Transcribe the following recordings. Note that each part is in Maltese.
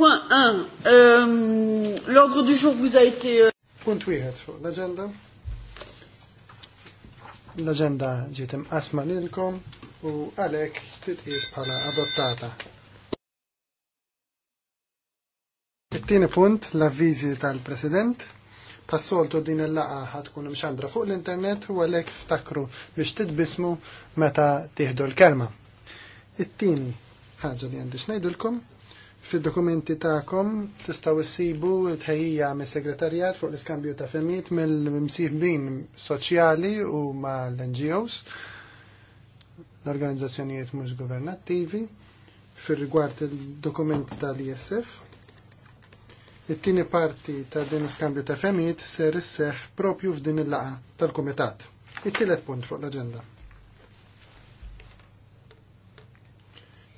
Point 1. Euh, L'ordre du jour vous a été... Euh, punt wieħed fuq l-agenda. L-agenda ġiet imqasma lilkom u għalhekk titqis bħala adottata. It-tieni punt l-avviżi tal-President. Passoltu din il-laqa ħatkun mxandra fuq l-internet u għalhekk ftakru biex titbismu meta tieħdu l-kelma. It-tieni ħaġa li għandi najdilkom Fil-dokumenti ta'kom tistaw issibu tħejjija mis segretarjat fuq l-iskambju ta' femiet mill-msieħbin soċjali u ma' l-NGOs, l-organizzazzjonijiet mhux governattivi, fil-rigward il-dokumenti tal-ISF. It-tieni parti ta' din iskambju ta' femiet ser isseħ propju f'din il-laqa tal-Kumitat. It-tielet punt fuq l-aġenda.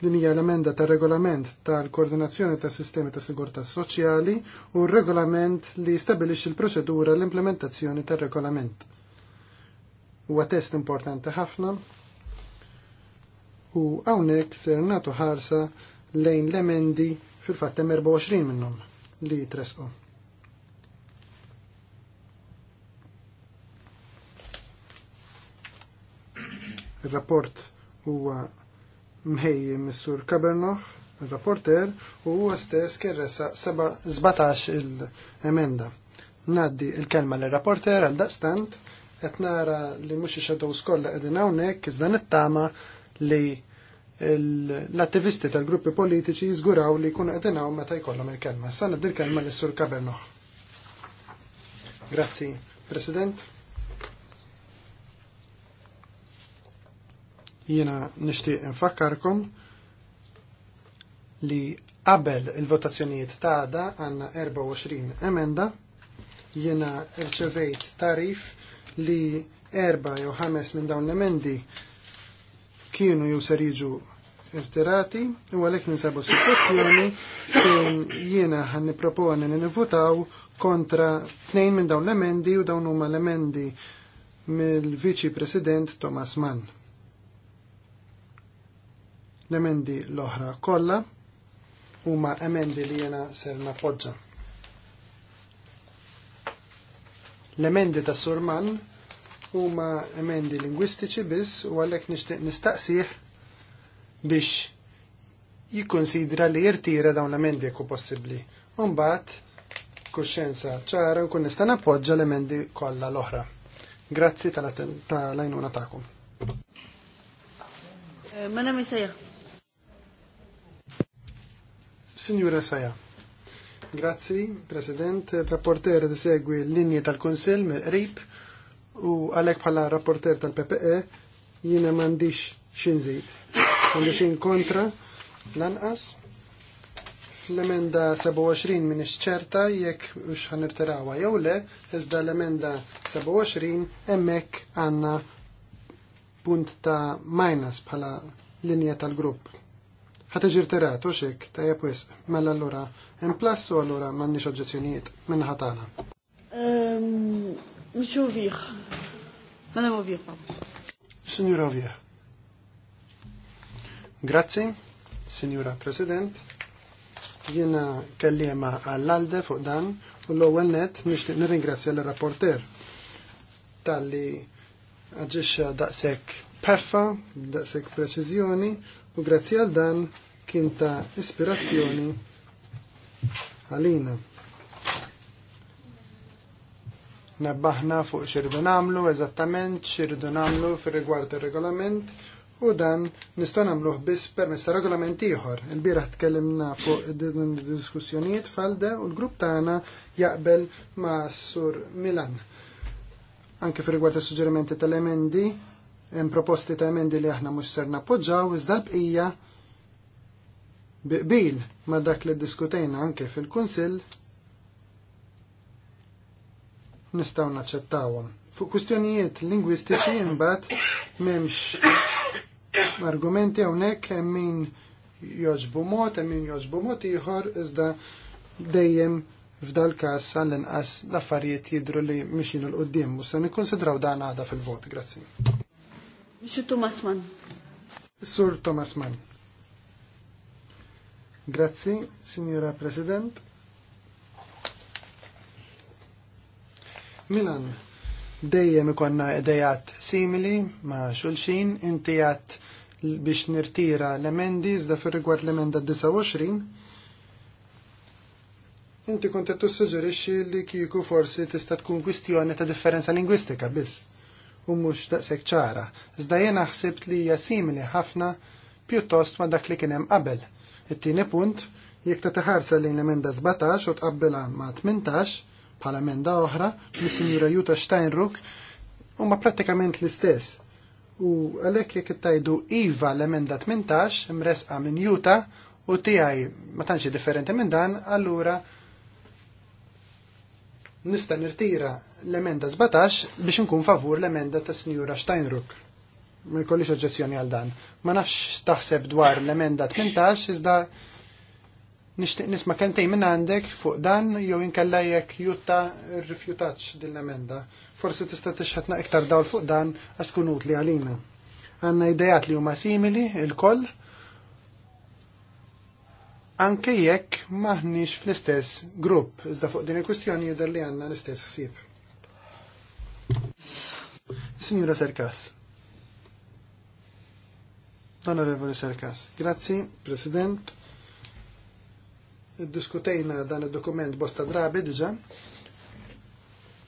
Din hija l-emenda tar regolament tal-koordinazzjoni tas sistemi ta' sigurtà soċjali u r-regolament li stabilixxi l-proċedura l-implementazzjoni tar-regolament. Huwa test importanti ħafna u hawnhekk ser nagħtu ħarsa lejn l-emendi fil-fatt hemm 24 minnhom li jitresqu. Il-rapport huwa mħejji Missur Kabernoch, il-rapporter, u huwa stess kien 17 il-emenda. Naddi il-kelma l-rapporter għal daqstant, qed nara li mhux ixadow skolla qegħdin hawnhekk it-tama li l-attivisti tal-gruppi politiċi jizguraw li jkunu qegħdin hawn meta jkollhom il-kelma. Sa naddi il-kelma l sur Kabernoch. Grazzi, President. Jiena nixtieq infakkarkom li qabel il-votazzjonijiet ta' għada għandna 24 emenda. Jiena rċevejt tarif li 4 jew ħames minn dawn l-emendi kienu jew ser jiġu irtirati u għalhekk ninsabu situazzjoni fejn jiena ħan nipproponi li nivvutaw kontra tnejn minn dawn l-emendi u dawn huma l-emendi mill-Viċi President Thomas Mann. L-emendi l-oħra kollha ma emendi li jena ser napoġġa. L-emendi ta' Surman huma emendi lingwistiċi biss u għalhekk nixtieq nistaqsih biex jikonsidra li jirtira dawn l-emendi eku possibbli. Mbagħad kuxenza ċara kun nista' nappoġġa l-emendi kollha l-oħra. Grazzi tal-għajnuna tagħkom. Eh, ma nagħmel sejja. Signora Saja. Grazzi, President. Rapporter di segwi linje tal-Konsil mill-qrib u għalek bħala rapporter tal-PPE jiena mandiċ xinzit. Mandiċ xin kontra lanqas. Fl-emenda 27 min ċerta jekk ux ħanirtirawa jew le, iżda l-emenda 27 emmek għanna punt ta' minus bħala linja tal-grupp ġir teratu xek tajja pwis, mela allura implas u allura m'għandniex oġġezzjonijiet minn ħatana. Mux ehm, uvieħ, madam uvieħ. Signora uvieħ. Grazzi, Signora President. Jiena kellima għall-alde fuq dan u l-ewwel net nixtieq nirringrazzja l-rapporter talli aġixxa daqshekk peffa, daqshekk preċiżjoni u grazzi għal dan kien ta' ispirazzjoni għalina. Nabbaħna fuq x'irdu namlu, eżattament xirdu namlu fir rigward il-regolament u dan nista' nagħmluh biss permessa regolament ieħor. Il-bieraħ tkellimna fuq diskussjonijiet falde u l-grupp tagħna jaqbel ma' Sur Milan. Anke fir rigward is-suġġerimenti tal-emendi hemm proposti ta' emendi li aħna mhux ser nappoġġaw iżda l-bqija biqbil ma' dak li diskutejna anke fil-Kunsill nistgħu naċċettawhom. Fuq kwistjonijiet lingwistiċi imbagħad m'hemmx argumenti hawnhekk hemm min joġbu mod, hemm min joġbu mod ieħor iżda dejjem f'dal każ għall-inqas l-affarijiet jidru li mixinu l qudiem u se nikkonsidraw dan għada fil-vot. Grazzi. Monsieur Thomas Mann. Sur Thomas Mann. Grazzi, signora President. Milan, dejjem ikonna idejat simili ma' xulxin, inti għat biex nirtira l-emendi, zda fir rigward l-emenda 29, inti kontet tu suġġerixxi li kieku forsi tista' tkun kwistjoni ta' differenza lingwistika biss u mhux daqshekk ċara. Iżda jena ħsibt li hija simili ħafna pjuttost ma' dak li kien hemm qabel. It-tieni punt, jekk ta taħarsa l emenda 17 u tqabbela ma' 18 bħala emenda oħra mis-Sinjura Juta u huma prattikament l-istess. U għalhekk jekk tajdu iva l-emenda 18 imresqa minn Juta u tiegħi ma tantx differenti minn dan, allura nista' nirtira l-emenda 17 biex nkun favur l-emenda ta' Sinjura Steinruck. Ma jkollix oġġezzjoni għal dan. Ma nafx taħseb dwar l-emenda 18 iżda nixtieq nisma' kentej minn għandek fuq dan jew inkella jekk jutta rrifjutax din l-emenda. Forsi tista' tixħatna iktar dawl fuq dan għax tkun utli għalina. Għandna idejat li huma simili il-koll anke jekk maħniex fl-istess grupp, iżda fuq din il kustjoni jidher li għandna l-istess ħsieb. Signora Serkas. Onorevoli Serkas. Grazzi, President. Diskutejna dan il-dokument bosta drabi diġa.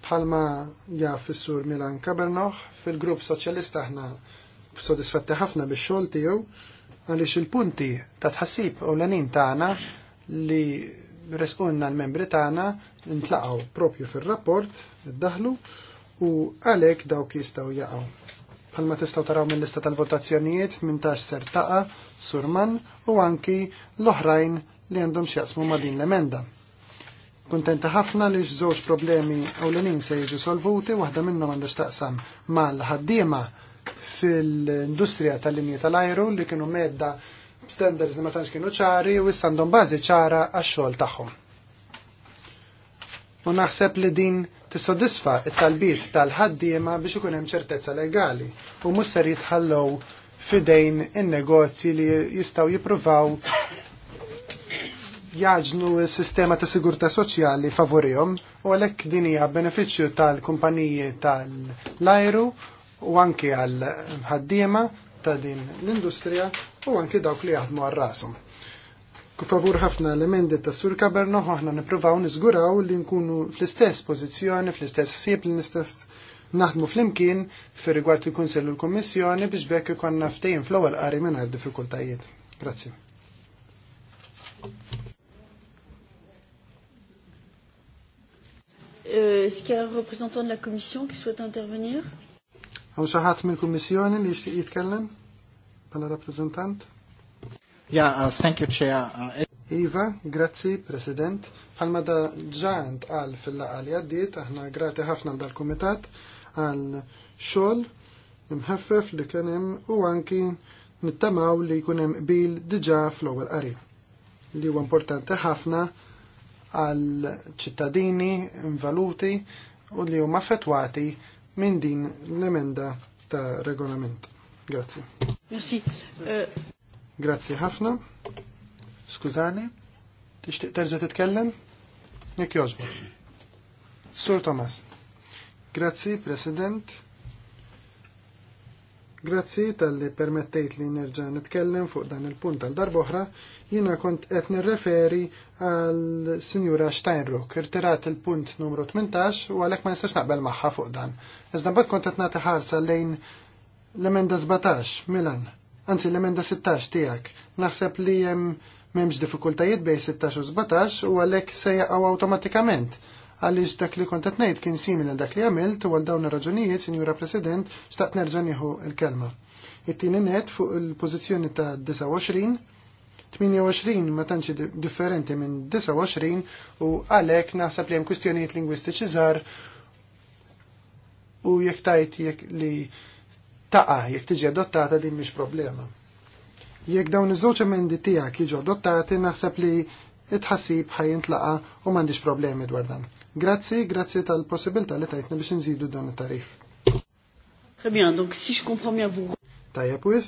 Bħalma ja fissur sur Milan Kabernoħ, fil-grupp soċjalista aħna sodisfatti ħafna bix-xogħol tiegħu għaliex il-punti ta' tħassib u l-għanin tagħna li resqunna l-membri tagħna ntlaqgħu propju fir-rapport iddaħlu u għalhekk dawk jistgħu jaqgħu. Palma tistgħu taraw mill-lista tal-votazzjonijiet minn tax ser taqa' Surman u anki l-oħrajn li għandhom xjaqsmu ma' din l-emenda. Kuntenta ħafna li żewġ problemi ewlenin se jiġu solvuti waħda minnhom għandu x'taqsam mal-ħaddiema fil-industrija tal-linji tal-ajru li kienu medda standards li ma tantx kienu ċari u issa għandhom bażi ċara għax-xogħol tagħhom. U naħseb li din tissodisfa it-talbiet tal-ħaddiema biex ikun hemm ċertezza legali u mhux ser jitħallew fidejn in-negozji li jistgħu jippruvaw jaġnu s-sistema ta' sigurta soċjali favorihom u għalhekk din hija benefiċċju tal-kumpaniji tal-ajru u anki għal ħaddiema ta' din l-industrija u anki dawk li jaħdmu għal rasum. Favur ħafna l-emendi ta' Sur Kaberno ħahna nipruvaw nizguraw li nkunu fl-istess pozizjoni, fl-istess ħsieb li istess naħdmu fl-imkien fir rigward il-Kunsell u l-Kommissjoni biex bekk ikonna ftejn fl-ewwel qari mingħajr diffikultajiet. Grazzi. Euh, est-ce qu'il y a un représentant de la Commission qui souhaite intervenir Għaw xaħat minn kummissjoni li jishtiq jitkellem? Bħala rappresentant? Ja, uh, thank you, Chair. Uh, iva, grazzi, President. Palma da ġant għal fil-laqa li għaddit, aħna grati ħafna dal-Komitat għal xol imħeffef li kienem u anki nittamaw li kunem bil diġa fl-ewwel qari. Li huwa importanti ħafna għal ċittadini invaluti u li huma fetwati minn din l-emenda ta' regolament. Grazzi. Merci. Euh, Grazzi ħafna. Skużani. Tixtieq terġa' titkellem? Jekk jogħġbok. Sur Thomas. Grazzi, President. Grazzi tal-li permettejt li nerġa' nitkellem fuq dan il-punt tal-darboħra. Jiena kont qed nirreferi għal Sinjura Steinrock, irtirat il-punt numru 18 u għalhekk ma nistax naqbel magħha fuq dan. Iżda mbagħad kont qed nagħti ħarsa lejn l-emenda 17 Milan, anzi l-emenda 16 tiegħek. Naħseb li hemm m'hemmx diffikultajiet bejn 16 u 17 u għalhekk se jaqgħu awtomatikament għaliex dak li kont qed ngħid kien simili dak li għamilt u għal dawn ir-raġunijiet, Sinjura President, xtaqt nerġa' l-kelma. It-tieni net fuq il-pożizzjoni ta' 29 28 ma tantx differenti minn 29 u għalhekk naħseb li hemm kwistjonijiet lingwistiċi żgħar u jekk tajt jekk li taqa jekk tiġi adottata din mhix problema. Jekk dawn iż-żewġ emendi tiegħek jiġu adottati naħseb li itħassib ħajintlaqa u m'għandix problemi dwar dan. Grazzi, grazzi tal-possibilità li tajtna biex nżidu dan it-tarif. Tajja pwis,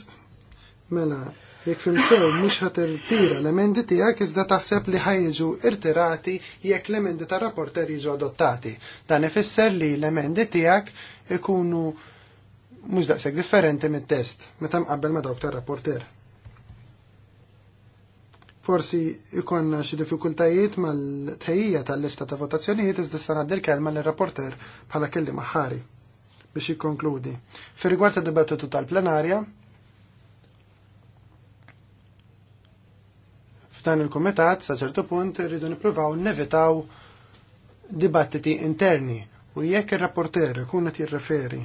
mela jekk fim sew mhux tira l-emendi tiegħek iżda taħseb li ħajġu irtirati jekk l-emendi tar-rapporter jiġu adottati. Dan ifisser li l-emendi tiegħek ikunu mhux daqshekk differenti mit-test meta mqabbel ma dawk tar-rapporter. Forsi ikonna xi diffikultajiet mal-tħejjija tal-lista ta' votazzjonijiet iżda sa ngħaddi l-kelma rapporter bħala kelli maħħari biex jikkonkludi. Fi rigward id-dibattitu tal-plenarja, f'dan il-kumitat sa ċertu punt rridu nippruvaw nevitaw dibattiti interni u jekk ir-rapporter ikun qed jirreferi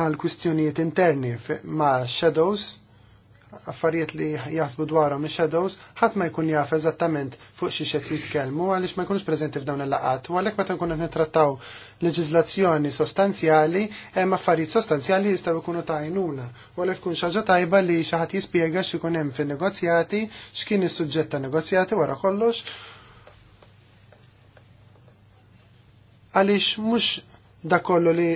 għal kwistjonijiet interni ma' shadows affarijiet li jasbu dwarhom mi shadows ħadd ma jkun jaf eżattament fuq xi xed jitkellmu għaliex ma jkunux preżenti f'dawn il-laqat. U għalhekk meta nkunu nittrattaw leġiżlazzjoni sostanzjali, hemm affarijiet sostanzjali jistgħu jkunu tajnuna. U għalhekk tkun xaġa tajba li xi ħadd jispjega x'ikun hemm fin-negozjati, x'kien is-suġġett ta' negozjati wara kollox. Għaliex mhux da kollu li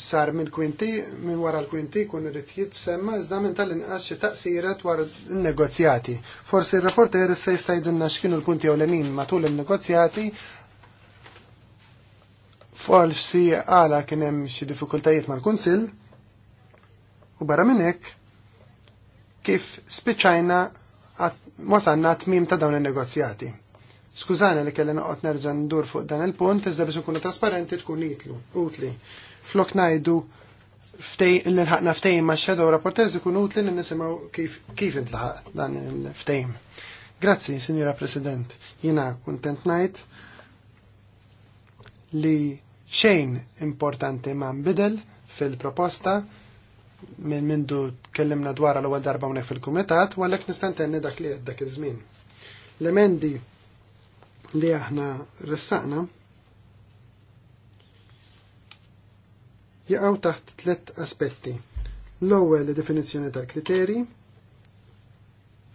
sar minn kwinti, minn wara l-kwinti kun irrid semma iżda minn tal-inqas xi taqsirat wara l negozjati Forsi r-reporter se jista' x'kienu l-punti ewlenin matul in-negozjati forsi għala kien hemm xi diffikultajiet mal-Kunsill u barra minn hekk kif spiċċajna wasanna tmim ta' dawn in-negozjati. Skużani li kellna noqgħod nerġa' ndur fuq dan il-punt iżda biex nkunu trasparenti tkun utli flok najdu l-ħakna ftejn ma' shadow rapporters ikun utli n nisimaw kif intlaħaq dan il-ftejn. Grazzi, Sinjora President. Jina kontent najt li xejn importanti ma' nbidel fil-proposta minn mindu tkellimna dwar l-ewwel darba hawnhekk fil-kumitat u għalhekk nista' ntenni dak li għeddak dak iż-żmien. L-emendi li aħna ressaqna jaqgħu taħt tliet aspetti. L-ewwel definizzjoni tal-kriteri,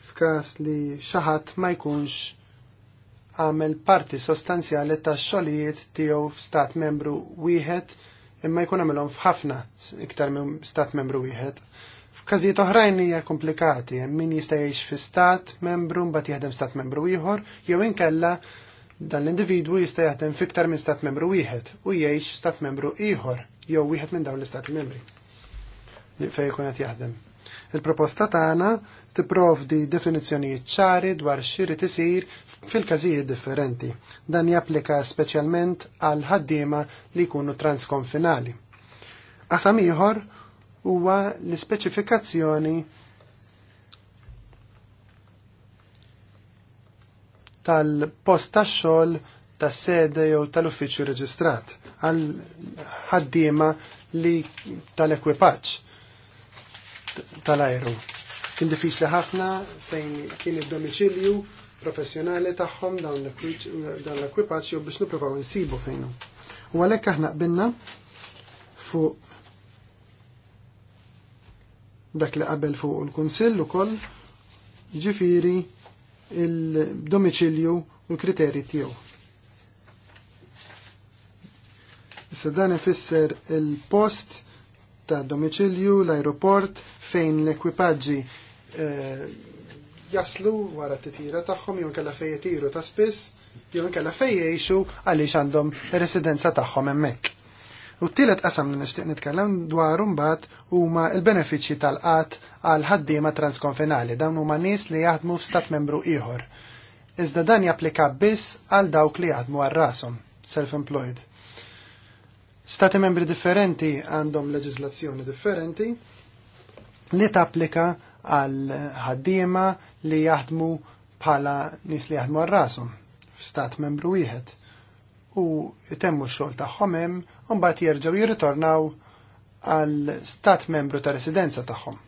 f'każ li xi ħadd ma jkunx għamel parti sostanzjali tax-xogħlijiet tiegħu f'stat membru wieħed imma jkun għamilhom f'ħafna iktar minn stat membru wieħed. F'każijiet oħrajn hija komplikati, hemm min jista' jgħix fi stat membru mbagħad jaħdem stat membru ieħor, jew inkella dan l-individwu jista' jaħdem fiktar minn stat membru wieħed u jgħix stat membru ieħor jew wieħed minn dawn l-istati membri fejn ikun qed jaħdem. Il-proposta tagħna tipprovdi definizzjonijiet ċari dwar xiri tisir fil-każijiet differenti. Dan japplika speċjalment għal ħaddiema li jkunu transkonfinali. Qasam ieħor huwa l-ispeċifikazzjoni tal-post tax-xogħol tas sede jew tal-uffiċċju reġistrat għal ħaddiema li tal-ekwipaġġ tal-ajru. Kien diffiċli ħafna fejn kien id-domiċilju professjonali tagħhom dawn l-ekwipaġġ jew biex nippruvaw insibu fejnu. U għalhekk aħna qbilna fuq dak li qabel fuq il-Kunsill ukoll ġifiri il-domiċilju u l-kriteri tiegħu. Issa dan ifisser il-post ta' domiċilju, l-aeroport fejn l-ekwipaġġi eh, jaslu wara t-tira tagħhom jew inkella fejn jtiru ta' spiss, jew inkella fejn jgħixu għaliex għandhom residenza tagħhom hemmhekk. U t-tielet qasam li nixtieq nitkellem dwar mbagħad huma l-benefiċċji tal-qatt għal ħaddiema transkonfinali dawn huma nies li jaħdmu f'stat membru ieħor. Iżda dan japplika biss għal dawk li jaħdmu għal rashom self-employed. Stati membri differenti għandhom leġislazzjoni differenti li tapplika għal ħaddiema li jaħdmu bħala nis li jaħdmu għal-rasum f'stat membru wieħed u temmu x-xogħol tagħhom hemm u mbagħad jerġgħu jirritornaw għal stat membru ta' residenza tagħhom.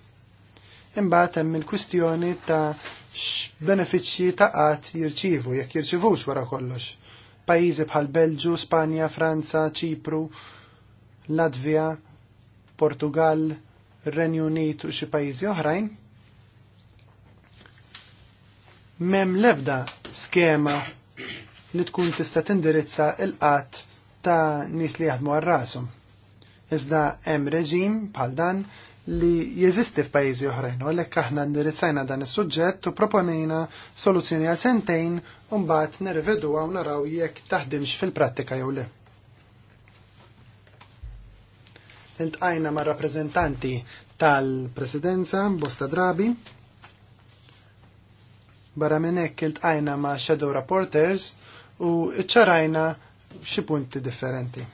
Imbagħad hemm il-kwistjoni ta' x'benefiċċji ta' qatt jirċivu jekk jirċivux wara kollox pajjiżi bħal Belġu, Spanja, Franza, Ċipru, Latvija, Portugal, Renju Unit u xi pajjiżi oħrajn. Mem lebda skema li tkun tista' tindirizza il-qatt ta' nies li jaħdmu għar-rashom. Iżda hemm reġim bħal dan li jeżisti f'pajjiżi oħrajn, u għalhekk aħna ndirizzajna dan is-suġġett u proponejna soluzzjoni għal sentejn u mbagħad nirrivedwa u naraw jekk taħdimx fil-prattika jew le. Iltqajna ma' rappreżentanti tal-Presidenza Bosta Drabi, barra minn hekk iltqajna ma' Shadow Reporters u ċċarajna xi punti differenti.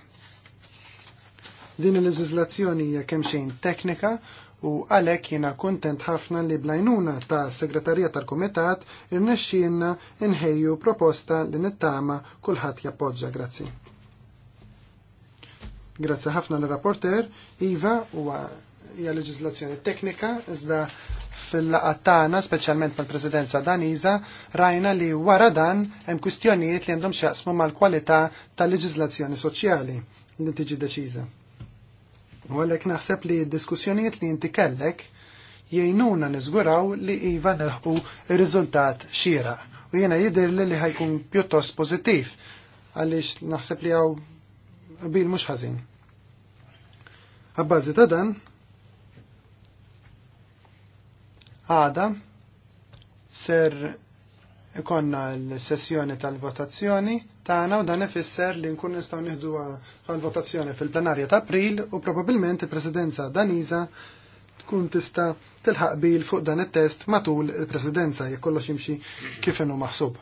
Din il leżislazzjoni hija kemm xejn teknika u għalhekk jiena kuntent ħafna li blajnuna ta' segretarija tal-Kumitat irnexxielna inħejju proposta li nittama kulħadd jappoġġa. Grazzi. Grazzi ħafna l-rapporter. Iva huwa hija leġislazzjoni teknika, iżda fil laqgħa tagħna, speċjalment mal-Presidenza Daniża, rajna li wara dan hemm kwistjonijiet li għandhom x'jaqsmu mal-kwalità tal leġiżlazzjoni soċjali li tiġi deċiża. U għalek naħseb li diskussjonijiet li inti kellek jgħinuna nizguraw li iva nilħu il-rizultat xira. U jena jidir li li ħajkun pjuttost pozittiv għalix naħseb li għaw bil mux ħazin. Għabbażi ta' dan, għada ser ikonna l-sessjoni tal-votazzjoni Tana u dan ifisser li nkun nistgħu nieħdu għal-votazzjoni fil-plenarja ta' April u probabbilment il-Presidenza Daniża tkun tista' tilħaq bil fuq dan it-test matul il-Presidenza jekk kollox jimxi kif inhu maħsub.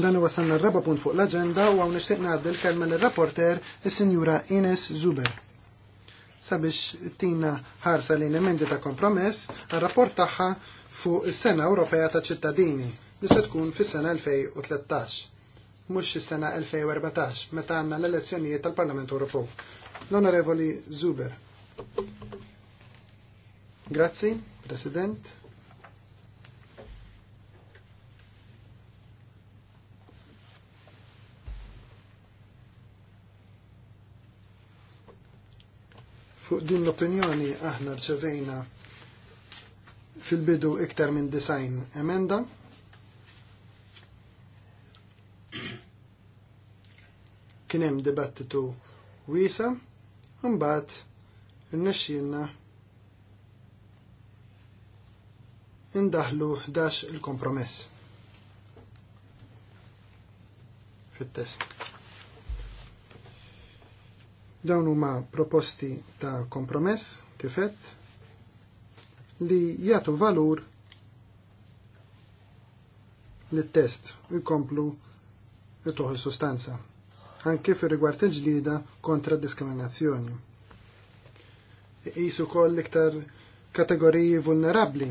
Dan huwa sanna r-raba punt fuq l-aġenda u għaw nixtieq ngħaddi l-kelma lir-rapporter is-Sinjura Ines Zuber sabiex tina ħarsa li emendi ta' kompromess għal-rapport tagħha fuq is-Sena Ewropea ta' ċittadini li se tkun fis-sena 2013 mhux is-sena 2014 meta għandna l-elezzjonijiet tal-Parlament Ewropew. L-Onorevoli Zuber. Grazzi, President. Fuq din l-opinjoni aħna rċevejna fil-bidu iktar minn design emenda kien hemm dibattitu wiesa, n irnexxielna indaħlu 11 il-kompromess fit-test. Dawn huma proposti ta' kompromess kifet li jagħtu valur li test u jkomplu jtuħu sustanza anke fir rigward il-ġlida kontra diskriminazzjoni. Iqisu koll iktar kategoriji vulnerabli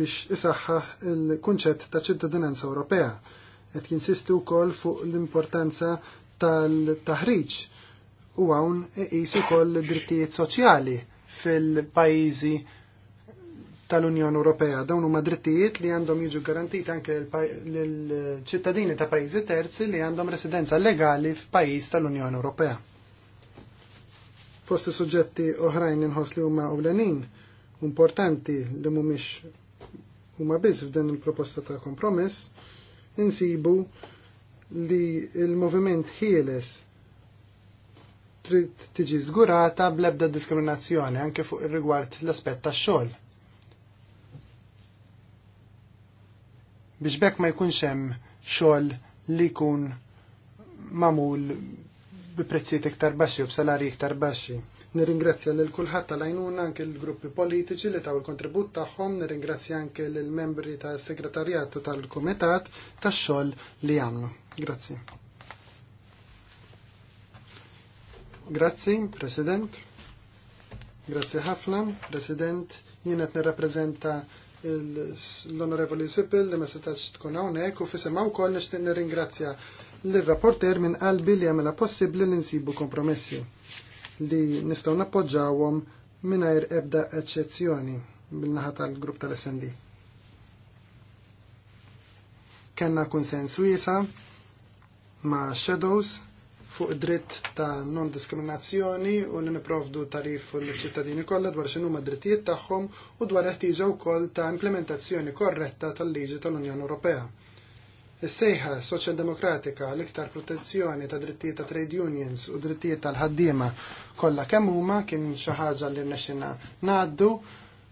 biex isaxħa il-kunċett ta' ċittadinanza Ewropea. Qed jinsistu wkoll fuq l-importanza tal-taħriġ u hawn iqisu koll drittijiet soċjali fil-pajjiżi tal-Unjoni Ewropea. Dawn huma drittijiet li għandhom jiġu garantiti anke l-ċittadini ta' pajjiżi terzi li għandhom residenza legali f'pajjiż tal-Unjoni Ewropea. Fosti suġġetti oħrajn inħoss li huma ewlenin importanti li mhumiex huma biss f'din il-proposta ta' kompromess insibu li il-moviment ħieles trid tiġi żgurata bl-ebda diskriminazzjoni anke fuq ir-rigward l-aspett tax-xogħol. biex bekk ma jkunx hemm xogħol li jkun mamul bi prezzijiet iktar baxxi u b'salari iktar baxxi. Nirringrazzja lil kulħadd tal-għajnuna anke l-gruppi politiċi li taw il-kontribut tagħhom, nirringrazzja anke lil membri tas segretarjatu tal-kumitat tax-xogħol li għamlu. Grazzi. Grazzi, President. Grazzi ħafna, President. Jien qed nirrappreżenta l-Onorevoli Sippel li ma setax tkun hawnhekk u fisimaw wkoll nixtieq nirringrazzja l-rapporter minn qalbi li jagħmilha possibbli li nsibu kompromessi li nistgħu nappoġġawhom mingħajr ebda eċċezzjoni bil-naħa tal-grupp tal-SND. Kenna konsensu wiesa ma' Shadows fuq dritt ta' non-diskriminazzjoni u li niprovdu tarif l ċittadini kollha dwar x'inhu drittijiet tagħhom u dwar ħtiġa wkoll ta' implementazzjoni korretta tal-liġi tal-Unjoni Ewropea. Is-sejħa soċjaldemokratika l-iktar protezzjoni ta' drittijiet ta' trade unions u drittijiet tal-ħaddiema kollha kemm huma kien xi ħaġa li rnexxinha ngħaddu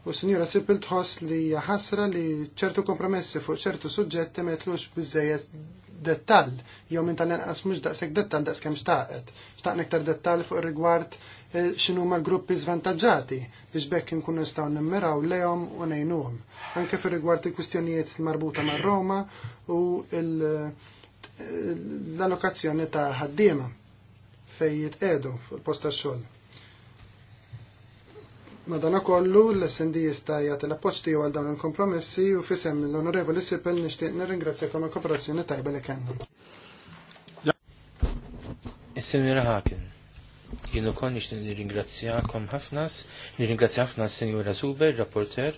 U sinjura sippil tħoss li ħasra li ċertu kompromessi fuq ċertu suġġetti ma jitlux biżejjed dettall, jew minn tal-inqas mhux daqshekk dettall daqskemm xtaqet. Xtaqna iktar dettall fuq rigward eh, x'inhu ma l-gruppi żvantaġġati biex bekk nkunu nistgħu nimmiraw lehom u ngħinuhom. Anke fir rigward il-kwistjonijiet marbuta mar Roma u eh, l-allokazzjoni ta' ħaddiema fejn jitqedu fuq post tax-xogħol. Madana kollu l-SND jistajja tal-appoċ tiegħu għal dawn il-kompromessi u fisem l-Onorevoli Sipel nixtieq nirringrazzjakom il-kooperazzjoni tajba li kellna. Is-Sinjura e, Hakin, jien ukoll nixtieq nirringrazzjakom ħafna, nirringrazzja ħafna s senjura Zuber, rapporter,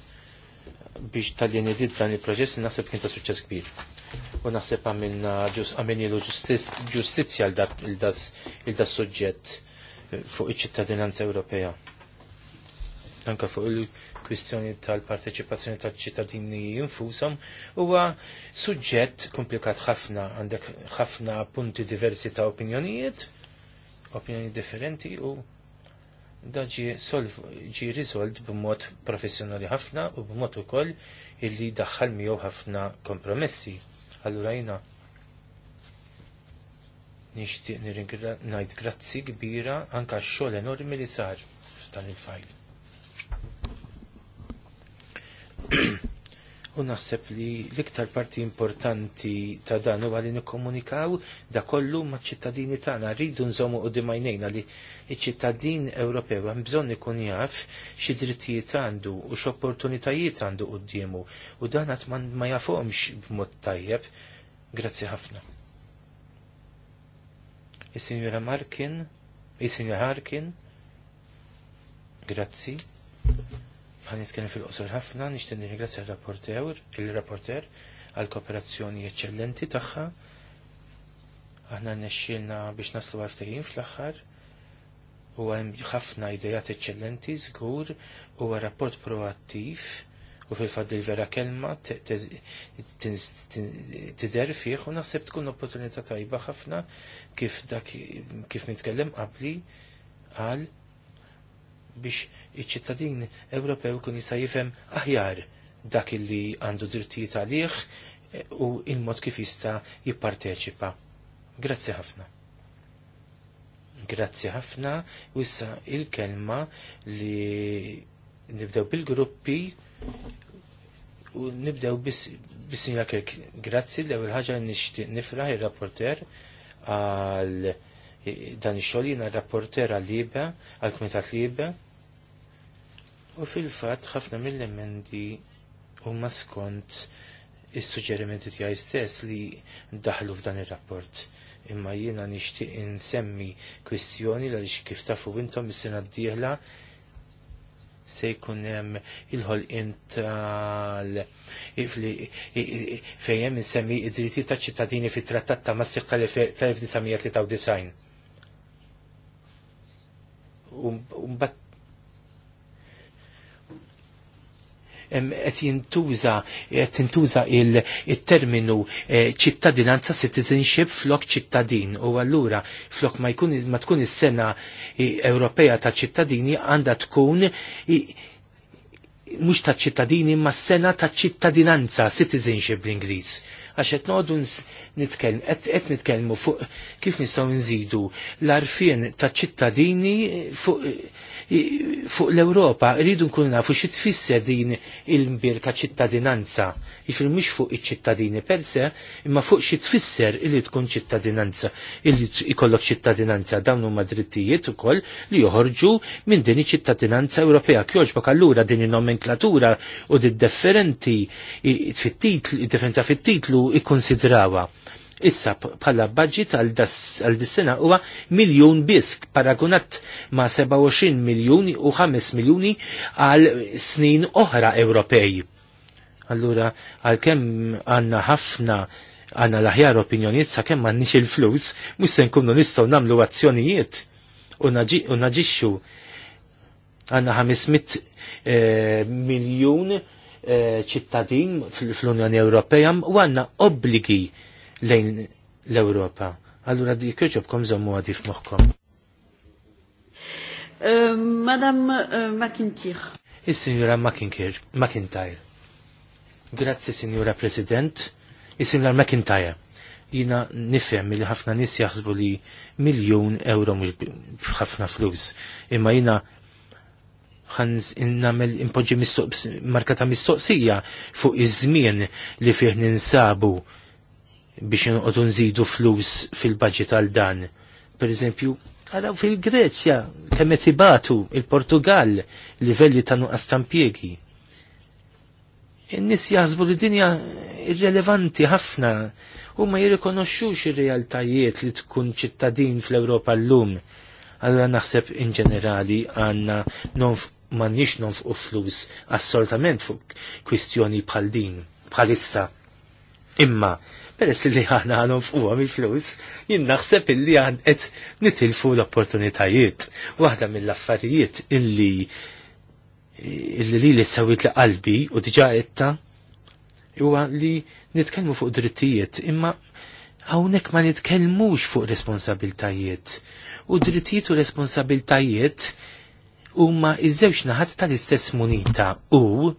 biex tal-jeni dan il proġess naħseb kien ta' suċċess kbir u naħseb għamilna għamilnilu ġustizja l-das suġġett fuq iċ-ċittadinanza Ewropea anka fuq il-kwistjoni tal-parteċipazzjoni tal-ċittadini infushom huwa suġġett komplikat ħafna għandek ħafna punti diversi ta' opinjonijiet, opinjoni differenti u da ġi solv ġi rizolt b'mod professjonali ħafna u b'mod ukoll illi daħħal miegħu ħafna kompromessi. Allura jiena nixtieq ngħid grazzi kbira anke x xogħol enormi li sar f'dan il-fajl. U naħseb li l-iktar parti importanti ta' dan huwa li nikkomunikaw da kollu maċ ċittadini tagħna rridu nżommu u dimajnejna li ċittadin Ewropew għan bżonn ikun jaf xi drittijiet għandu u x'opportunitajiet għandu qudiemu u dan qatt ma jafhomx b'mod tajjeb. Grazzi ħafna. Is-Sinjura Markin, is-Sinjura Harkin, grazzi. Għan nitkellem fil-qosor ħafna, nixtieq nirringrazzja il rapporter il-rapporter għal kooperazzjoni eċċellenti tagħha. Aħna nexxielna biex naslu għal fl-aħħar u hemm ħafna idejat eċċellenti żgur huwa rapport proattiv u fil fad il-vera kelma tider fih u naħseb tkun opportunità tajba ħafna kif dak kif nitkellem qabli għal biex iċ-ċittadin Ewropew kun jista' jifhem aħjar dak illi għandu drittijiet għalih e, u il-mod kif jista' jipparteċipa. Grazzi ħafna. Grazzi ħafna, u issa il-kelma li nibdew bil-gruppi u nibdew bis-sinja Kirk. Grazzi l-ewwel ħaġa nixtieq nifraħ ir-rapporter għal e, dan ix-xogħol jiena rapporter għal Liba, għal kumitat libe U fil-fatt ħafna mill-emendi huma skont is-suġġerimenti tiegħi stess li daħlu f'dan ir-rapport. Imma jiena nixtieq insemmi kwistjoni għaliex kif tafu intom is-sena d-dieħla se jkun hemm il-ħolqien tal fejn hemm insemmi id dritti taċ-ċittadini fit-trattat ta' Massiq tal-1993. mbagħad qed jintuża qed tintuża il-terminu eh, ċittadinanza citizenship flok ċittadin u allura flok ma jkun ma tkun is-sena eh, Ewropea ta' ċittadini għandha tkun mhux ta' ċittadini ma' sena ta' ċittadinanza, citizenship bl ingliż Għaxet nodu qed nitkellmu fuq kif nistgħu nżidu l-arfien taċ-ċittadini fuq fuq l-Ewropa rridu nkunu nafu xi tfisser din il-mbirka ċittadinanza. Jifil mhux fuq iċ-ċittadini per se, imma fuq xi tfisser illi tkun ċittadinanza, illi ikollok ċittadinanza dawn huma drittijiet ukoll li joħorġu minn din iċ-ċittadinanza Ewropea. Kjoġbok allura din in-nomenklatura u d differenti differenza fit-titlu ikkonsidrawa. Issa bħala budget għal dis-sena huwa miljun bisk paragunat ma' 27 miljuni u 5 miljuni għal snin oħra Ewropej. Allura għal kem għanna ħafna għanna l-aħjar opinjoniet sa' kem għanni il-flus, mux se nkunu nistaw namlu azzjonijiet u naġixxu għanna 500 eh, miljon eh, ċittadin fl-Unjoni Ewropea u għanna obbligi lejn l-Ewropa. Allura di kom zommu għadif moħkom. Euh, Madam euh, McIntyre. is signora McIntyre. McIntyre. Grazzi, signora President. is signora McIntyre jina nifhem li ħafna nis jaħsbu li miljun euro mhux b'ħafna flus. Imma jina ħan namel impoġġi marka ta' mistoqsija fuq iż-żmien li fih ninsabu biex nqodu nżidu flus fil-budget għal dan. Per eżempju, għaraw fil-Greċja, kemm qed ibatu il-Portugal, livelli ta' nuqqas tampjegi. In-nies jaħsbu li dinja irrelevanti ħafna u ma jirrikonoxxux ir-realtajiet li tkun ċittadin fl-Ewropa llum. Allora naħseb in ġenerali għandna nix m'għandniex fuq flus assolutament fuq kwistjoni bħal din bħalissa. Imma peress li ħana għanom fuqa mi flus, jinn naħseb illi għan għet nitilfu l-opportunitajiet. Waħda mill-affarijiet illi illi li li sawit li qalbi u diġa għetta, huwa li nitkellmu fuq drittijiet imma hawnhekk ma nitkellmux fuq responsabiltajiet. U drittijiet u responsabiltajiet huma iż-żewġ naħat tal-istess munita u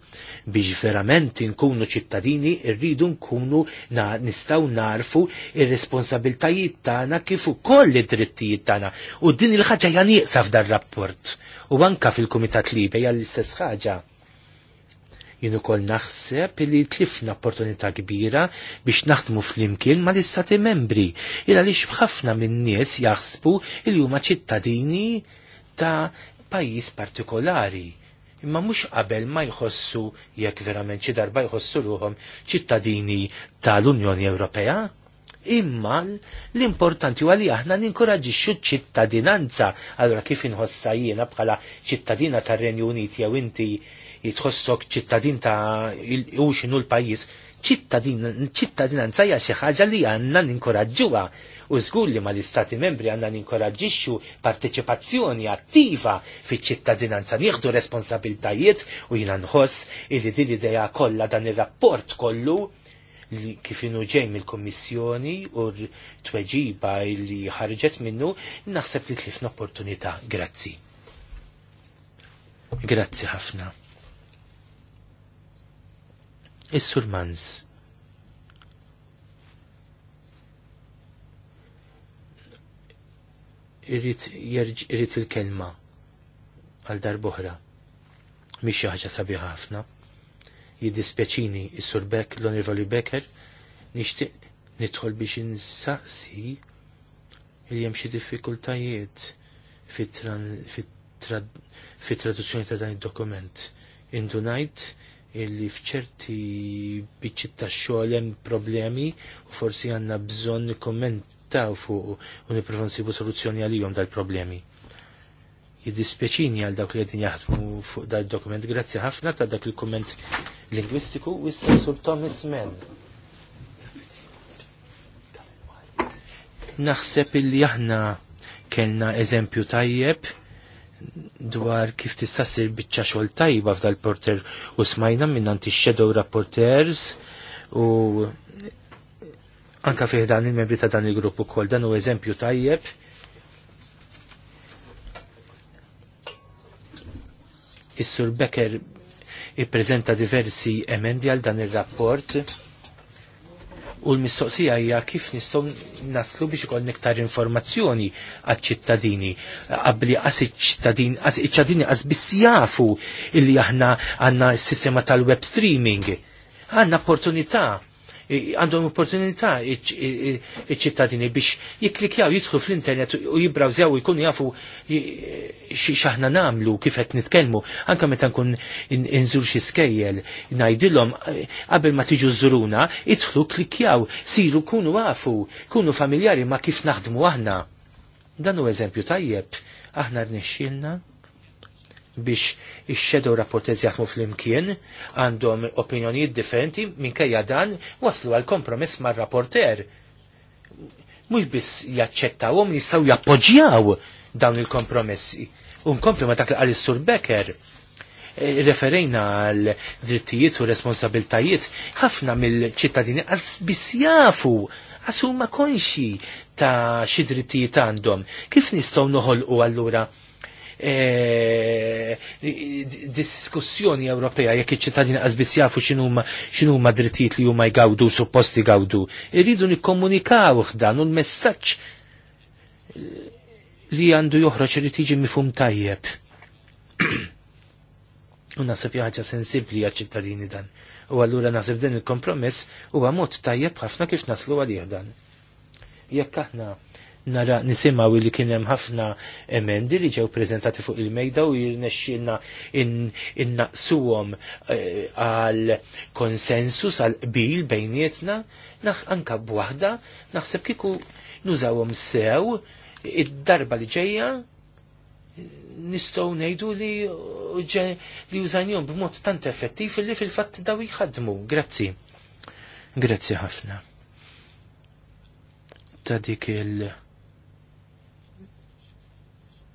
biex verament inkunu ċittadini rridu nkunu na nistgħu narfu ir-responsabiltajiet tagħna kif ukoll id-drittijiet tagħna. U din il-ħaġa hija nieqsa f'dan rapport u anka fil-Kumitat Libej hija l-istess ħaġa jien ukoll naħseb li tlifna opportunità kbira biex naħdmu flimkien ma l-istati membri. il li xbħafna minn nies jaħsbu il huma ċittadini ta' pajjiż partikolari imma mhux qabel ma jħossu jekk verament xi darba jħossu ruhom ċittadini tal-Unjoni Ewropea. Imma l-importanti għalli aħna ninkoraġixxu ċittadinanza, allora kif inħossa jiena bħala ċittadina tar-Renju Unit jew inti jitħossok ċittadin ta' u l-pajjiż, ċittadinanza hija xi ħaġa li għandna ninkoraġġuha U żgur li mal-Istati membri għandna ninkoraġġixxu parteċipazzjoni attiva fiċ-ċittadinanza nieħdu responsabiltajiet u jiena nħoss illi din l-idea kollha dan ir-rapport kollu li kif inu ġej mill kummissjoni u tweġiba li ħarġet minnu, naħseb li tlifna opportunità. Grazzi. Grazzi ħafna. Is-Surmans. irrit il-kelma għal darboħra. Mix ħaġa sabiħa ħafna. Jiddispjaċini is-sur Beck, l-Onorevoli Becker, nixtieq nidħol biex insaqsi li hemm xi diffikultajiet fit-traduzzjoni ta' dan id-dokument. Indunajt ngħid illi fċerti biċċi ta' xogħol hemm problemi u forsi għandna bżonn nirriflettaw fuq u niprofon sibu soluzzjoni għalihom dal-problemi. Jiddispjaċini għal dawk li għedin jaħdmu fuq dal dokument Grazzi ħafna ta' dak il-komment lingwistiku u issa sur Thomas Mann. Naħseb illi aħna kellna eżempju tajjeb dwar kif tista' ssir biċċa xogħol tajba f'dal porter u smajna minn anti shadow rapporters u anka fih dan il-membri ta' dan il-grupp ukoll dan u eżempju tajjeb Is-Sur Becker ippreżenta diversi emendi għal dan ir-rapport u l-mistoqsija hija kif nistgħu naslu biex ikoll iktar informazzjoni għad ċittadini qabli għas iċ-ċittadini qas iċ-ċittadini qas biss jafu illi aħna għandna s-sistema tal-web streaming. Għandna opportunità għandhom opportunità iċ-ċittadini biex jiklikjaw jidħlu fl-internet u jibrawżjaw u jkunu jafu xaħna namlu kif qed nitkellmu anke meta nkun inżur xi skejjel ngħidilhom eh, qabel ma tiġu żuruna idħlu klikjaw siru kunu għafu kunu familjari ma kif naħdmu aħna. Dan hu eżempju tajjeb aħna rnexxielna biex ix-shadow rapporters jaħdmu fl-imkien għandhom opinjonijiet differenti minkejja dan waslu għal kompromess mar-rapporter. Mhux biss jaċċettawhom jistgħu jappoġġjaw dawn il-kompromessi. kompli ma dak li qal sur Becker e, referejna għal drittijiet u responsabiltajiet ħafna mill-ċittadini għaz jafu: għas ma konxi ta' xi drittijiet għandhom. Kif nistgħu noħolqu allura? Eh, diskussjoni Ewropea jekk iċ-ċittadini qasbis jafu x'inhu ma drittijiet li huma jgawdu supposti jgawdu. Irridu nikkomunikaw dan u l-messaġġ li għandu joħroġ irid jiġi mifhum tajjeb. U nasib ħaġa sensibbli għal-ċittadini dan. U allura nasib din il-kompromess huwa mod tajjeb ħafna kif naslu għalih dan. Jekk aħna nara nisimaw li kien hemm ħafna emendi li ġew preżentati fuq il-mejda u jirnexxilna innaqsuhom eh, għal konsensus għal qbil bejnietna naħ anka b'waħda naħseb kieku nużawhom sew id-darba li ġejja nistgħu ngħidu li li użanjhom b'mod tant effettiv li fil-fatt daw jħaddmu. Grazzi. Grazzi ħafna ta' dik il-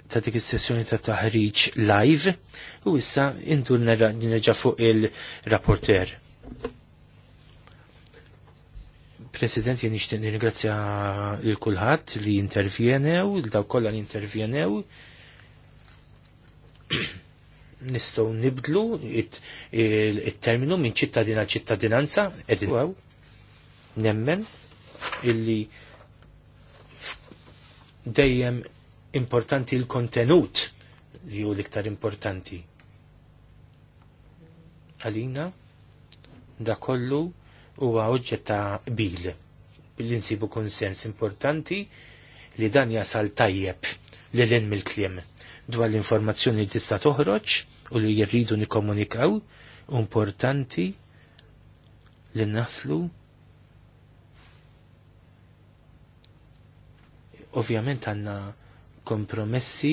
ta' dik is-sessjoni ta' taħriġ live u issa intu nerġa' fuq il-rapporter. President, jien nixtieq nirringrazzja lil kulħadd li intervjenew, il daw kollha li intervjenew. Nistgħu nibdlu it-terminu minn ċittadina ċittadinanza qegħdin nemmen illi dejjem importanti l-kontenut li hu l-iktar importanti. Għalina, da kollu huwa oġġet ta' bil billi insibu konsens importanti li dan jasal tajjeb li l mill-kliem dwar l-informazzjoni li tista' toħroġ u li jirridu nikkomunikaw importanti li naslu ovvjament għanna kompromessi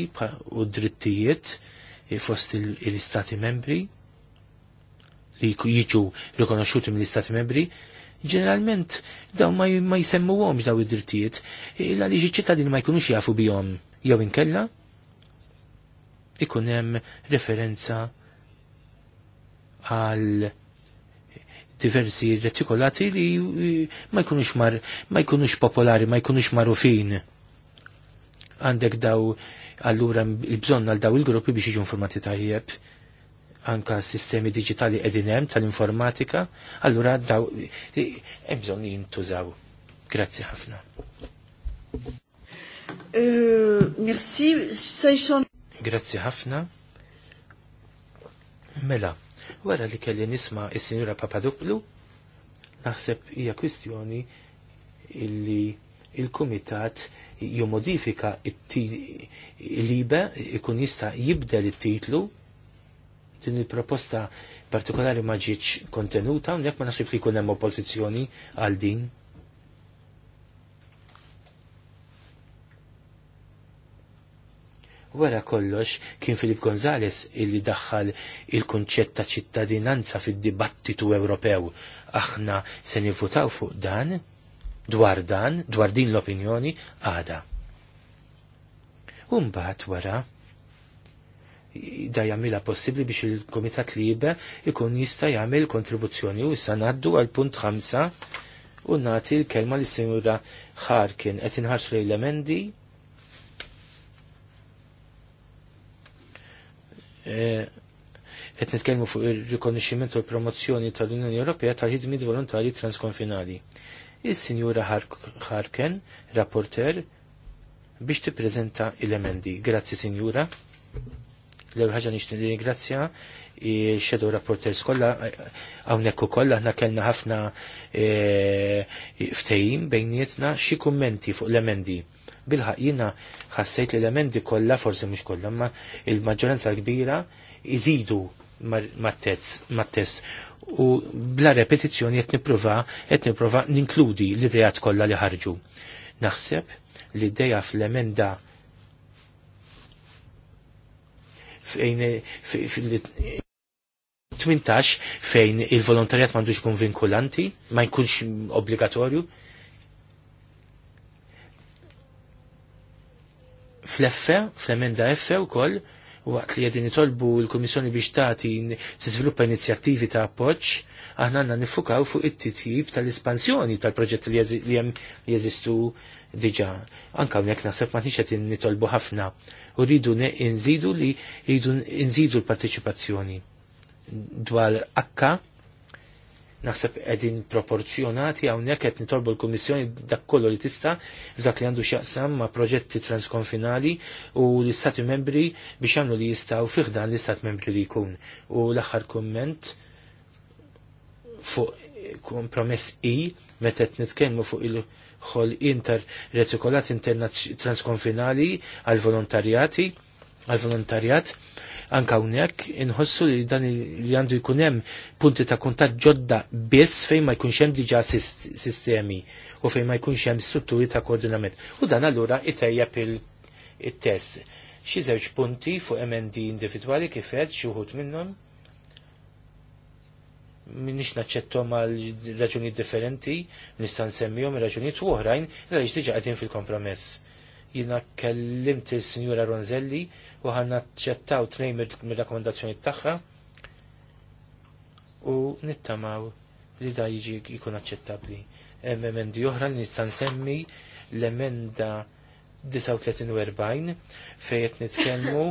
u drittijiet fost l-istati membri li jiġu rikonoxxuti mill-istati membri, ġeneralment daw ma, ma għomx daw id-drittijiet, illa li ċittadini ma jkunux jafu bihom jew inkella ikun hemm referenza għal diversi retikolati li ma jkunux mar ma jkunux popolari, ma jkunux marufin għandek daw allura il-bżonn għal daw il-gruppi biex jiġu informati tajjeb anka sistemi digitali edinem tal-informatika, allura daw bżonn jintużaw. Grazzi ħafna. Euh, merci, Grazzi ħafna. Mela, wara li kelli nisma is-Sinjura Papadoklu, naħseb hija kwistjoni illi il-Kumitat jomodifika il-libe ikun jista jibdel it-titlu din il-proposta partikolari ma ġietx kontenuta un ma nasib li jkun hemm oppożizzjoni għal din. Wara kollox kien Filip Gonzales illi daħħal il-kunċett ta' ċittadinanza fid-dibattitu Ewropew. Aħna se nivvutaw fuq dan dwar dan, dwar din l-opinjoni għada. Umbat wara da jamila possibbli biex il-Kumitat Libe ikun jista' jagħmel kontribuzzjoni u issa ngħaddu għal punt 5 u nagħti l-kelma li sinjura Harkin qed inħarsu lejn l-emendi e, qed nitkellmu fuq ir-rikonoxximent u l-promozzjoni tal-Unjoni Ewropea tal-ħidmiet volontarji transkonfinali il-Sinjura Harken, rapporter, biex tippreżenta il-emendi. Grazzi, Sinjura. L-ewwel ħaġa nixtieq ringrazzja il-shadow rapporters kollha hawnhekk ukoll aħna kellna ħafna eh, ftehim bejnietna xi kummenti fuq l-emendi bilħaq jina ħassejt li l-elementi kollha forsi mhux kollha, ma il-maġġoranza kbira iżidu mat-test u bla repetizzjoni qed nipprova qed nipprova ninkludi l-idejat kollha li ħarġu. Naħseb li d fl-emenda fejn 18 fejn il-volontarjat m'għandux kun vinkulanti, ma jkunx obbligatorju. Fl-effe, fl-emenda effe u koll, waqt li għedin nitolbu l-Komissjoni biex tagħti tiżviluppa inizjattivi ta' appoġġ, aħna għandna nifukaw fuq it-titjib tal-espansjoni tal-proġett li hemm jeżistu diġà. Anka hawnhekk naħseb ma qed nitolbu ħafna u rridu nżidu li rridu nżidu l-parteċipazzjoni dwar akka Naħseb edin proporzjonati hawnhekk qed nitolbu l-Kummissjoni dak kollu li tista' f'dak li għandu x'jaqsam ma' proġetti transkonfinali u l-Istati membri biex għamlu li jistgħu fih dan l istati membri li jkun. U l-aħħar kumment fuq kompromess I meta qed nitkellmu fuq il- ħol inter retikolat transkonfinali għal volontarjati għal volontarjat Anka hawnhekk inħossu li dan li għandu jkun hemm punti ta' kuntatt ġodda biss fejn ma jkunx hemm diġà sistemi u fejn ma jkunx hemm strutturi ta' koordinament. U dan allura itejjeb il-test. Xi żewġ punti fuq emendi individwali kif qed xi wħud minnhom minix naċċettom għal raġuni differenti, nistan semmijom raġuni uħrajn, għalix diġa għadin fil-kompromess jina kellimt il-Sinjura Ronzelli u ħanna ċettaw tnejn mir-rakkomandazzjoni tagħha u nittamaw li da jiġi jkun aċċettabbli. Hemm emendi oħra li nista' nsemmi l-emenda 39 fejn qed nitkellmu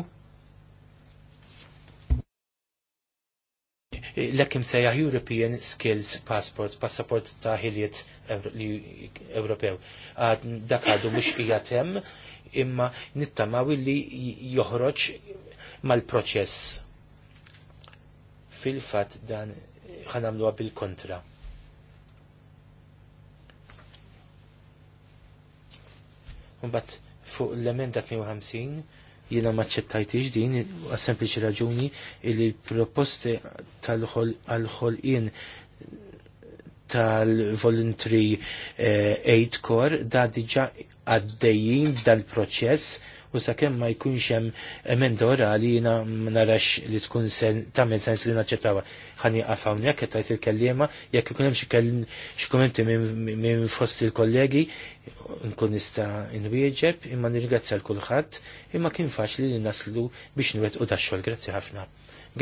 l-ekim sejjaħ European Skills Passport, passaport ta' ħiliet Ewropew. Ah, dak għadu mux ijatem, imma nittamaw li joħroġ mal-proċess. Fil-fat dan ħanamluwa bil-kontra. Mbatt fuq l-emenda 52 Jiena maċċettajt din għas sempliċi raġuni li l-proposti tal-ħolqien tal-voluntary eh, aid core da diġa għaddejjin dal-proċess u sakemm ma jkunx hemm emenda orali jiena narax li tkun sen tagħmel sens li naċċettawha. Ħani qaf jekk qed tajt il-kelliema jekk ikun hemm xi kummenti minn fost il-kollegi nkun nista' nwieġeb imma nirgrazzja l-kulħadd imma kien faċli li naslu biex nwettqu tax-xogħol. Grazzi ħafna.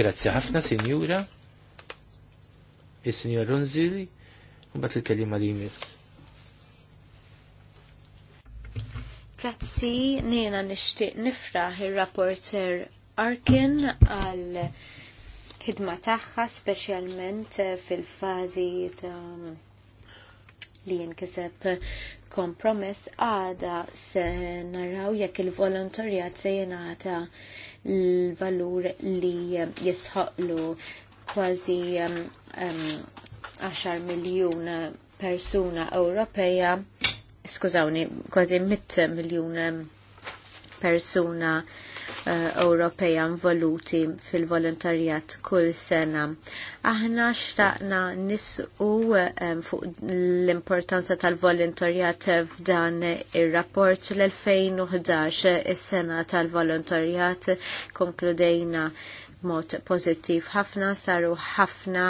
Grazzi ħafna, Sinjura. Is-Sinjor Runzili, u bat il-kelliema li jmiss. Grazzi, nina nishtiq nifraħ il-rapporter Arkin għal ħidma tagħha speċjalment eh, fil fazi ta' li jinkiseb kompromess għada se naraw jekk il-volontarjat se jenata l-valur li jisħoqlu kważi 10 eh, eh, miljun persuna Ewropeja skużawni, kważi 100 miljun ehm, persuna eh, Ewropeja involuti fil-volontarjat kull sena. Aħna xtaqna nisqu ehm, fuq l-importanza tal-volontarjat f'dan ir-rapport l-2011 is-sena tal-volontarjat konkludejna mod pozittiv ħafna saru ħafna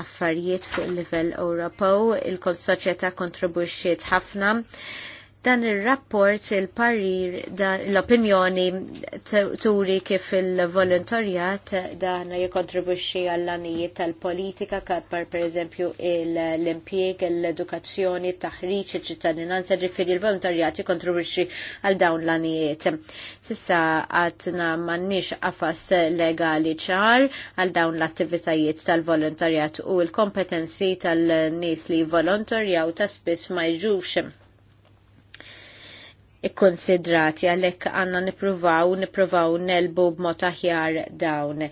affarijiet fuq il-livell Ewropew, il konsoċjetà soċjetà kontribwixxiet ħafna Dan il-rapport il-parir l-opinjoni turi kif il-volontarjat dan jikontribuxxi għall-anijiet tal-politika kapar per eżempju l impieg l-edukazzjoni, t-taħriċ, il-ċittadinanza, ġifiri il-volontarjat jikontribuxxi għal dawn l-anijiet. Sissa għatna mannix għafas legali ċar għal dawn l-attivitajiet tal-volontarjat u l-kompetenzi tal-nis li volontarjaw ta' spiss ma jġux ikkonsidrati għalhekk għandna nippruvaw nippruvaw nelbu b'mod aħjar dawn.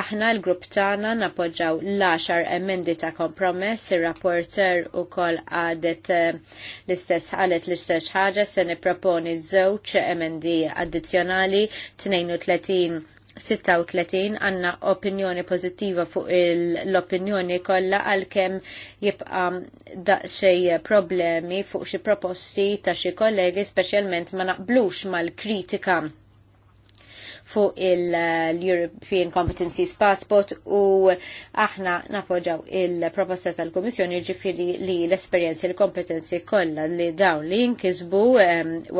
Aħna l-grupp tagħna napoġġaw l-10 emendi ta' kompromess, ir-rapporter ukoll għadet eh, l-istess għalet l-istess ħaġa se nipproponi żewġ emendi addizzjonali 32 36 għanna opinjoni pozittiva fuq l-opinjoni kollha għalkemm jibqa daqsxej problemi fuq xi proposti ta' xi kollegi speċjalment ma naqblux mal-kritika fuq il-European Competencies Passport u aħna napoġaw il-proposta tal-Komissjoni ġifiri li l-esperienzi l-kompetenzi kollha li dawn li jinkisbu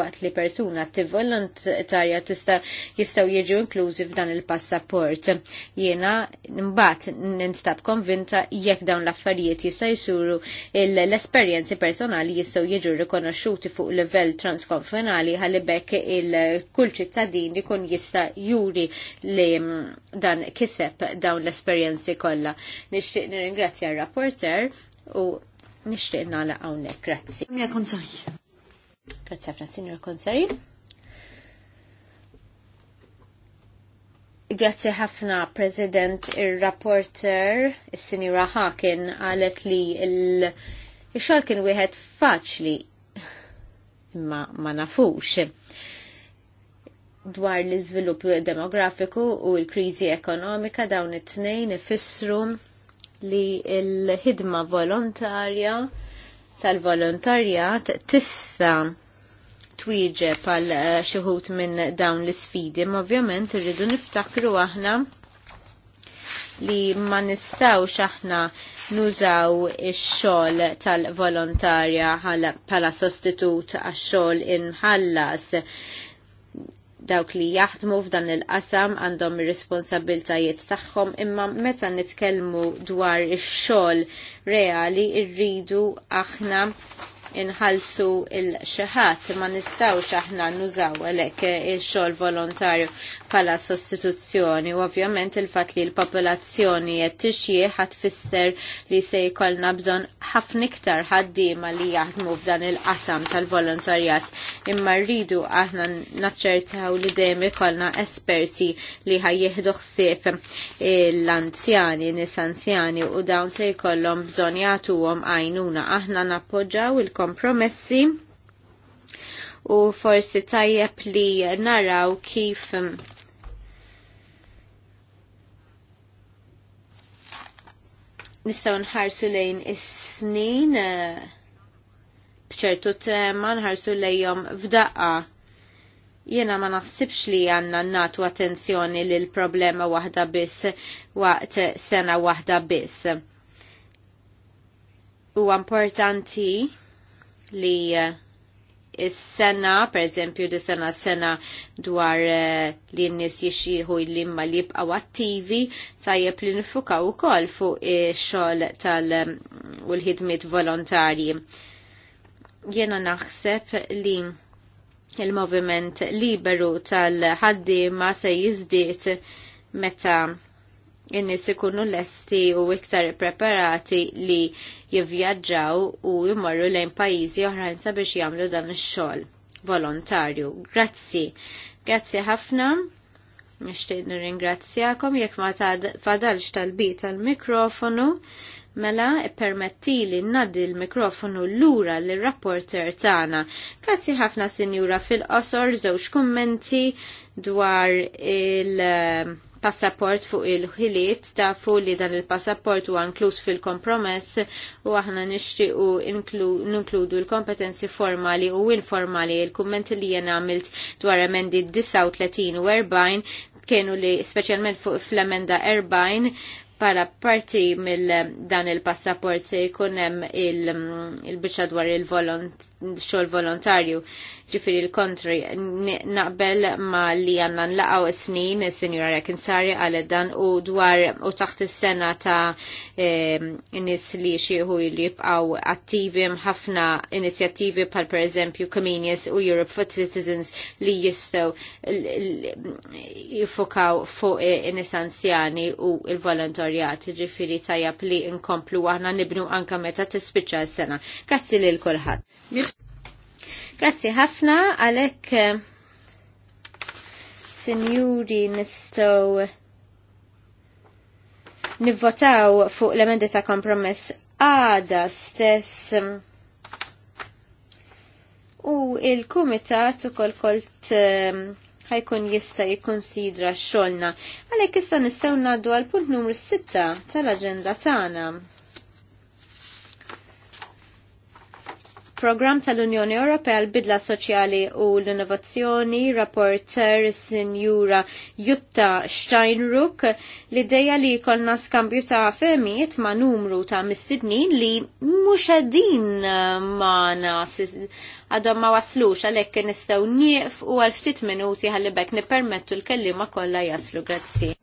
waqt li persuna t-volontarja tista' jistaw jiġu inklużi f'dan il-passaport. Jiena mbagħad ninstab konvinta jekk dawn l-affarijiet jista' jsuru l-esperjenzi personali jistgħu jiġu rikonoxxuti fuq livell transkonfinali ħalli bekk il-kull ċittadin ikun jista' juri li mm, dan kiseb dawn l-esperjenzi kollha. Nixtieq nirringrazzja r-rapporter u nixtieq nagħlaq hawnhekk. Grazzi. Mia Konsari. Grazzi ħafna Sinjor Konsari. Grazzi ħafna, President, il-rapporter, il-Sinjura Hakin, għalet li il xalkin kien wieħed faċli, imma ma nafux dwar l-iżvilupp demografiku u l-kriżi ekonomika dawn it-tnejn ifissru li l-ħidma volontarja tal-volontarjat tista twieġeb għal eh, xi wħud minn dawn l-isfidi, ma ovvjament irridu niftakru aħna li ma nistawx aħna nużaw ix-xogħol tal-volontarja bħala sostitut għax-xogħol inħallas dawk li jaħdmu f'dan il-qasam għandhom ir-responsabiltajiet tagħhom imma meta nitkellmu dwar ix-xogħol reali rridu aħna inħalsu il-xaħat ma nistawx aħna nużaw għalek il-xol volontarju bħala sostituzzjoni u ovvjament il-fat li l-popolazzjoni qed tixjieħ ħadd fisser li se jkollna bżonn ħafna iktar ħaddiema li jaħdmu f'dan il-qasam tal-volontarjat imma rridu aħna naċċertaw li dejjem ikollna esperti li ħajjieħdu ħsieb l-anzjani, nis anzjani u dawn se jkollhom bżonn jagħtuhom għajnuna aħna nappoġġaw il-kompromessi u forsi tajjeb li naraw kif nistaw nħarsu lejn is-snin eh, bċertu tema nħarsu lejhom f'daqqa. Jena ma naħsibx li għanna natu attenzjoni l problema waħda biss waqt sena waħda biss. U importanti li eh, is-sena, per eżempju, di sena sena dwar eh, li n-nis jixieħu l-imma li jibqaw attivi, sajjeb li nifukaw ukoll fuq xogħol tal- mm, u l-ħidmiet volontarji. Jena naħseb li il-moviment liberu tal-ħaddi ma se jizdiet meta in-nies ikunu lesti u iktar preparati li jivvjaġġaw u jmorru lejn pajjiżi oħrajn sabiex jagħmlu dan ix-xogħol volontarju. Grazzi. Grazzi ħafna. Nixtieq nirringrazzjakom jekk ma fadalx tal-bit tal-mikrofonu mela permetti li naddi l-mikrofonu l-lura l-rapporter tana. Grazzi ħafna sinjura fil-qosor, żewġ kummenti dwar il- passaport fuq il-ħiliet tafu li dan il-passaport huwa inkluż fil-kompromess u aħna nixtiequ ninkludu l-kompetenzi formali u informali il-kumment li jien għamilt dwar emendi 39 u 40 kienu li speċjalment fuq fl-emenda 40 pala parti mill dan il-passaport se jkun hemm il-biċċa dwar il-volont xol volontarju. Ġifiri l-kontri, naqbel ma li għanna nlaqaw snin, senjura senjora Jakinsari għal dan u dwar u taħt is-sena ta' nis li xieħu li jibqaw attivi m'ħafna inizjattivi pal per eżempju Comenius u Europe for Citizens li jistow jifukaw fuq nis u il-volontarjat. Ġifiri tajab li nkomplu għahna nibnu anka meta t-spicċa s-sena. Grazzi li l-kolħat. Grazzi ħafna għalek eh, sinjuri nistow nivvotaw fuq l-emendi ta' kompromess għada stess u il-kumitat u kol kolt eh, ħajkun jista jikonsidra xolna. Għalek issa nistaw naddu għal punt numru 6 tal-agenda tagħna. Program tal-Unjoni Ewropea l-Bidla Soċjali u l-Innovazzjoni, rapporter Sinjura Jutta Steinruck, l-ideja li kolna skambju ta' femijiet ma' numru ta' mistidnin li mhux eh, ma' nas għadhom ma' waslux għalhekk nistgħu nieqf u għal ftit minuti ħallibek nippermettu l-kellima kollha jaslu. Grazzi.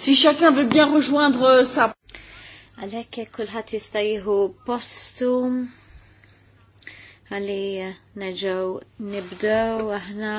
Si chacun veut bien rejoindre euh, sa... Għalek kullħat jista jihu postu għalli euh, nerġaw nibdew aħna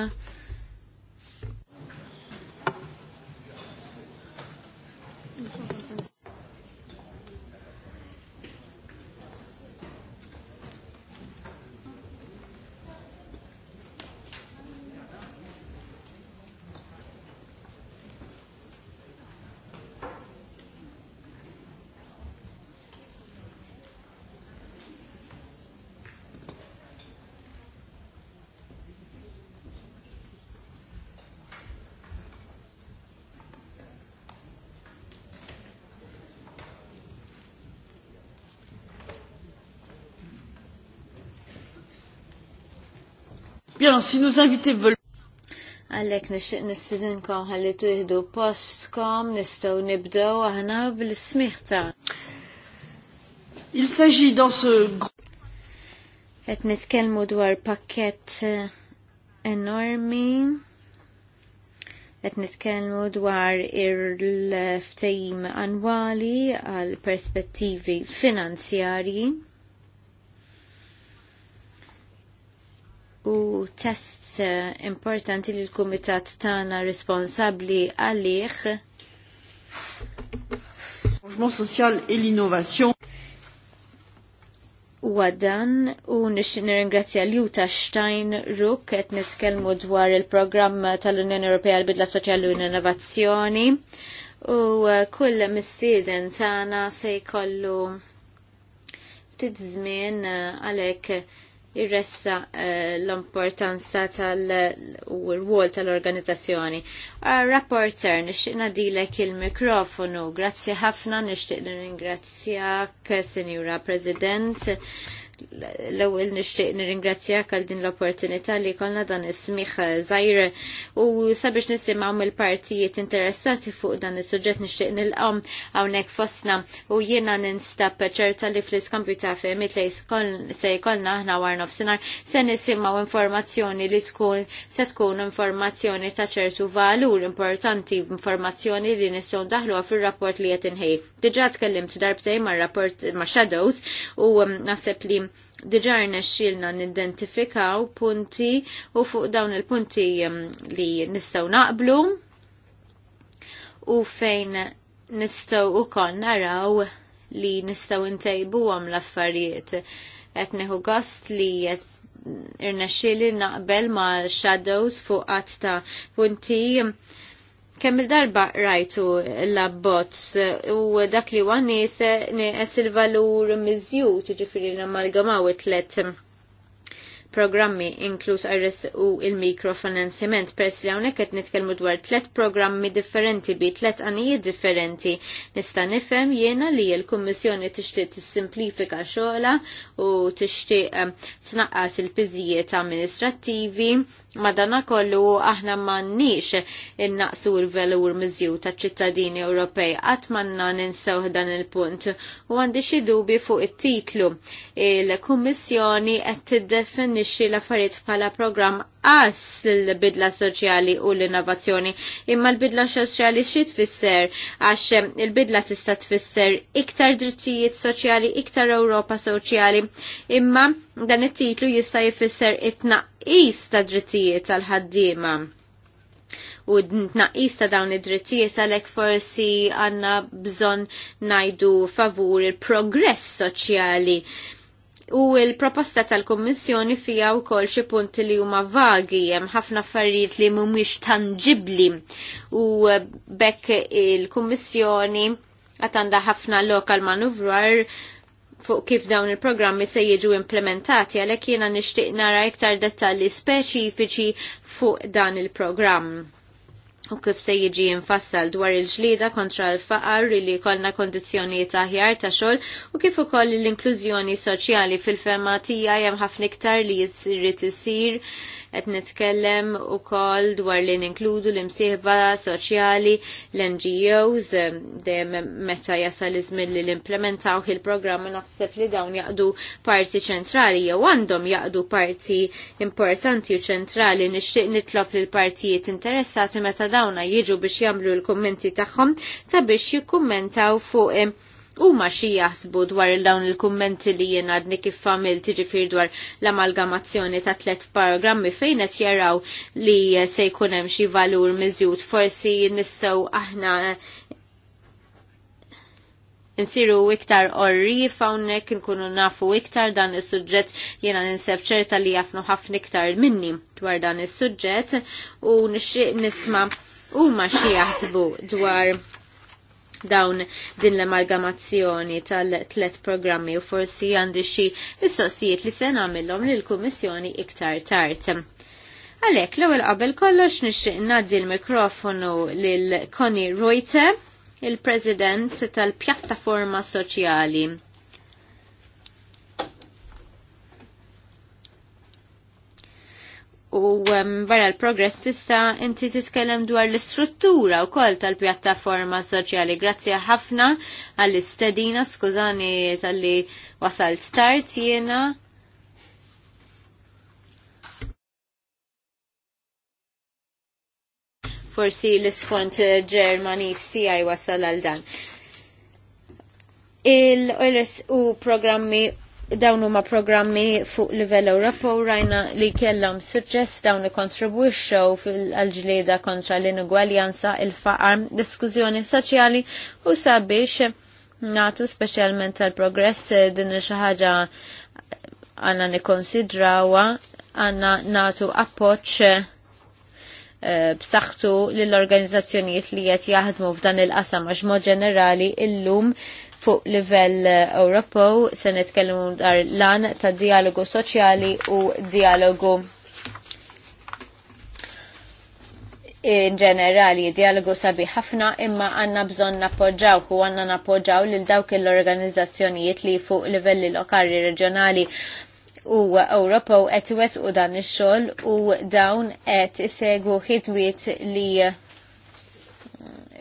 Bien, si nous invités veulent għallek nixtieq nistidinkom ħalli tuħdu postkom nistgħu nibdew aħna bil-smiħta. Il s-sagġi dans ce qed nitkellmu dwar pakkett eh, enormi qed nitkellmu dwar il-ftehim annwali għal perspettivi finanzjarji. test eh, importanti li l-Kumitat tana responsabli għalih. Changement social e l-innovazzjon. U għadan, u nix nirringrazzja li Stein Ruk, et nitkelmu dwar il-programm tal-Unjoni Ewropea l-Bidla Soċjali u l-Innovazzjoni. U eh, kull mistieden tana se jkollu ftit żmien eh, għalhekk irressa eh, l-importanza tal-wol tal-organizzazzjoni. Eh, rapporter, nixtiqna dilek il-mikrofonu. Grazzi ħafna, nixtiq ringrazzjak, Senjura President, l-ewwel nixtieq nirringrazzjak għal din l-opportunità li kollna dan is-smih żgħir u sabiex nisimgħu mill-partijiet interessati fuq dan is-suġġett nixtieq nilqhom hawnhekk fostna u jiena ninstab ċerta li fl-iskampju ta' fehmiet li se jkollna aħna war nofsinhar se nisimgħu informazzjoni li tkun se tkun informazzjoni ta' ċertu valur importanti informazzjoni li nistgħu daħluha fir-rapport li qed inħej. Diġà tkellimt darbtejn mar-rapport ma' Shadows u mm, naħseb li diġarna xilna nidentifikaw punti u fuq dawn il-punti mm, li nistaw naqblu u fejn nistaw u kon naraw li nistaw intajbu għam laffariet. Etniħu gost li jett irna naqbel ma shadows fuq għat ta' punti mm, Kemm il-darba rajtu l-abbozz u dak li għannis nes il-valur mizjut ġifiri l-amalgamaw it-tlet programmi inkluż RS u il mikrofinanziment pers li hawnhekk qed nitkellmu dwar tliet programmi differenti bi tliet għanijiet differenti. Nista' nifhem jiena li l-Kummissjoni tixtieq tissimplifika xogħla u tixtieq ehm, tnaqqas il-piżijiet amministrattivi Madana kollu aħna mannix innaqsu l-velur mizju ta' ċittadini Ewropej Qatt m'għandna ninsaw dan il-punt u għandi xi dubi fuq it-titlu. Il-Kummissjoni qed tiddefinixxi jiddefinixxi l-affarijiet bħala programm għas l-bidla soċjali u l-innovazzjoni. Imma l-bidla soċjali xi tfisser għax eh, il-bidla tista' tfisser iktar drittijiet soċjali, iktar Ewropa soċjali. Imma dan it-titlu jista' jfisser it-tnaqqis ta' drittijiet tal-ħaddiema u naqis ta' dawn id-drittijiet għalhekk forsi għandna bżonn ngħidu favur il-progress soċjali u l-proposta tal-Kommissjoni fija wkoll xi punti li huma vagi, hemm ħafna affarijiet li mhumiex tangibbli u bekk il-Kummissjoni għad għandha ħafna lokal manuvrar fuq kif dawn il-programmi se jiġu implementati għalhekk jiena nixtieq nara iktar dettalji speċifiċi fuq dan il-programm u kif se jiġi infassal dwar il-ġlida kontra l-faqar li kollna kondizjoni taħjar ta' xogħol u kif ukoll l-inklużjoni soċjali fil-fema tiegħi hemm ħafna iktar li jisirrid isir qed nitkellem ukoll dwar li ninkludu l-imsieħba soċjali l-NGOs dejjem meta jasal iż-żmien li l-implementaw il-programm naħseb li dawn jaqdu parti ċentrali jew għandhom jaqdu parti importanti u ċentrali nixtieq nitlob lil partijiet interessati meta dawna jiġu biex jagħmlu l-kummenti tagħhom sabiex jikkummentaw fuq u ma xie jaħsbu dwar dawn il-kummenti li jena għadni kif famil tiġifir dwar l-amalgamazzjoni ta' tlet programmi fejn qed jaraw li se jkun hemm xi valur miżjud forsi nistgħu aħna nsiru iktar orri fawnek nkunu nafu iktar dan is suġġett jena ninseb ċerta li jafnu ħafna iktar minni dwar dan is suġġett u nisma nisma' huma xi jaħsbu dwar dawn din l-amalgamazzjoni tal-tlet programmi u forsi għandi xi fis-sossijiet li se nagħmilhom lill-Kummissjoni iktar tard. Għalek, l ewwel qabel kollox nixtieq ngħaddi l-mikrofonu lil Connie Reuter, il-President tal-Pjattaforma Soċjali U barra l-progress tista inti titkellem dwar l-istruttura u koll tal-pjattaforma soċjali. Grazzi ħafna għall-istedina, skużani tal-li wasalt start jena. Forsi l-isfont Ġermanisti għaj wasal għal dan. Il-Oilers u programmi dawn huma programmi fuq livell Ewropew rajna li kellhom suċċess dawn ikkontribwixxew fil-ġlieda kontra l-inugwaljanza, il-faqar, diskużjoni soċjali u sabiex nagħtu speċjalment tal-progress eh, din xi ħaġa għandna nikkonsidrawha għandna nagħtu appoġġ eh, b'saħħtu lill organizzazzjonijiet li qed jaħdmu f'dan il-qasam għax mod ġenerali illum fuq livell Ewropew se nitkellmu dar lan ta' dialogu soċjali u dialogu in ġenerali dialogu sabi ħafna imma għanna bżon napoġġaw u għanna napoġġaw lil dawk l-organizzazzjonijiet li fuq livelli lokali reġjonali u Ewropew qed u dan ix-xogħol u dawn qed isegwu ħidwiet li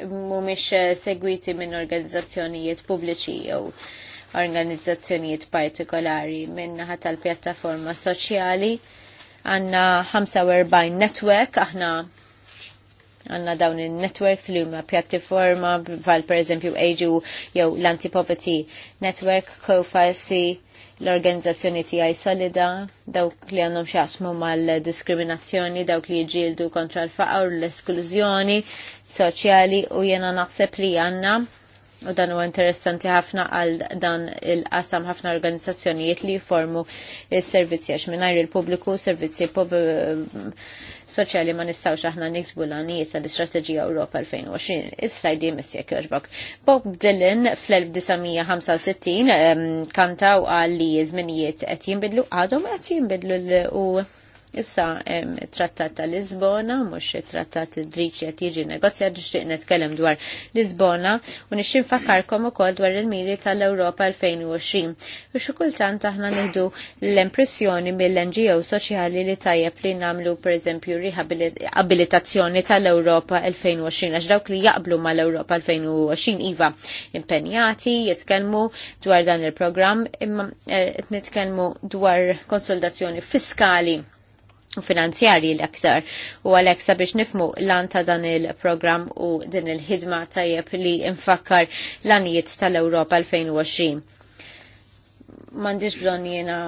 mhumiex eh, segwiti minn organizzazzjonijiet pubbliċi jew organizzazzjonijiet partikolari minn tal-pjattaforma soċjali. Għanna 45 network, aħna għanna dawn il-networks li huma pjattaforma bħal per eżempju AGU jew l-Anti-Poverty Network, COFASI, l-organizzazzjoni tiegħi solida, dawk li għandhom xaqsmu mal-diskriminazzjoni, dawk li jġildu kontra l-faqar u l-esklużjoni, soċjali u jena naħseb li għanna u dan huwa interessanti ħafna għal dan il-qasam ħafna organizzazzjonijiet li jiformu s-servizzi għax minnajr il-pubbliku, servizzi soċjali ma nistawx aħna niksbu l-għanijiet tal-Istrateġija Ewropa 2020. Is-slajdi missjek jogħġbok. Bob Dylan fl-1965 kanta u għalli li żminijiet qed jinbidlu għadhom qed jinbidlu u Issa trattat ta' Lisbona, mux trattat id-driċ jgħat jiġi negozjat nixtieq netkellem dwar Lisbona u nixtieq fakarkom ukoll dwar il-miri tal-Ewropa 2020. U xi kultant aħna nieħdu l-impressjoni mill-NGO soċjali li tajjeb li nagħmlu pereżempju riabilitazzjoni tal-Ewropa 2020 għax dawk li jaqblu mal-Ewropa 2020 iva impenjati, jitkellmu dwar dan il-programm imma eh, qed nitkellmu dwar konsoldazzjoni fiskali u finanzjarji l-aktar u għalek sabiex nifmu lan ta' dan il-program u din il-ħidma tajjeb li infakkar l-anijiet tal-Europa 2020. Mandiġ bżon jena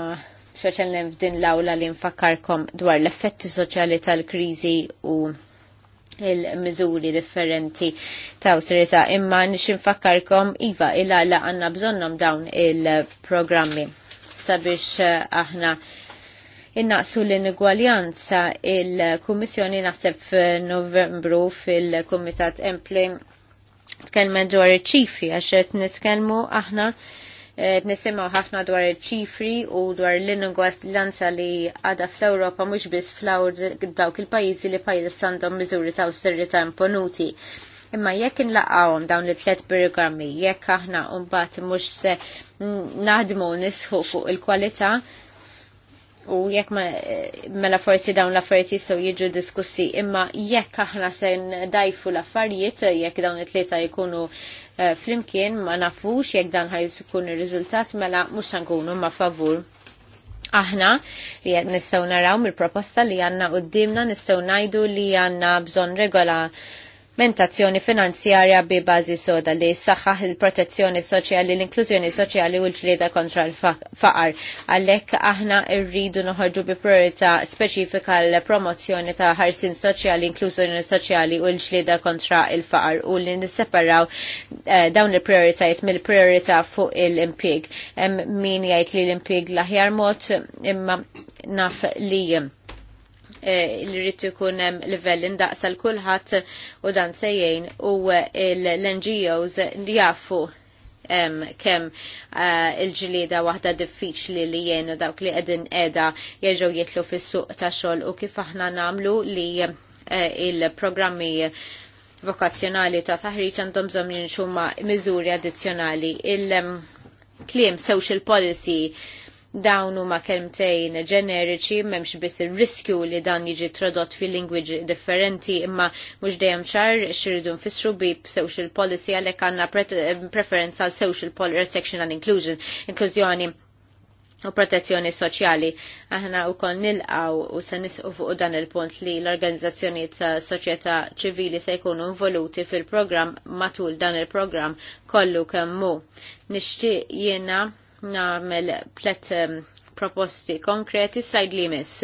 xoċellem f'din l-awla li nfakkarkom dwar l-effetti soċjali tal-krizi u il-mizuri differenti ta' usrita imma nix iva illa la għanna bżonnom dawn il-programmi sabiex eh, aħna innaqsu l inigwaljanza il-Kummissjoni naħseb f'Novembru fil-Kumitat Empli tkellmen dwar iċ-ċifri għax qed nitkellmu aħna nisimaw ħafna dwar ċifri u dwar l-ingwaslanza li għada fl-Europa mux bis fl dawk il-pajizi li pajiz sandom miżuri ta' austerita imponuti. Imma jekk nlaqgħuhom dawn li tlet programmi, jekk aħna mbagħad mhux se naħdmu nisħu fuq il-kwalità, u jekk mela forsi dawn l-affarijiet jistgħu jiġu diskussi imma jekk aħna se ndajfu l-affarijiet jekk dawn it-tlieta jkunu eh, flimkien ma nafux jekk dan ħaj ikun ir-riżultat mela mhux nkunu ma favur. Aħna li nistgħu naraw mill-proposta li għandna qudiemna nistgħu ngħidu li għandna bżonn regola mentazzjoni finanzjarja bi bażi soda li saħħaħ il-protezzjoni soċjali, l-inklużjoni soċjali u l-ġlieda kontra l-faqar. Għalhekk aħna rridu noħorġu bi priorità speċifika l-promozzjoni ta' ħarsin soċjali, inklużjoni soċjali u l-ġlieda kontra l-faqar u li nisseparaw eh, dawn il-prioritajiet mill-priorità fuq il-impjeg. Min jgħid li l-impjeg l-aħjar mod imma naf li Eh, li rritu ikun hemm livell indaqsa l kulħadd u dan sejjen u eh, l-NGOs jafu kemm eh, il-ġlieda waħda diffiċli li jenu dawk li qegħdin qiegħda jieġu jitlu fis-suq ta' xogħol u kif aħna nagħmlu li il-programmi vokazzjonali ta' taħriġ għandhom bżonn jinxuma miżuri addizzjonali. Il-kliem social policy Dawn huma kelmtejn ġeneriċi m'hemmx biss ir-riskju li dan jiġi tradott fi lingwiġi differenti imma mhux dejjem ċar xirridu nfissru bi social policy għalhekk għandna preferenza għal social policy section and inclusion, inklużjoni u protezzjoni soċjali. Aħna u koll nilqaw u se nisqu fuq dan il-punt li l-organizzazzjoni ta' soċjetà ċivili se jkunu involuti fil-programm matul dan il-programm kollu kemmu. Nixtieq jiena namel plet ehm, proposti konkreti slajd li miss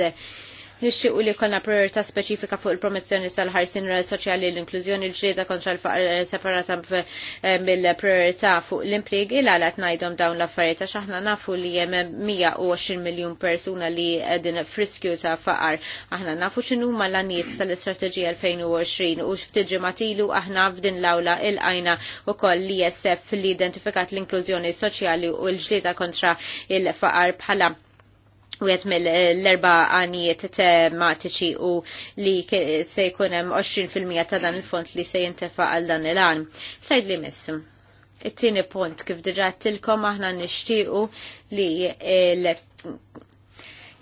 nixtiequ li jkollna priorità speċifika fuq il-promozzjoni tal-ħarsin soċjali l-inklużjoni l ġlieda kontra l-faqar eh, separata eh, mill-priorità fuq l-impjieg il għalat ngħidhom dawn l-affarijiet għax aħna nafu li hemm 120 miljun persuna li qegħdin friskju ta' faqar. Aħna nafu x'inhuma l-għanijiet tal-istrateġija 2020 u ftit matilu aħna f'din l-awla il-qajna ukoll l-ISF li identifikat l-inklużjoni soċjali u l-ġlieda kontra il-faqar bħala wieħed mill-erba l għanijiet tematiċi u li se jkun hemm 20% ta' dan il-font li se jintefa' għal dan il-għan. Sajd li miss. It-tieni punt kif diġà tilkom aħna nishtiqu li l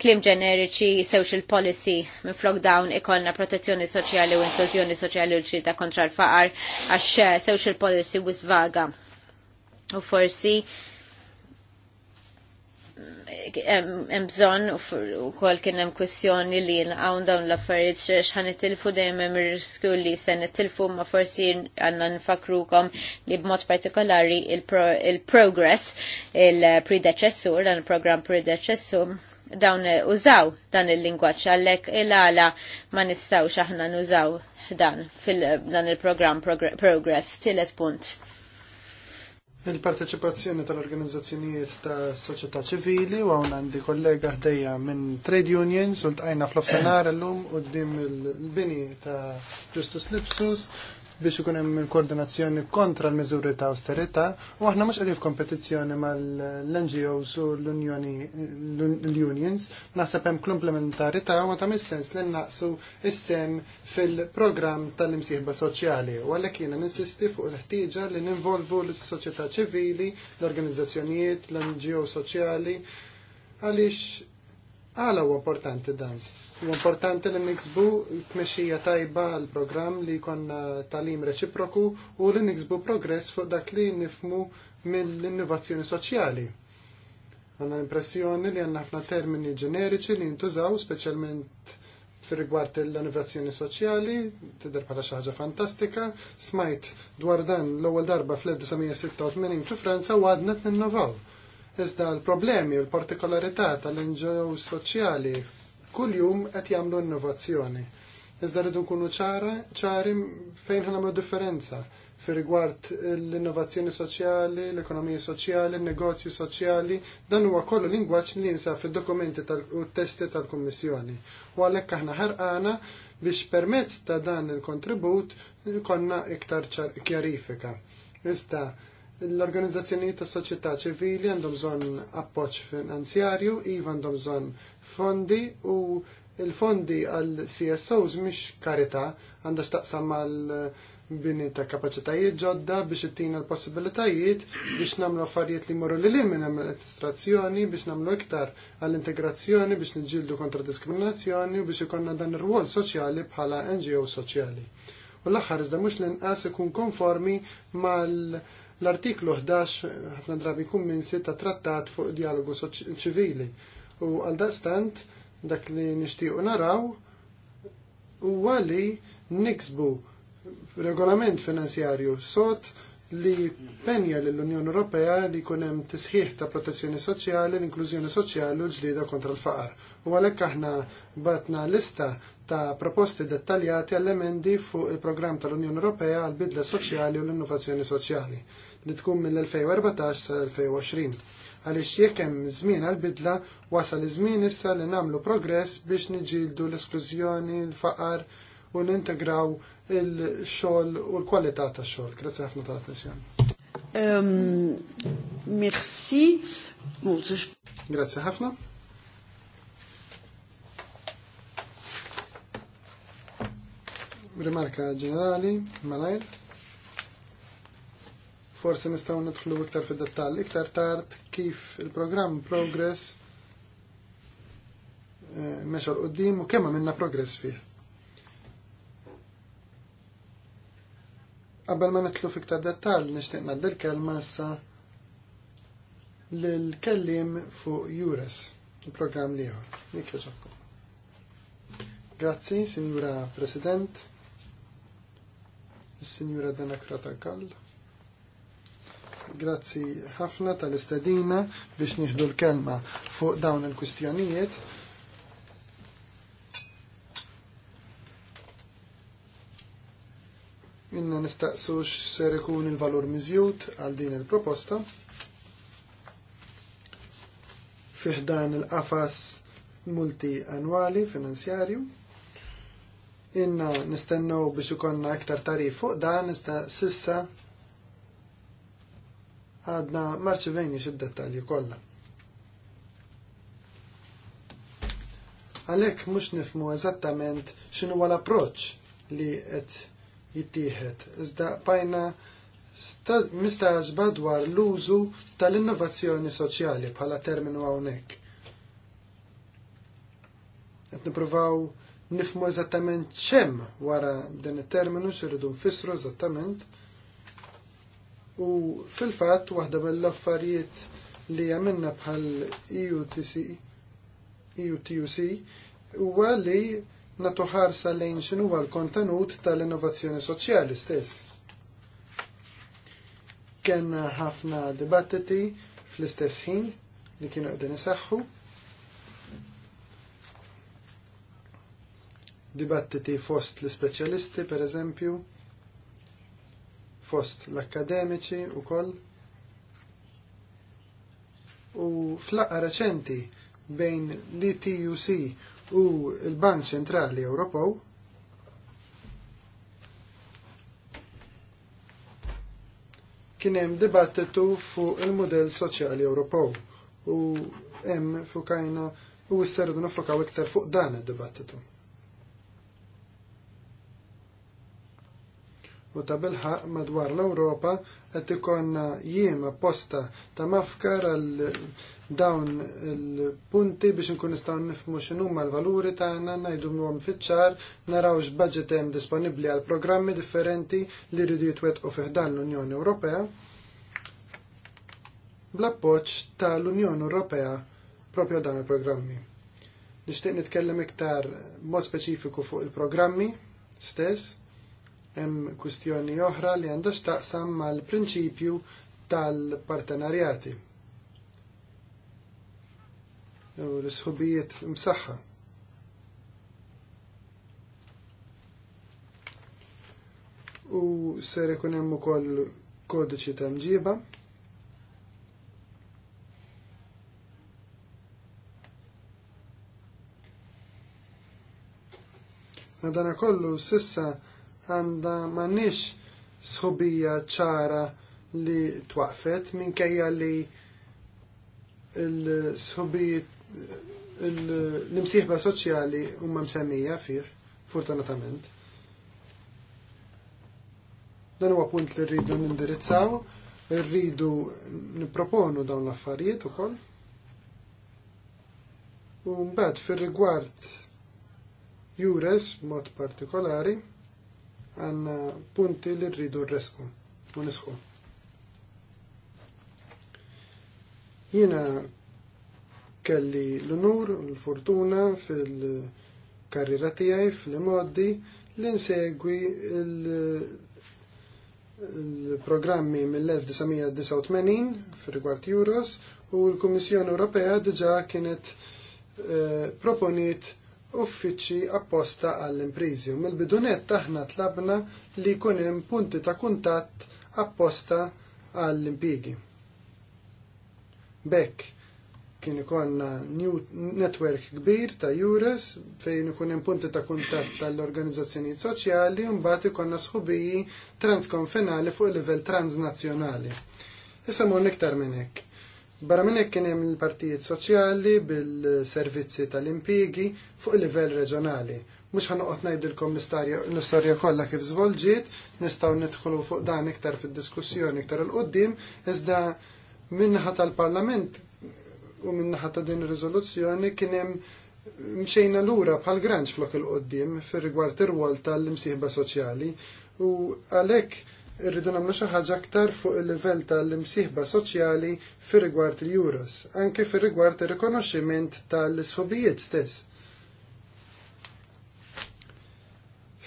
klim ġeneriċi social policy minn flok dawn ikollna protezzjoni soċjali u inklużjoni soċjali u ġrida kontra l-faqar għax eh, social policy vaga. U forsi hemm bżonn ukoll kien hemm kwestjoni li hawn dawn l-affarijiet x'ħan nitilfu dejjem hemm ir-riskju li se nitilfu ma forsi għandna nfakrukom li b'mod partikolari il-progress il-predeċessur dan il-programm predeċessur dawn użaw dan il-lingwaċ għallek il-għala ma nistawx aħna nużaw dan fil-dan il-program progress, tillet punt il-parteċipazzjoni tal-organizzazzjonijiet ta' soċjetà ċivili u għawna għandi kollega ħdejja minn trade unions u l-tqajna fl-ofsenar l-lum u d-dim il-bini ta' Justus Lipsus biex ikun hemm il koordinazzjoni kontra l-miżuri ta' austerità u aħna mhux qegħdin f'kompetizzjoni mal-NGOs u l-unions naħseb hemm komplementarità u ta' mis-sens li naqsu is-sem fil-programm tal-imsieħba soċjali u għalhekk jiena ninsisti fuq l-ħtieġa li ninvolvu l-soċjetà ċivili, l-organizzazzjonijiet, l-NGO soċjali għaliex għala u importanti dan U importanti li niksbu tmexxija tajba l-programm li jkollna talim reċiproku u li niksbu progress fuq dak li nifmu mill-innovazzjoni soċjali. Għanna l-impressjoni li għanna ħafna termini ġeneriċi li jintużaw speċjalment fil-rigward l-innovazzjoni soċjali, tidher bħala xi ħaġa fantastika, smajt dwar dan l-ewwel darba fl-1986 fi Franza u għadna t-ninnovaw. Iżda l-problemi u l-partikolarità tal-NGO soċjali Kull jum qed jagħmlu innovazzjoni. Iżda rridu nkunu ċara, ċari fejn ħanamlu differenza fi rigward l-innovazzjoni soċjali, l-ekonomija soċjali, l-negozji soċjali, dan huwa kollu lingwaġġ li jinsa fid-dokumenti u testi tal-Kummissjoni. U għalhekk aħna ħarqana biex permezz ta' dan il-kontribut konna iktar kjarifika. Iżda l-organizzazzjoni ta' soċjetà ċivili għandhom bżonn appoġġ finanzjarju, iva għandhom bżonn fondi u il-fondi għal CSOs mish karità għandha x'taqsam mal eh, bini ta' kapaċitajiet ġodda biex ittina l-possibilitajiet biex nagħmlu affarijiet li morru li lil minn amministrazzjoni biex nagħmlu iktar għall-integrazzjoni biex nġildu kontra diskriminazzjoni u biex ikonna dan ir-rwol soċjali bħala NGO soċjali. U l-aħħar iżda mhux l-inqas ikun konformi mal l-artiklu 11 ħafna drabi jkun minsi ta' trattat fuq dialogu ċivili U għal dak li nixtiequ naraw huwa li niksbu regolament finanzjarju sot li penja l-Unjoni Ewropea li jkun hemm tisħiħ ta' protezzjoni soċjali, l-inklużjoni soċjali u l-ġlida kontra l-faqar. U għalhekk aħna batna lista ta' proposti dettaljati għall-emendi fuq il-programm tal-Unjoni Ewropea għall bidla soċjali u l-innovazzjoni soċjali li tkun mill-2014 sa' 2020 għaliex jekk hemm żmien bidla wasal iż-żmien issa li nagħmlu progress biex niġildu l-esklużjoni, l-faqar u nintegraw il-xogħol u l-kwalità tax-xogħol. Grazzi ħafna tal-attenzjoni. Ehm, merci. Grazzi ħafna. Rimarka ġenerali, malajr forsi nistgħu nidħlu iktar fid-dettall iktar tard kif il-programm Progress eh, mexa l qoddim u kemm minna progress fih. Qabel ma nidħlu fiktar dettall nixtieq ngħaddi l-kelma issa lill-kellim fuq Jures, il-programm liħor. Dik Grazzi, Signora President, Signora Dana Kratagall. Grazzi ħafna tal-istadina biex nieħdu l-kelma fuq dawn il-kustjonijiet. Minna nistaqsux ser ikun il-valur miżjud għal din il-proposta. Fiħdan il-qafas multi annuali finanzjarju inna nistennu biex ikonna iktar tarif fuq dan nista sissa għadna vejni xid-dettalji kollha. Għalhekk mhux nifmu eżattament xinu l-approċċ li qed jittieħed, iżda bajna mistaġba dwar l-użu tal-innovazzjoni soċjali bħala terminu hawnhekk. Qed nippruvaw nifmu eżattament ċem wara din it-terminu xirridu nfissru eżattament U fil-fatt waħda mill-affarijiet li għamilna bħal EUTC EUTUC huwa li natu lejn xinu l-kontenut tal-innovazzjoni soċjali stess. Kenna ħafna dibattiti fl-istess ħin li kienu għedin isaħħu. Dibattiti fost l-speċjalisti, per eżempju, fost l-akademiċi u koll. U flaqqa reċenti bejn l-ITUC u l-Bank Ċentrali Ewropew kien hemm dibattitu fuq il-mudell soċjali Ewropew u hemm kajna u s-serdu nifokaw iktar fuq dan id-dibattitu. u ta' bilħaq madwar l-Ewropa qed ikonna jiem apposta ta' mafkar għal dawn il-punti biex nkun nistgħu nifhmu x'inhuma l-valuri tagħna ngħidu nhom fiċ-ċar naraw x'budget hemm disponibbli għal programmi differenti li jridu jitwettqu fih dan l-Unjoni Ewropea bl-appoġġ tal-Unjoni Ewropea propju dan il-programmi. Nixtieq nitkellem iktar mod speċifiku fuq il-programmi stess Hemm kwistjoni oħra li għandha x'taqsam mal-prinċipju tal-partenarjati. U l-sħubijiet msaħħa. U ser ikun hemm ukoll kodiċi ta' mġiba madana kollu sissa għanda m'għandniex sħobija ċara li twaqfet minkejja li l-sħobijiet l-imsieħba soċjali huma msemmija fih, fortunatament. Dan huwa punt li rridu nindirizzaw, rridu nipproponu dawn l-affarijiet ukoll. U mbagħad fir-rigward jures b'mod partikolari, għan punti li rridu r resku u nisħu. kelli l-unur l-fortuna fil-karriera tiegħi fil-modi li nsegwi il-programmi mill-1989 fil-rigward Euros u l-Kummissjoni Ewropea diġa kienet eh, proponiet uffiċċji apposta għall-imprizi u mill-bidunet taħna tlabna li jkun hemm punti ta' kuntatt apposta għall-impigi. Bekk kien ikonna network kbir ta' jures fejn ikun hemm punti ta' kuntatt tal-organizzazzjonijiet soċjali u mbagħad ikonna sħubiji transkonfinali fuq livell transnazzjonali. Issa mor iktar minn hekk Barra minn hekk kien hemm il-partijiet soċjali bil-servizzi tal-impjigi fuq livell reġjonali. Mhux ħanoqgħod ngħidilkom l-istorja kollha kif żvolġiet, nistgħu nidħlu fuq dan iktar fid-diskussjoni iktar il-qudiem, iżda minnaħa tal-Parlament u min-naħa ta' din ir-riżoluzzjoni kien hemm mxejna lura bħal granġ flok il-qoddim fir rigward ir-rwol tal-imsieħba soċjali u għalhekk irridu nagħmlu xi ħaġa aktar fuq il-livell tal-imsieħba soċjali fir-rigward il juras anke fir-rigward ir-rikonoxximent tal-isħobijiet stess.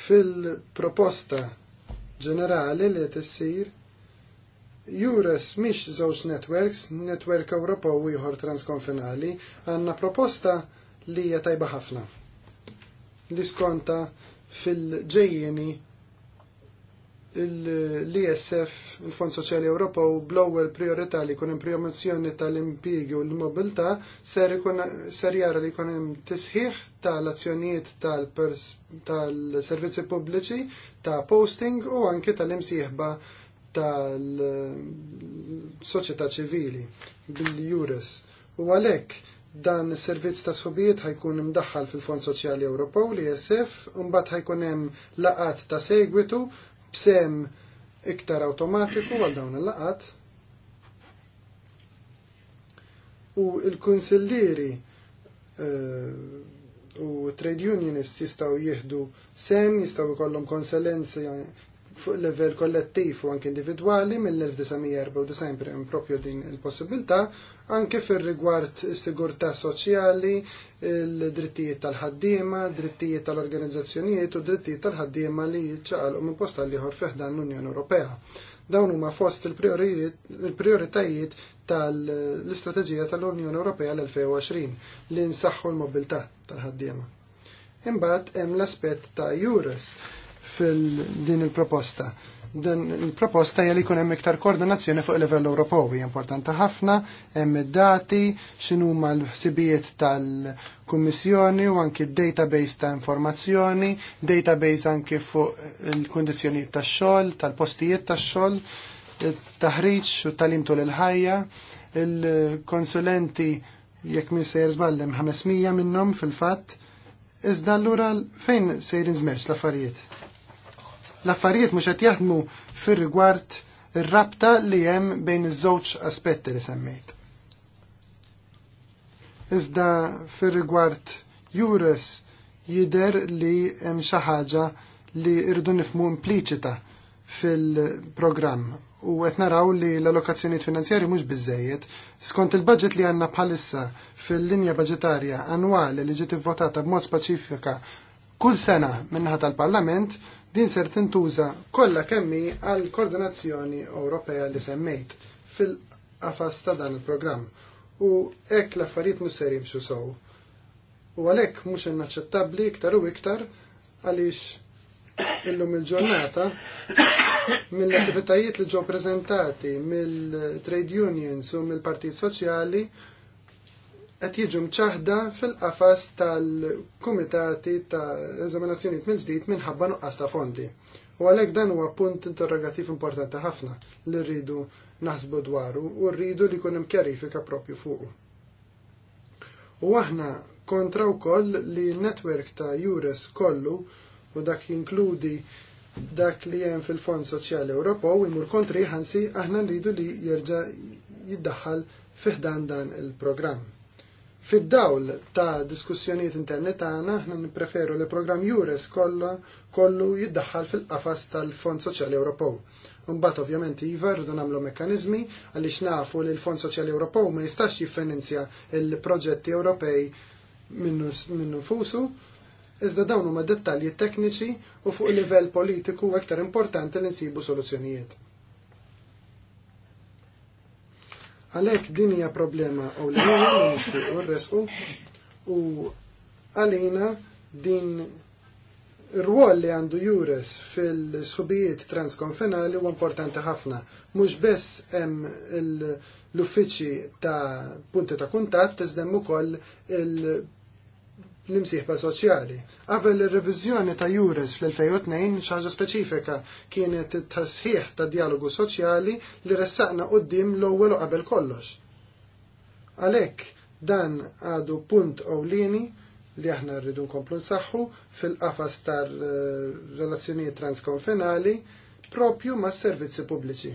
Fil-proposta ġenerali li issir Jures mhix żewġ networks, netwerk Ewropew u ieħor transkonfinali, għandna proposta li hija tajba ħafna. Li skonta fil-ġejjeni l-ISF, il-Fond Soċjali u bl-ewwel priorità li jkun hemm promozzjoni tal-impjiegi u l-mobilità ser jara li jkun hemm tisħiħ tal-azzjonijiet tal-servizzi pubbliċi, ta' posting u anke tal-imsieħba tal-soċjetà ċivili bil-Jures. U għalhekk dan is-servizz ta' sħobijiet ħajkun imdaħħal fil-Fond Soċjali Ewropew li isf imbagħad ħajkun hemm laqat ta' segwitu b'sem iktar automatiku għal dawn il-laqat u il kunsillieri eh, u trade unionists jistaw jihdu sem, jistaw ikollhom konsulenza fuq level kollettiv u anke individwali mill-1994 propju din il-possibilità anke fir rigward sigurtà soċjali, il-drittijiet tal-ħaddiema, drittijiet tal-organizzazzjonijiet u drittijiet tal-ħaddiema li ċaqalqu minn posta liħor fiħdan l-Unjoni Ewropea. Dawn huma fost il-prioritajiet tal-istrateġija tal-Unjoni Ewropea l-2020 li nsaħħu l-mobilità tal-ħaddiema. Imbagħad hemm l-aspett ta' Jures fil-din il-proposta. Din il proposta Dan il proposta hija li jkun hemm iktar koordinazzjoni fuq il-livell Ewropew hija importanti ħafna, hemm id-dati, x'inhu l-ħsibijiet tal-Kummissjoni u anki database ta' informazzjoni, database anki fuq il-kundizzjonijiet tax-xogħol, tal-postijiet tax-xogħol, it-taħriġ u t-talim tul il-ħajja, il-konsulenti jekk min sejr żballem 500 minnhom fil-fatt, Iżda allura fejn sejrin żmerġ l-affarijiet? l-affarijiet mhux qed jaħdmu fir-rigward ir-rabta li hemm bejn iż-żewġ aspetti li semmejt. Iżda fir-rigward juris jider li hemm xi ħaġa li rridu nifmu impliċita fil-programm u qed naraw li l-allokazzjonijiet finanzjarji mhux biżejjed. Skont il-budget li għandna bħalissa fil-linja budgetarja annwali li ġiet ivvotata b'mod speċifika kull sena minnaħa tal-Parlament, Din ser tintuża kollha kemmi għal koordinazzjoni Ewropea li semmejt fil-qafas ta' dan il-programm u hekk l-affarijiet mhux ser jimxu sew. U għalhekk mhux inaċċettabbli iktar u iktar għaliex illum il-ġurnata mill-attivitajiet li ġew preżentati mill-trade unions u mill-partit soċjali qed jiġu mċaħda fil-qafas tal-kumitati ta' eżaminazzjonijiet mill ġdid minħabba nuqqas ta' fondi. U għalhekk dan huwa punt interrogativ importanti ħafna li rridu naħsbu dwaru u rridu li jkun hemm kjarifika propju fuqu. U aħna kontra wkoll li n-netwerk ta' Jures kollu u dak jinkludi dak li hemm fil-Fond Soċjali Ewropew imur kontri ħansi aħna rridu li jerġa' jiddaħħal fiħdan dan il-programm Fid-dawl ta' diskussjonijiet internet tagħna aħna nippreferu li programm Jures kollu jiddaħħal fil-qafas tal-Fond Soċjali Ewropew. Imbagħad ovvjament iva rridu nagħmlu mekkaniżmi għaliex nafu li l-Fond Soċjali Ewropew ma jistax jiffinanzja l-proġetti Ewropej minnu nfusu, iżda dawn huma dettalji tekniċi u fuq il livell politiku aktar importanti li nsibu soluzzjonijiet. Għalhekk din hija problema ewlenija li nixtiequ nresqu u għalina din ir-rwol li għandu jures fil-subijiet transkonfinali huwa importanti ħafna. Mhux bess hemm l-uffiċċji ta' punti ta' kuntatt iżda hemm ukoll il- l-imsieħba soċjali. Għavel il-revizjoni ta' Jures fl-2002 xaġa speċifika kienet tasħiħ ta' dialogu soċjali li ressaqna d-dim l-ewwel qabel kollox. Għalhekk dan għadu punt ewlieni li aħna rridu nkomplu nsaħħu fil-qafas tar relazzjonijiet transkonfinali propju mas servizzi pubbliċi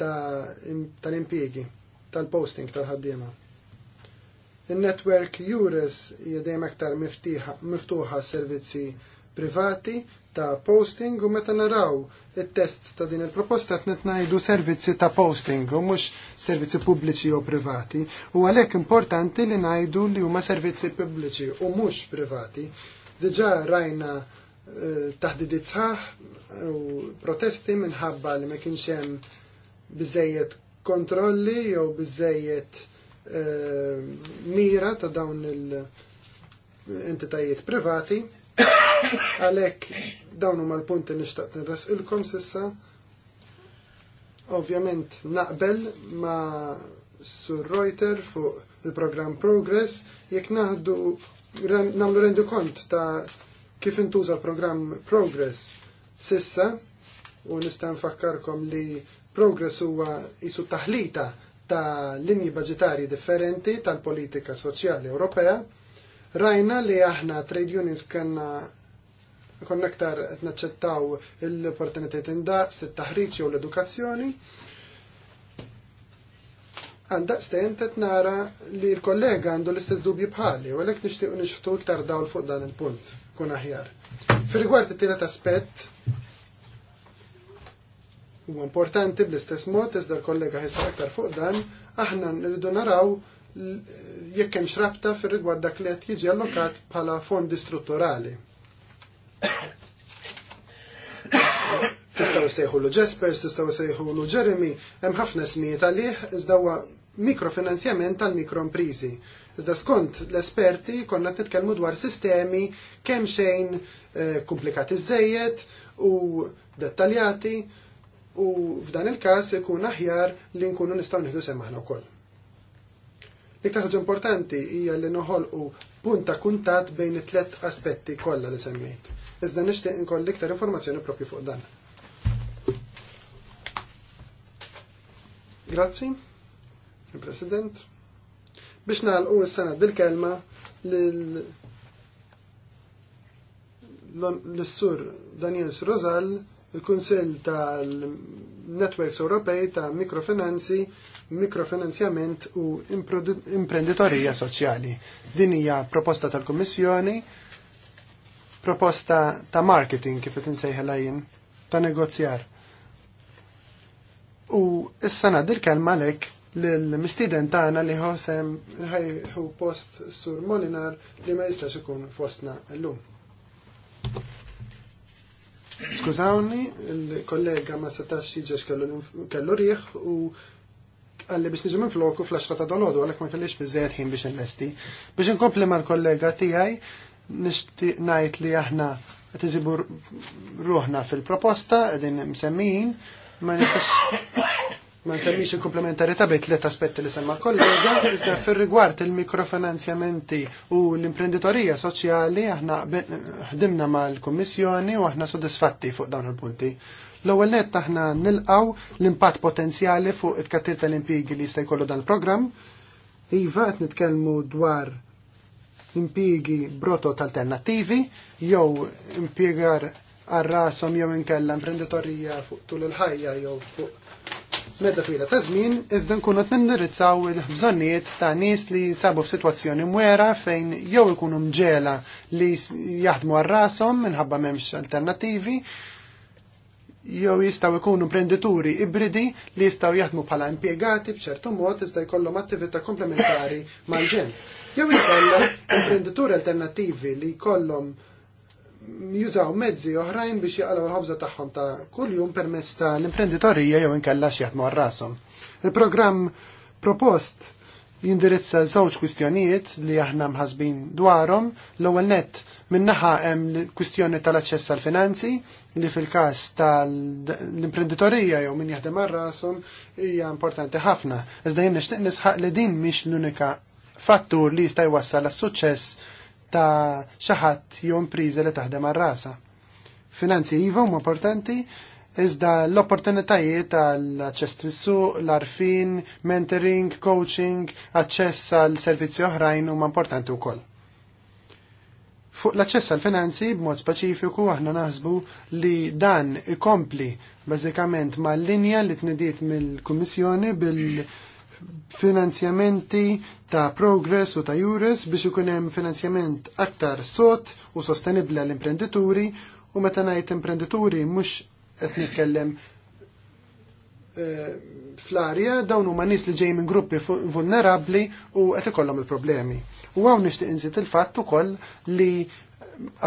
tal-impjiegi, tal-posting tal-ħaddiema. Il-network Jures jedem aktar miftuħa servizzi privati ta' posting u meta naraw il-test ta' din il-proposta t ngħidu servizzi ta' posting u mhux servizzi pubbliċi u privati. U għalhekk importanti li ngħidu li huma servizzi pubbliċi u mhux privati. Diġà rajna eh, taħdidit sħaħ u protesti minħabba li ma kienx hemm biżejjed kontrolli jew biżejjed Eh, mira ta' dawn l-entitajiet privati. Għalhekk dawn huma l-punti nixtaq nirrasqilkom sissa. Ovvjament naqbel ma' Sur Reuter fuq il-programm Progress jekk naħdu nagħmlu rendu kont ta' kif intuża l-programm Progress sissa u nista' nfakkarkom li Progress huwa isu taħlita ta' linji budgetari differenti tal-politika soċjali Ewropea, rajna li aħna trade unions kanna konna aktar naċċettaw l-opportunitajiet indaqs, it-taħriġ jew l-edukazzjoni. Għandaq stejn nara li l-kollega għandu l-istess dubji bħali, u għalhekk nixtiequ nixħtu iktar dawl fuq dan il-punt kun aħjar. Fir-rigward it-tielet aspett huwa importanti bl-istess mod iżda l-kollega ħisa aktar fuq dan, aħna nridu naraw jekk hemm xrabta fir-rigward dak li qed jiġi allokat bħala fondi strutturali. Tistgħu lu Jespers, tistgħu lu Jeremy, hemm ħafna smijiet għalih iżda huwa mikrofinanzjament tal-mikroimprizi. Iżda skont l-esperti konna titkellmu dwar sistemi kemm xejn eh, komplikati żejjed u dettaljati u f'dan il-każ ikun aħjar li nkunu nistgħu nieħdu semmaħna wkoll. L-iktar ħaġa importanti hija li noħolqu punt ta' kuntat bejn it-tlet aspetti kollha li semmejt. Iżda nixtieq inkolli iktar informazzjoni propju fuq dan. Grazzi, il-President. Biex nagħlqu s-sena dil-kelma l-sur Daniels Rosal il-Kunsell tal-Networks Ewropej ta' mikrofinanzi, mikrofinanzjament u imprenditorija soċjali. Din hija proposta tal-Kummissjoni, proposta ta' marketing kif qed insejħilha jien, ta' negozjar. U issa nadir kelma lek l-mistiden tagħna li ħosem ħajħu post sur Molinar li ma jistax ikun fostna llum. Skużawni, il-kollega ma setax jiġex kellu riħ u għalli biex nġu minn floku fl-10 ta' dolodu, għalek ma kellix bizzejt ħin biex investi. Biex nkompli ma l-kollega tijaj, nishti najt li aħna għatizibur ruħna fil-proposta, għedin msemmin, ma nistax ma nsemmix il-komplementarità bejn tliet aspetti li semma kollega, iżda fir-rigward il-mikrofinanzjamenti u l-imprenditorija soċjali aħna ħdimna mal-Kummissjoni u aħna sodisfatti fuq dawn il-punti. L-ewwel nett aħna nilqaw l-impatt potenzjali fuq it-kattir tal-impjiegi li jista' jkollu dan il-programm. Iva qed nitkellmu dwar impjiegi brotot alternattivi jew impiegar għal jew inkella imprenditorija fuq tul il-ħajja jew fuq medda twila ta' żmien iżda nkunu nindirizzaw il-bżonniet ta' nies li sabu f'sitwazzjoni mwera fejn jew ikunu mġela li jaħdmu għarrasom rashom minħabba m'hemmx alternattivi jew jistgħu jkunu prendituri ibridi li jistgħu jaħdmu bħala impjegati b'ċertu mod iżda jkollhom attività komplementari mal-ġen. Jew jkollhom imprenditori alternattivi li jkollhom jużaw mezzi oħrajn biex jaqalaw l-ħobza tagħhom ta' kuljum permezz ta' l-imprenditorija jew inkella xi jaħdmu rasom. Il-programm propost jindirizza żewġ kwistjonijiet li aħna mħasbin dwarhom. L-ewwel nett minnaħa hemm kwistjoni tal-aċċess għal finanzi li fil-każ tal-imprenditorija jew min jaħdem rasom hija importanti ħafna. Iżda jien nixtieq nisħaq li din mhix l-unika fattur li jista' jwassal għas-suċċess ta' xaħat jew impriża li taħdem għal rasa Finanzi iva huma importanti, iżda l-opportunitajiet tal-aċċess fis-suq, l-arfin, mentoring, coaching, aċċess għal servizzi oħrajn huma importanti wkoll. Fuq l-aċċess għal finanzi b'mod speċifiku aħna naħsbu li dan ikompli bażikament mal-linja li tnediet mill-Kummissjoni bil- finanzjamenti ta' Progress u ta' Jures biex ikun hemm finanzjament aktar sot u sostenibbli għall imprendituri u meta ngħid imprendituri mhux qed nitkellem eh, fl-arja dawn huma nies li ġej minn gruppi vulnerabbli u qed ikollhom il-problemi. U hawn nixtieq insit il-fatt ukoll li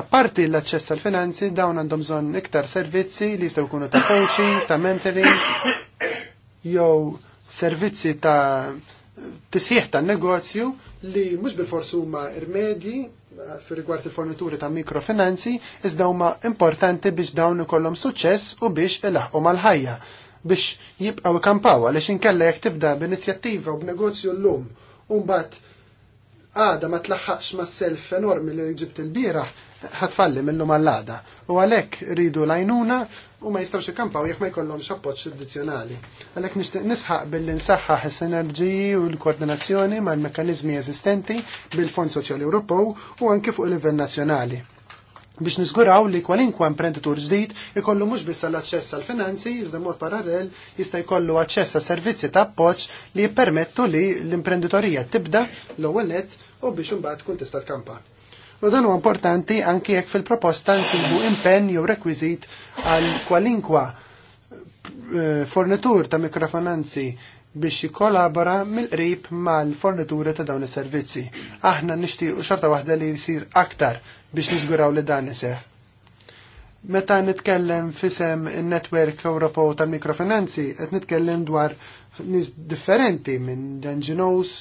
apparti l-aċċess għal finanzi dawn għandhom bżonn iktar servizzi li jistgħu jkunu ta' coaching, ta' mentoring, jew servizzi ta' tisħiħ ta' negozju li mhux bil forsu huma irmedji eh, fi rigward il-fornituri ta' mikrofinanzi iżda huma importanti biex dawn ikollhom suċċess u biex ilaħqu mal-ħajja biex jibqgħu ikampaw għaliex inkella jekk tibda b'inizjattiva u b'negozju llum u mbagħad għada ma tlaħħaqx ma' self enormi li ġibt il-bieraħ ħatfalli minnum għall-għada u għalhekk ridu lajnuna u ma jistawx ikkampaw jekk ma jkollhomx appoġġ addizzjonali. Għalhekk nixtieq nisħaq billi nsaħħaħ s sinerġiji u l-koordinazzjoni mal-mekkaniżmi eżistenti bil-Fond Soċjali Ewropew u anke fuq il livell nazzjonali biex nizguraw li kwalinkwa imprenditur ġdid ikollu mhux biss l-aċċess għal finanzi iżda mod parallel jista' jkollu aċċess għal servizzi ta' poċ li jippermettu li l-imprenditorija tibda l-ewwel u biex imbagħad tkun tista' t-kampa. U dan huwa importanti anki jekk fil-proposta nsibu impenn jew rekwiżit għal kwalinkwa eh, fornitur ta' mikrofinanzi biex jikkolabora mill-qrib mal-fornituri ta' dawn is-servizzi. Aħna nixtiequ xorta waħda li jsir aktar biex niżguraw li dan iseħ. Meta nitkellem fisem in netwerk Ewropew tal-mikrofinanzi, qed nitkellem dwar nis differenti minn NGOs,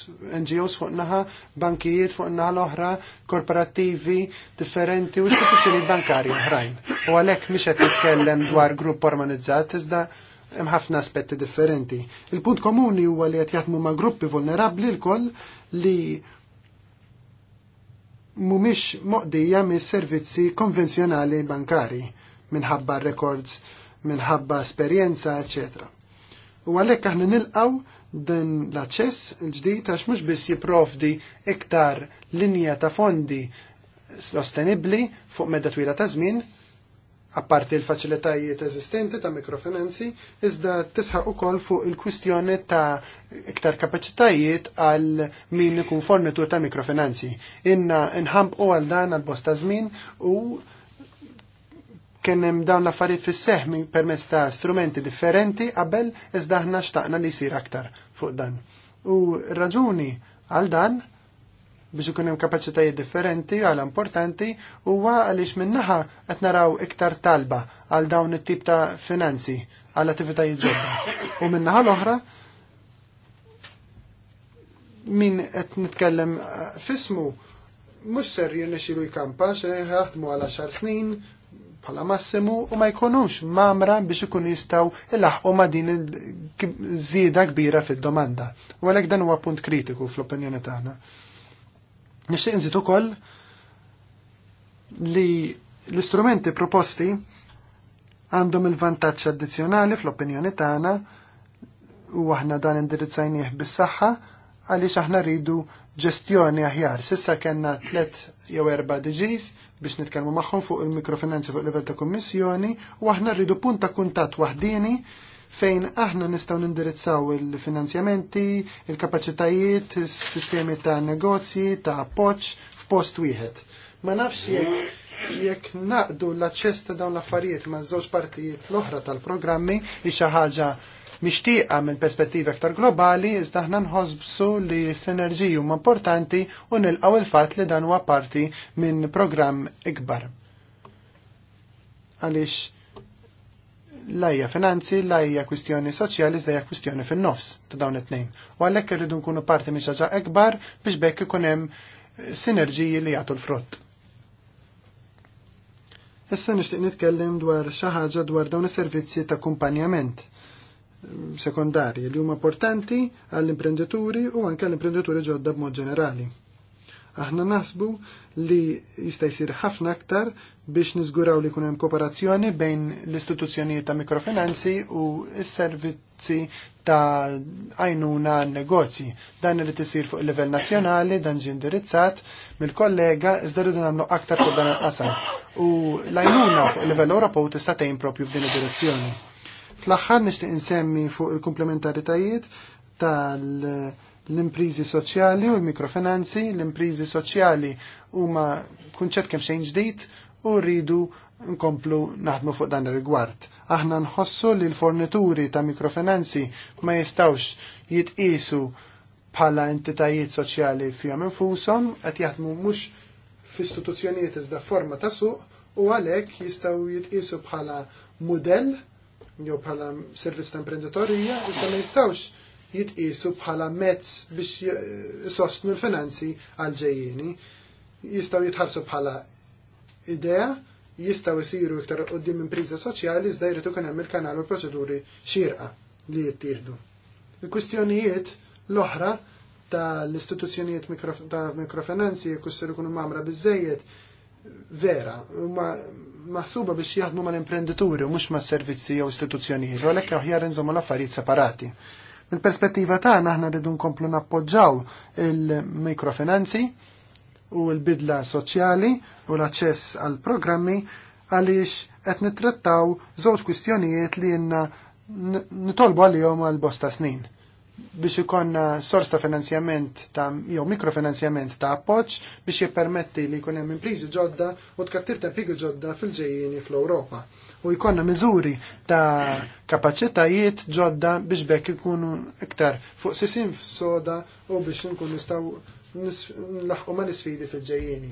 NGOs fuq naħa, bankijiet fuq naħa l-oħra, korporattivi differenti u istituzzjoni bankarji oħrajn. U għalhekk miex qed jitkellem dwar grupp organizzat iżda hemm ħafna aspetti differenti. Il-punt komuni huwa li qed jaħdmu ma' gruppi vulnerabbli lkoll li mhumiex moqdija mis servizzi konvenzjonali bankari minħabba records, minħabba esperjenza, eccetera. U għalhekk aħna nilqaw din l-aċċess il-ġdid għax mhux biss jipprovdi iktar linja ta' fondi sostenibbli fuq medda twila ta' żmien, apparti l-faċilitajiet eżistenti ta' mikrofinanzi, iżda tisħaq ukoll fuq il-kwistjoni ta' iktar kapaċitajiet għal min ikun fornitur ta' mikrofinanzi. Inna nħamp u għal dan għal bosta żmien u kien hemm dawn l-affarijiet fis-seħ permezz ta' strumenti differenti qabel iżda aħna xtaqna li jsir aktar fuq dan. U raġuni għal dan biex ikun hemm kapaċitajiet differenti għal importanti huwa għaliex minnaħa qed naraw iktar talba għal dawn it-tip ta' finanzi għal attivitajiet ġodda. U minnaħa l-oħra min qed nitkellem eh, fismu mhux ser jirnexxilu jkampa xi ħaħdmu għal għaxar snin bħala massimu u ma jkunux mamra biex ikun jistaw il-laħqu ma din zida kbira fil-domanda. U għalhekk dan huwa punt kritiku fl-opinjoni tagħna. Nixtieq nżid ukoll li l-istrumenti proposti għandhom il-vantaġġ addizzjonali fl-opinjoni tagħna u aħna dan indirizzajnieh bis-saħħa għaliex aħna rridu ġestjoni aħjar. Sissa kellna tliet jew erba' diġis biex nitkellmu magħhom fuq il-mikrofinanzi fuq livell ta' kummissjoni u aħna rridu punt ta' kuntatt waħdini fejn aħna nistgħu nindirizzaw il-finanzjamenti, il-kapaċitajiet, is-sistemi ta' negozji, ta' appoġġ f'post wieħed. Ma nafx jekk jekk naqdu l-aċċess ta' dawn l-affarijiet ma' żewġ partijiet l-oħra tal-programmi xi ħaġa mixtieqa minn perspettiva aktar globali iżda aħna nħossbsu li s sinerġiju huma importanti u nilqgħu il-fatt li dan huwa parti minn programm ikbar. Għaliex lajja finanzi, lajja kwistjoni soċjali, iżda kwistjoni fin-nofs ta' dawn it-tnejn. U għalhekk irridu nkunu parti minn xaġa ikbar biex bekk ikun hemm sinerġiji li jagħtu l-frott. Issa nixtieq nitkellem dwar xi ħaġa dwar dawn is-servizzi ta' kumpanjament sekondarji li huma importanti għall-imprenditori u anke għall-imprenditori ġodda b'mod ġenerali. Aħna nasbu li jista' jsir ħafna aktar biex niżguraw li jkun hemm kooperazzjoni bejn l-istituzzjonijiet ta' mikrofinanzi u s-servizzi ta' għajnuna negozji. Dan li tisir fuq il-livell nazzjonali, dan ġi indirizzat mill-kollega iżda rridu nagħmlu aktar fuq dan il-qasam. U l-għajnuna fuq il-livell Ewropew tista' tgħin propju f'din id-direzzjoni. Fl-aħħar nishtiq insemmi fuq il-komplementaritajiet tal-imprizi soċjali u l-mikrofinanzi. L-imprizi soċjali huma kunċett kemm xejn ġdid u rridu nkomplu naħdmu fuq dan ir-rigward. Aħna nħossu li l-fornituri ta' mikrofinanzi ma jistawx jitqisu bħala entitajiet soċjali fihom infushom qed jaħdmu mhux f'istituzzjonijiet iżda forma ta' suq u għalhekk jistgħu jitqisu bħala mudell jew bħala servizz ta' imprenditorija, iżda ma jistgħux jitqisu bħala mezz biex eh, sostnu l-finanzi għal ġejjieni. Jistgħu jitħarsu bħala idea, jistgħu jsiru iktar qudiem impriża soċjali iżda jrid ikun hemm il-kanal u proċeduri xirqa li jittieħdu. Il-kwistjonijiet l-oħra tal istituzzjonijiet mikro, ta' mikrofinanzi jekk ikunu mamra biżejjed vera, maħsuba biex jaħdmu mal-imprenditori u mhux mas-servizzi jew istituzzjonijiet, u għalhekk aħjar inżommu l-affarijiet separati. Mill-perspettiva tagħna aħna rridu nkomplu nappoġġaw il-mikrofinanzi u l-bidla soċjali u l-aċċess għal programmi għaliex qed nittrattaw żewġ kwistjonijiet li jenna nitolbu għalihom għal bosta snin biex ikonna eh, sors ta' finanzjament ta' jew mikrofinanzjament ta' appoġġ biex jippermetti li jkun hemm impriżi ġodda u tkattir ta' pigi ġodda fil-ġejjieni fl-Ewropa. U jkollna miżuri ta' kapaċitajiet ġodda biex bekk ikunu iktar fuq sisin soda u biex nkun nistgħu nlaħqu ma' l-isfidi fil-ġejjieni.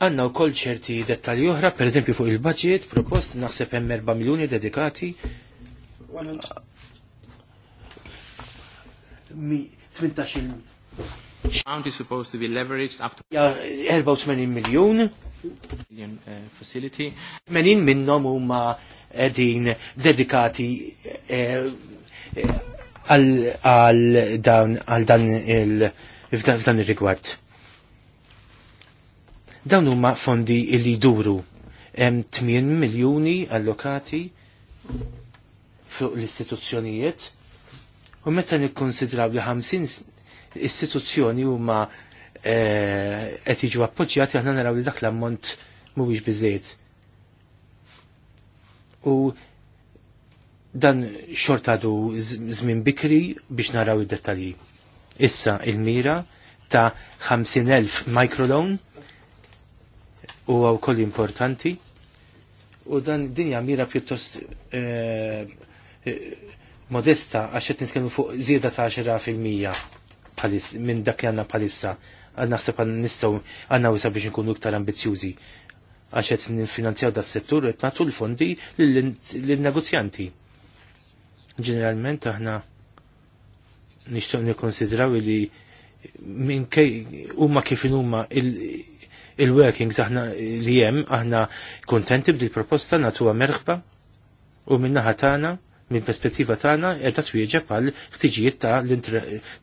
Għanna u koll ċerti dettalji oħra, per fuq il-budget, propost naħseb hemm 4 miljoni dedikati Amount is supposed to be leveraged up to 84 million Million eh, facility. Menin minnom huma edin dedikati eh, eh, għal dan dan il-fdan il-rigward. Dawn huma fondi li duru hemm 8 miljuni allokati fuq l-istituzzjonijiet U meta nikkonsidraw li 50 istituzzjoni huma eh, qed jiġu appoġġjati aħna naraw li dak l-ammont mhuwiex biżejt. U dan xort għadu żmien bikri biex naraw id-dettalji. Issa il-mira ta' 50.000 microloan u għaw koll importanti u dan dinja mira pjuttost eh, eh, modesta għax qed nitkellmu fuq żieda ta' 10% minn dak li għandna bħalissa Naħseb nistgħu għandna wisa biex nkunu iktar ambizjużi għax qed nifinanzjaw dak settur qed nagħtu l-fondi lin-negozjanti. Ġeneralment aħna nixtieq nikkonsidraw li minn huma kif huma il-workings aħna li hemm aħna kontenti b'dil proposta nagħtuha merħba u minnaħa tagħna minn perspettiva tagħna qiegħda twieġeb għal ħtiġijiet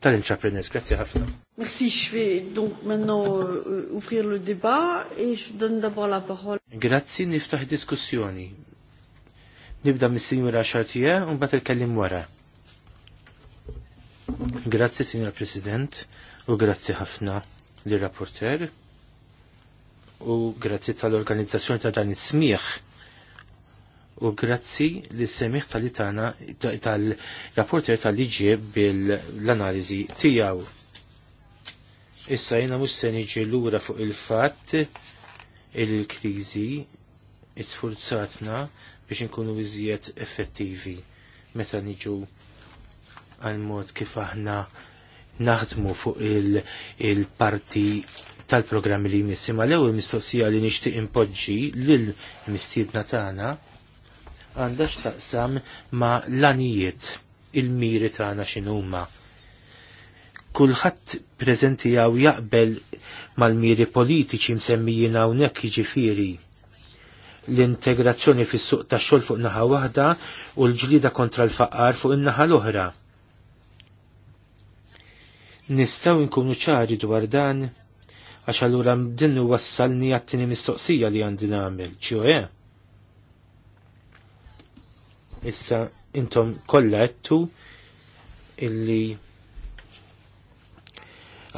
tal-intrapreneurs. Grazzi ħafna. Merci, je vais donc maintenant euh, ouvrir le débat et je donne d'abord la parole. Grazzi niftaħ diskussjoni. Nibda mis-sinjura Xartija u mbagħad il-kellim wara. Grazzi, Signor President, u grazzi ħafna li rapporter u grazzi tal-organizzazzjoni ta' dan is-smieħ u grazzi li semiħ tal-itana tal-rapporter tal-liġi bil-analizi tijaw. Issa jena mux seniġi l-ura fuq il-fat il-krizi isfurzatna biex nkunu iżjed effettivi meta niġu għal-mod kif aħna naħdmu fuq il-parti il parti tal programmi li jmissima l-ewwel mistoqsija li nixtieq impoġġi lil mistiedna tagħna għandax x'taqsam ma' lanijiet il-miri tagħna x'inhuma. Kulħadd preżenti għaw jaqbel mal-miri politiċi msemmijin hawnhekk jiġifieri l-integrazzjoni fis-suq tax-xogħol fuq naħa waħda u l-ġlida kontra l faqqar fuq in-naħa l-oħra. Nistgħu nkunu ċari dwar dan għax allura mdinnu wassalni għat-tieni mistoqsija li għandi nagħmel, ċjoe. Issa intom kollha għettu illi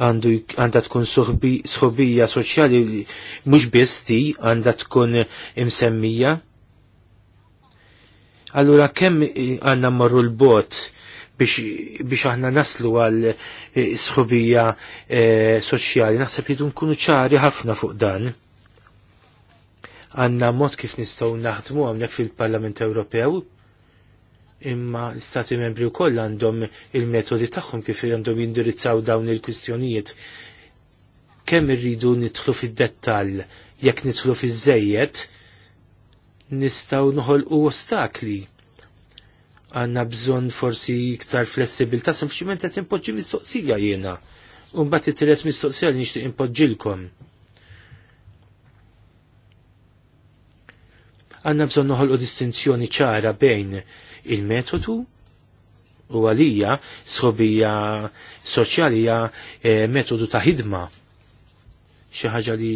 għandu għandha tkun sħobija soċjali mhux biss għandat għandha tkun imsemmija. Allura kemm għandna marru l-bot biex, aħna naslu għal e, sħobija e, soċjali, naħseb li nkunu ċari ħafna fuq dan. Għanna mod kif nistgħu naħdmu għamlek fil-Parlament Ewropew imma stati membri u koll għandhom il-metodi tagħhom kif għandhom jindirizzaw dawn il-kwistjonijiet. Kemm irridu nidħlu fid-dettall jekk nidħlu fiż-żejjed nistgħu noħolqu ostakli għanna bżonn forsi iktar flessibilta, sempliciment qed impoġġi mistoqsija jiena. Unbat it tielet mistoqsija li nixtieq impoġġilkom. Għanna bżon u distinzjoni ċara bejn il-metodu u għalija sħobija soċjalija e, eh, metodu ta' ħidma xi ħaġa li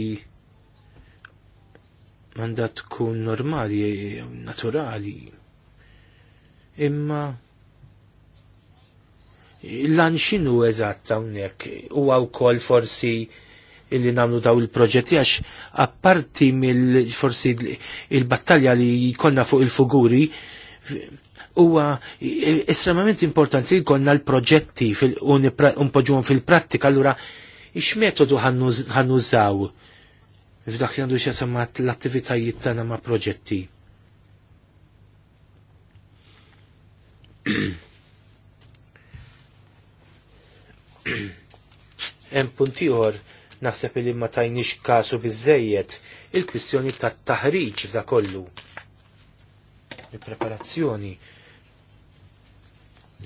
manda tkun normali, naturali. Imma lan xinu eżatt hawnhekk u wkoll forsi illi namlu daw il-proġetti għax apparti mill forsi il-battalja li jkollna fuq il-fuguri huwa estremament importanti li konna l-proġetti u npoġġuhom fil-prattika allura x-metodu ħannużaw f'dak li għandu xasamat l-attivitajiet tagħna ma' proġetti. Hemm punt ieħor naħseb li ma tajniex kasu biżejjed il-kwistjoni tat-taħriġ f'da kollu. Il-preparazzjoni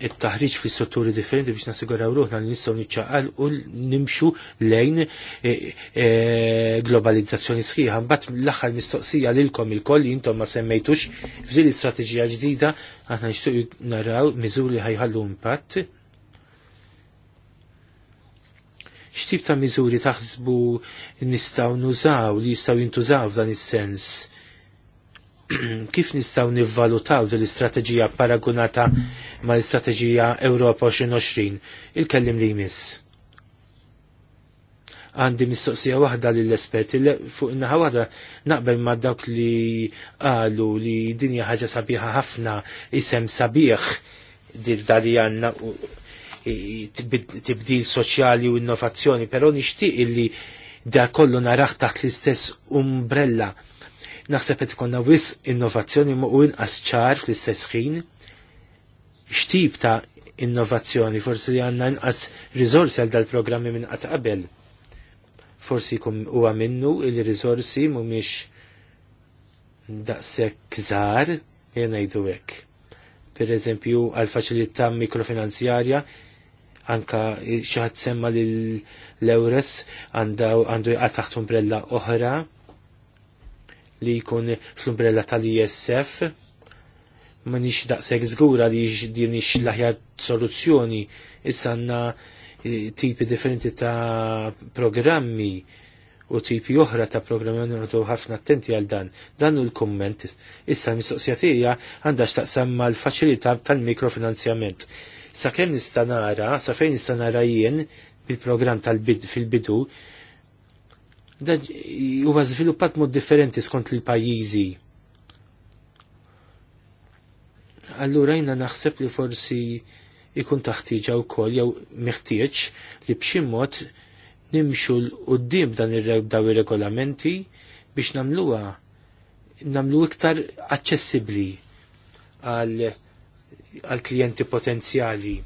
it-taħriġ fi strutturi differenti biex nasiguraw ruħna li nistgħu niċċaqal u nimxu lejn e, e, globalizzazzjoni sħiħa. Mbagħad l-aħħar mistoqsija lilkom il-koll li intom ma semmejtux f'din l-istrateġija ġdida aħna nixtieq naraw miżuri ħajħallu impatt. X'tip ta' miżuri taħsbu nistgħu nużaw li jistgħu jintużaw f'dan is-sens? kif nistaw nivvalutaw dil istrateġija paragunata ma l-istrateġija Europa 2020 il-kellim li jmiss. Għandi mistoqsija waħda lill-esperti fuq innaħa waħda naqbel ma dawk li qalu li dinja ħaġa sabiħa ħafna isem sabiħ dir dali għanna tibdil soċjali u innovazzjoni, pero nixtieq illi da kollu naraħ taħt l-istess umbrella Naħseb qed ikollna wis innovazzjoni u inqas ċar fl-istess ħin x'tip ta' innovazzjoni, forsi li għandna inqas riżorsi għal dal-programmi minn qatt qabel. Forsi jkun huwa minnu il-riżorsi mhumiex daqshekk żgħar jien ngħidu hekk. Pereżempju għal faċilità mikrofinanzjarja anka xaħat semma l-Eures għandu jgħat taħt umbrella oħra li jkun fl-umbrella tal-ISF. Ma nix daqseg zgura li din nix laħjar soluzzjoni. Issa eh, tipi differenti ta' programmi u tipi oħra ta' programmi għandu ħafna attenti għal dan. Dan u l-komment. Issa mistoqsijatija għandax taqsam samma l-faċilità tal-mikrofinanzjament. Sa' kem nista' nara, sa' fejn nista' nara jien bil-programm tal-bid fil-bidu, Da huwa żviluppat mod differenti skont il-pajjiżi. Allura jina naħseb li forsi ikun taħtieġa wkoll jew meħtieġ li b'xi mod nimxu l-qoddim dan daw ir-regolamenti biex namluha namlu iktar aċċessibbli għal għal klijenti potenzjali.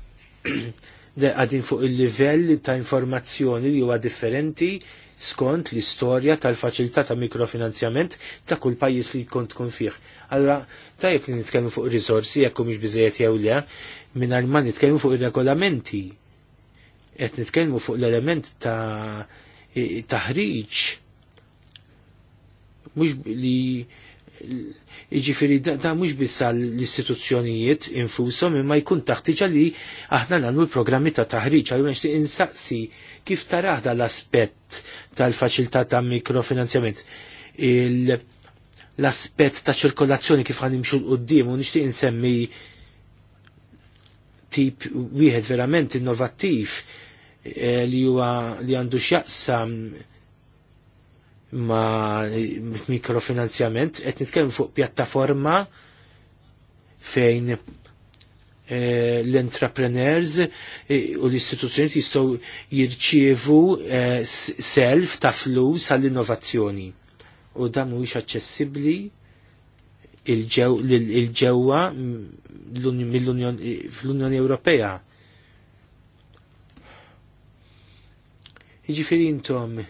għadin fuq il-livell ta' informazzjoni li huwa differenti skont l-istorja tal-faċilità ta' mikrofinanzjament ta' kull pajjiż li kont tkun fih. Allora, tajjeb li nitkellmu fuq risorsi jekk mhux biżejjed jew le, mingħajr ma nitkellmu fuq ir-regolamenti. Qed nitkellmu fuq l-element ta' taħriġ mhux li Iġifiri, da mux bissa l-istituzzjonijiet infusom imma jkun taħtiġa li aħna nagħmlu l-programmi ta' taħriġ għal nexti insaqsi kif taraħda l-aspett tal-faċilità ta' mikrofinanzjament. L-aspett ta' ċirkolazzjoni kif ħanimxu l-qoddim u nixtieq insemmi tip wieħed verament innovattiv eh, li huwa li għandu x'jaqsam ma mikrofinanzjament, qed nitkellem fuq pjattaforma fejn eh, l-entrepreneurs eh, u l-istituzzjoni jistgħu jirċievu eh, self ta' flus għall-innovazzjoni. U dan mhuwiex aċċessibbli il-ġewwa mill-Unjoni Ewropea. Jiġifieri intom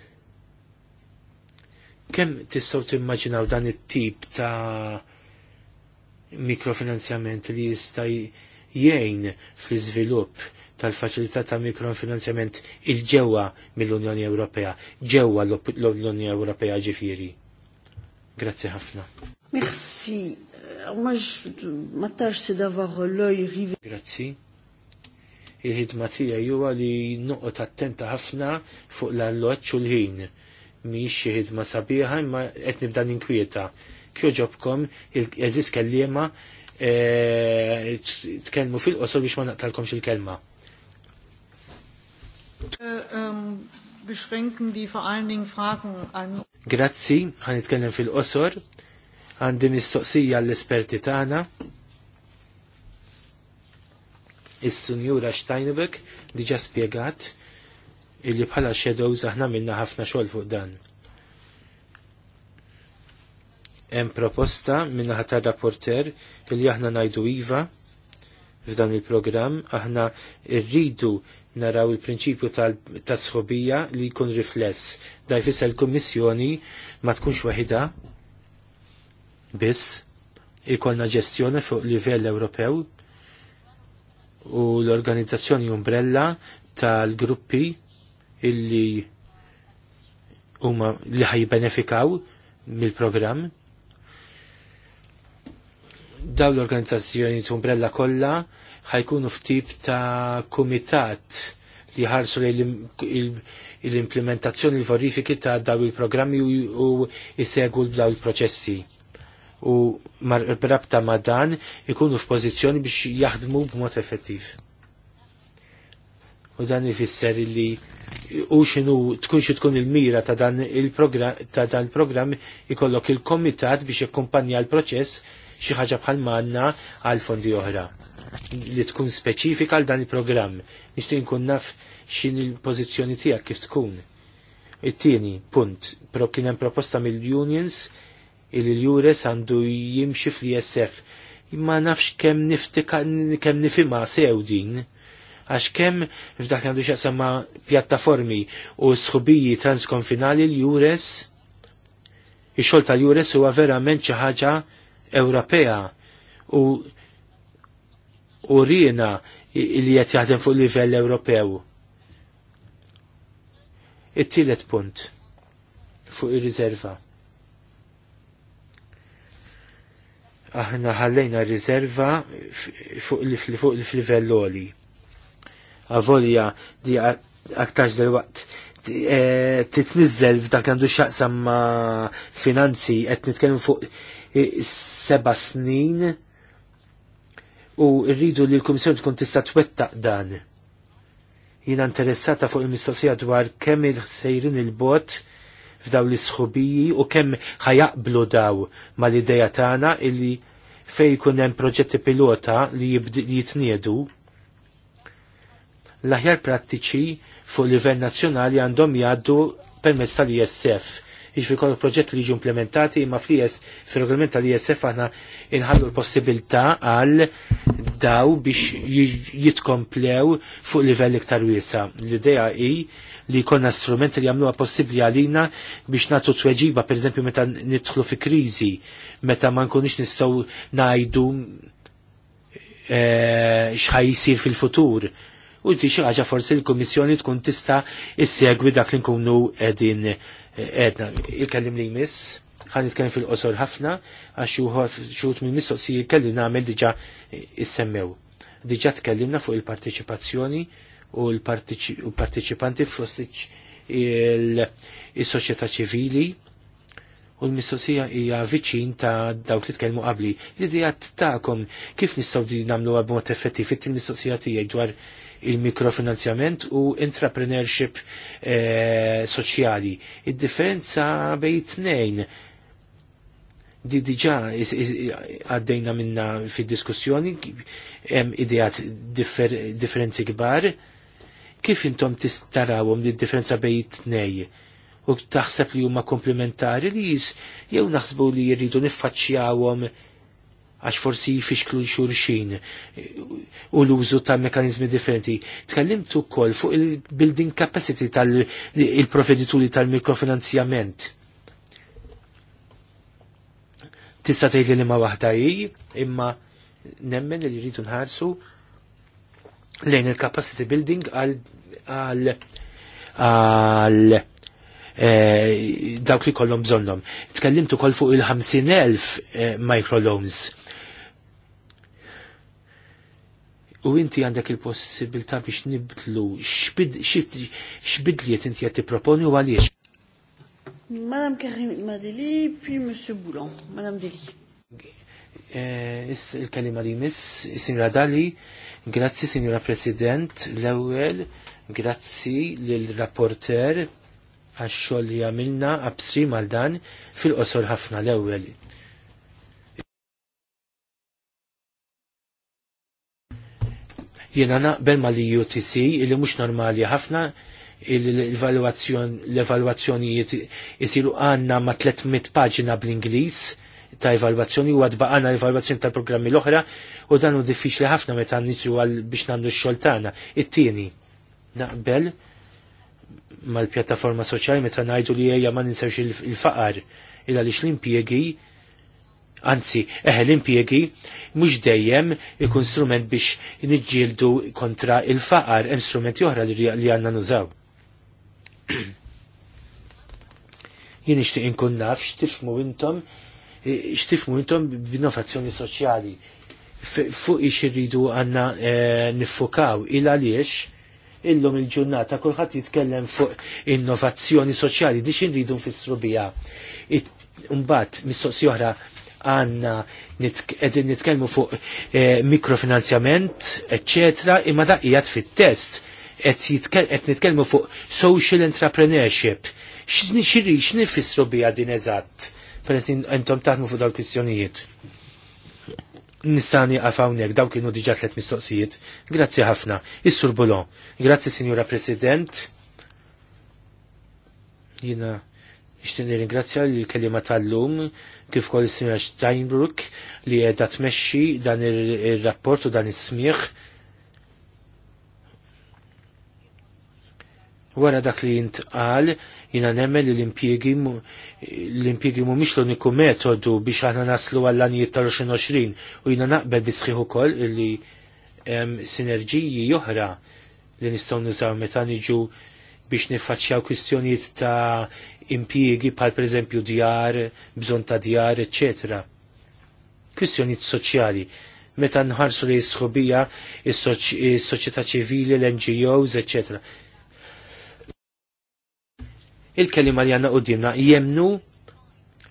Kemm tistgħu timmaġinaw dan it-tip ta' mikrofinanzjament li jista' jgħin fl-iżvilupp tal-faċilità ta' mikrofinanzjament il-ġewwa mill-Unjoni Ewropea, ġewwa l-Unjoni Ewropea ġifieri. Grazzi ħafna. Merci. Moi, ma tarx si dava għolloj rivi. Grazzi il-ħidma tiegħi li nuqot attenta ħafna fuq l alloċ u l-ħin miex xi ħidma sabiħa imma qed nibda ninkwieta. ġobkom eżis kellima e, tkellmu fil-qosol biex ma naqtalkomx il-kelma. Äh, ähm, beschränken die vor allen Dingen Fragen an. Grazzi, ħan nitkellem fil-qosor, għandi mistoqsija l-esperti tagħna. Is-Sunjura Steinbeck diġa spjegat illi bħala shadows aħna minna ħafna xogħol fuq dan. Hemm proposta minna ħata rapporter illi aħna ngħidu iva f'dan il-programm aħna rridu naraw il-prinċipju ta' sħobija li jkun rifless. Da jfissa l-Kommissjoni ma tkunx waħida biss ikolna ġestjoni fuq livell Ewropew u l-organizzazzjoni umbrella tal-gruppi illi huma li benefikaw mill-programm. Daw l-organizzazzjoni umbrella kollha ħajkunu ftip ta' kumitat li ħarsu l-implementazzjoni l-verifiki ta' daw il-programmi u jisegwu daw il-proċessi. U mar-rabta ma' dan ikunu f'pożizzjoni biex jaħdmu b'mod effettiv u dan ifisser li u xinu tkun xi tkun il-mira ta' dan il-programm ikollok il-komitat biex jakkumpanja l-proċess xi ħaġa bħal manna għal fondi oħra li tkun speċifika għal dan il-programm. Nixtieq nkun naf x'in il-pożizzjoni tiegħek kif tkun. It-tieni punt, pro kien hemm proposta mill-unions il l-jures għandu jimxi fl-ISF. Ma nafx kem niftika, kem nifima sew din għax kemm f'dak għandu xaqsama pjattaformi u sħubiji transkonfinali l-Jures, ix-xogħol tal-Jures huwa verament xi ħaġa Ewropea u u rina li qed jaħdem fuq livell Ewropew. It-tielet punt fuq ir-riserva. Aħna ħallejna r-riserva fuq il-livell oli għavolja di aktarx del waqt eh, titnizzel f'dak għandu xaqsam ma finanzi qed nitkellmu fuq eh, seba snin u rridu li l-Kummissjoni tkun tista' twettaq dan. Jiena interessata fuq il-mistoqsija dwar kemm il-sejrin il-bot f'daw l-isħubiji u kemm ħajaqblu daw mal-ideja tagħna illi fej kun hemm proġetti pilota li jitniedu l-aħjar prattiċi fuq livell nazzjonali għandhom jgħaddu permezz tal-ISF. Iġfi jiġifieri kollu proġett li ġu implementati imma fl-IS, fil-regolament tal-ISF għana inħallu l-possibilità għal daw biex jitkomplew fuq livell iktar wiesa. L-idea hi li konna strumenti li għamluha possibli għalina biex natu tweġiba, per eżempju, meta nidħlu fi krizi, meta ma kunix nistgħu ngħidu e, x'ħaj jisir fil-futur u di xi ħaġa forsi l-Kummissjoni tkun tista' issegwi dak li nkunu qegħdin qedna. Il-kellim li jmiss ħan nitkellem fil-qosor ħafna għax xuħut minn mistoqsijiet kelli nagħmel diġà issemmew. Diġà tkellimna fuq il-partiċipazzjoni u l-partiċipanti f'Ostiċ il-soċjetà ċivili u l-mistoqsija hija viċin ta' dawk li tkellmu qabli. L-idea ta'kom kif nistgħu din nagħmlu b'mod effettiv it-mistoqsija tiegħi dwar il-mikrofinanzjament u intrapreneurship eh, soċjali. Id-differenza bej tnejn di diġa għaddejna minna fid diskussjoni hemm idejat differ, differenzi kbar kif intom tistarawhom di differenza bej tnej u taħseb li huma komplementari li jis jew naħsbu li jridu niffaċċjawhom għax forsi jifixklu l-xurxin u l-użu ta' mekanizmi differenti. tkellimtu kol fuq il-building capacity tal profedituri tal-mikrofinanzjament. Tista' tgħidli li ma waħda hi, imma nemmen li jridu nħarsu lejn il-capacity building għal għal eh, dawk li kollhom bżonnhom. Tkellimtu kol fuq il-50,000 eh, microloans u inti għandek il-possibilità biex nibdlu x'bidliet inti għati proponi u għaliex. Madame Karim Madeli, pi Monsieur Boulon, Madame Deli. Eh, Il-kalima li miss, Signora Dali, grazzi Signora President, l-ewel, grazzi l-rapporter għax-xogħol li għamilna upstream għal dan fil-qosor ħafna l-ewwel Jena naqbel ma li UTC illi mux normali ħafna l evaluazzjoni jisiru għanna ma 300 paġina bl-Inglis ta' evalwazzjoni u għadba l-evaluazzjoni tal-programmi l-oħra u dan u diffiċli ħafna meta nitru għal biex namlu x-xoltana. It-tieni, naqbel mal-pjattaforma soċjali meta ngħidu li hija ma ninsawx il-faqar illa li l-impjegi anzi eħel eh, impiegi mhux dejjem ikun strument biex niġġieldu kontra il-faqar hemm strumenti oħra li għandna nużaw. Jien nixtieq inkun naf x'tifmu intom eh, x'tifmu intom b'innovazzjoni soċjali fuq ix irridu għandna eh, niffukaw il għaliex illum il-ġurnata kulħadd jitkellem fuq innovazzjoni soċjali biex inridu nfissru biha. Umbat, mistoqsi oħra, għanna edin nitkelmu fuq eh, mikrofinanzjament, eccetera, imma daqijat fit-test qed nitkellmu fuq social entrepreneurship. X'iri x'nifissru biha din Per esin, entom taħmu fuq dawn kwistjonijiet. Nistani għafawnek, hawnhekk dawn kienu diġà tliet mistoqsijiet. Grazzi ħafna. Is-Sur Grazzi signora President. Jiena nixtieq nirringrazzja l-kelima tal-lum kif kol is Steinbrück li qiegħda tmexxi dan ir-rapport u dan is-smieħ. Wara dak li jintqal, jina nemmel li l impiegi l-impjegi mhumiex l-uniku metodu biex aħna naslu għallan anijiet xin 2020 u jina naqbel bisħiħu ukoll li sinerġiji oħra li nistgħu nużaw meta niġu biex niffaċċjaw kwistjonijiet ta' impjiegi per pereżempju djar, bżonn ta' djar, ecc. Kwistjonijiet soċjali meta nħarsu li jisħobija s soċjetà ċivili, l-NGOs, ecc. Il-kelima li għanna qoddimna jemnu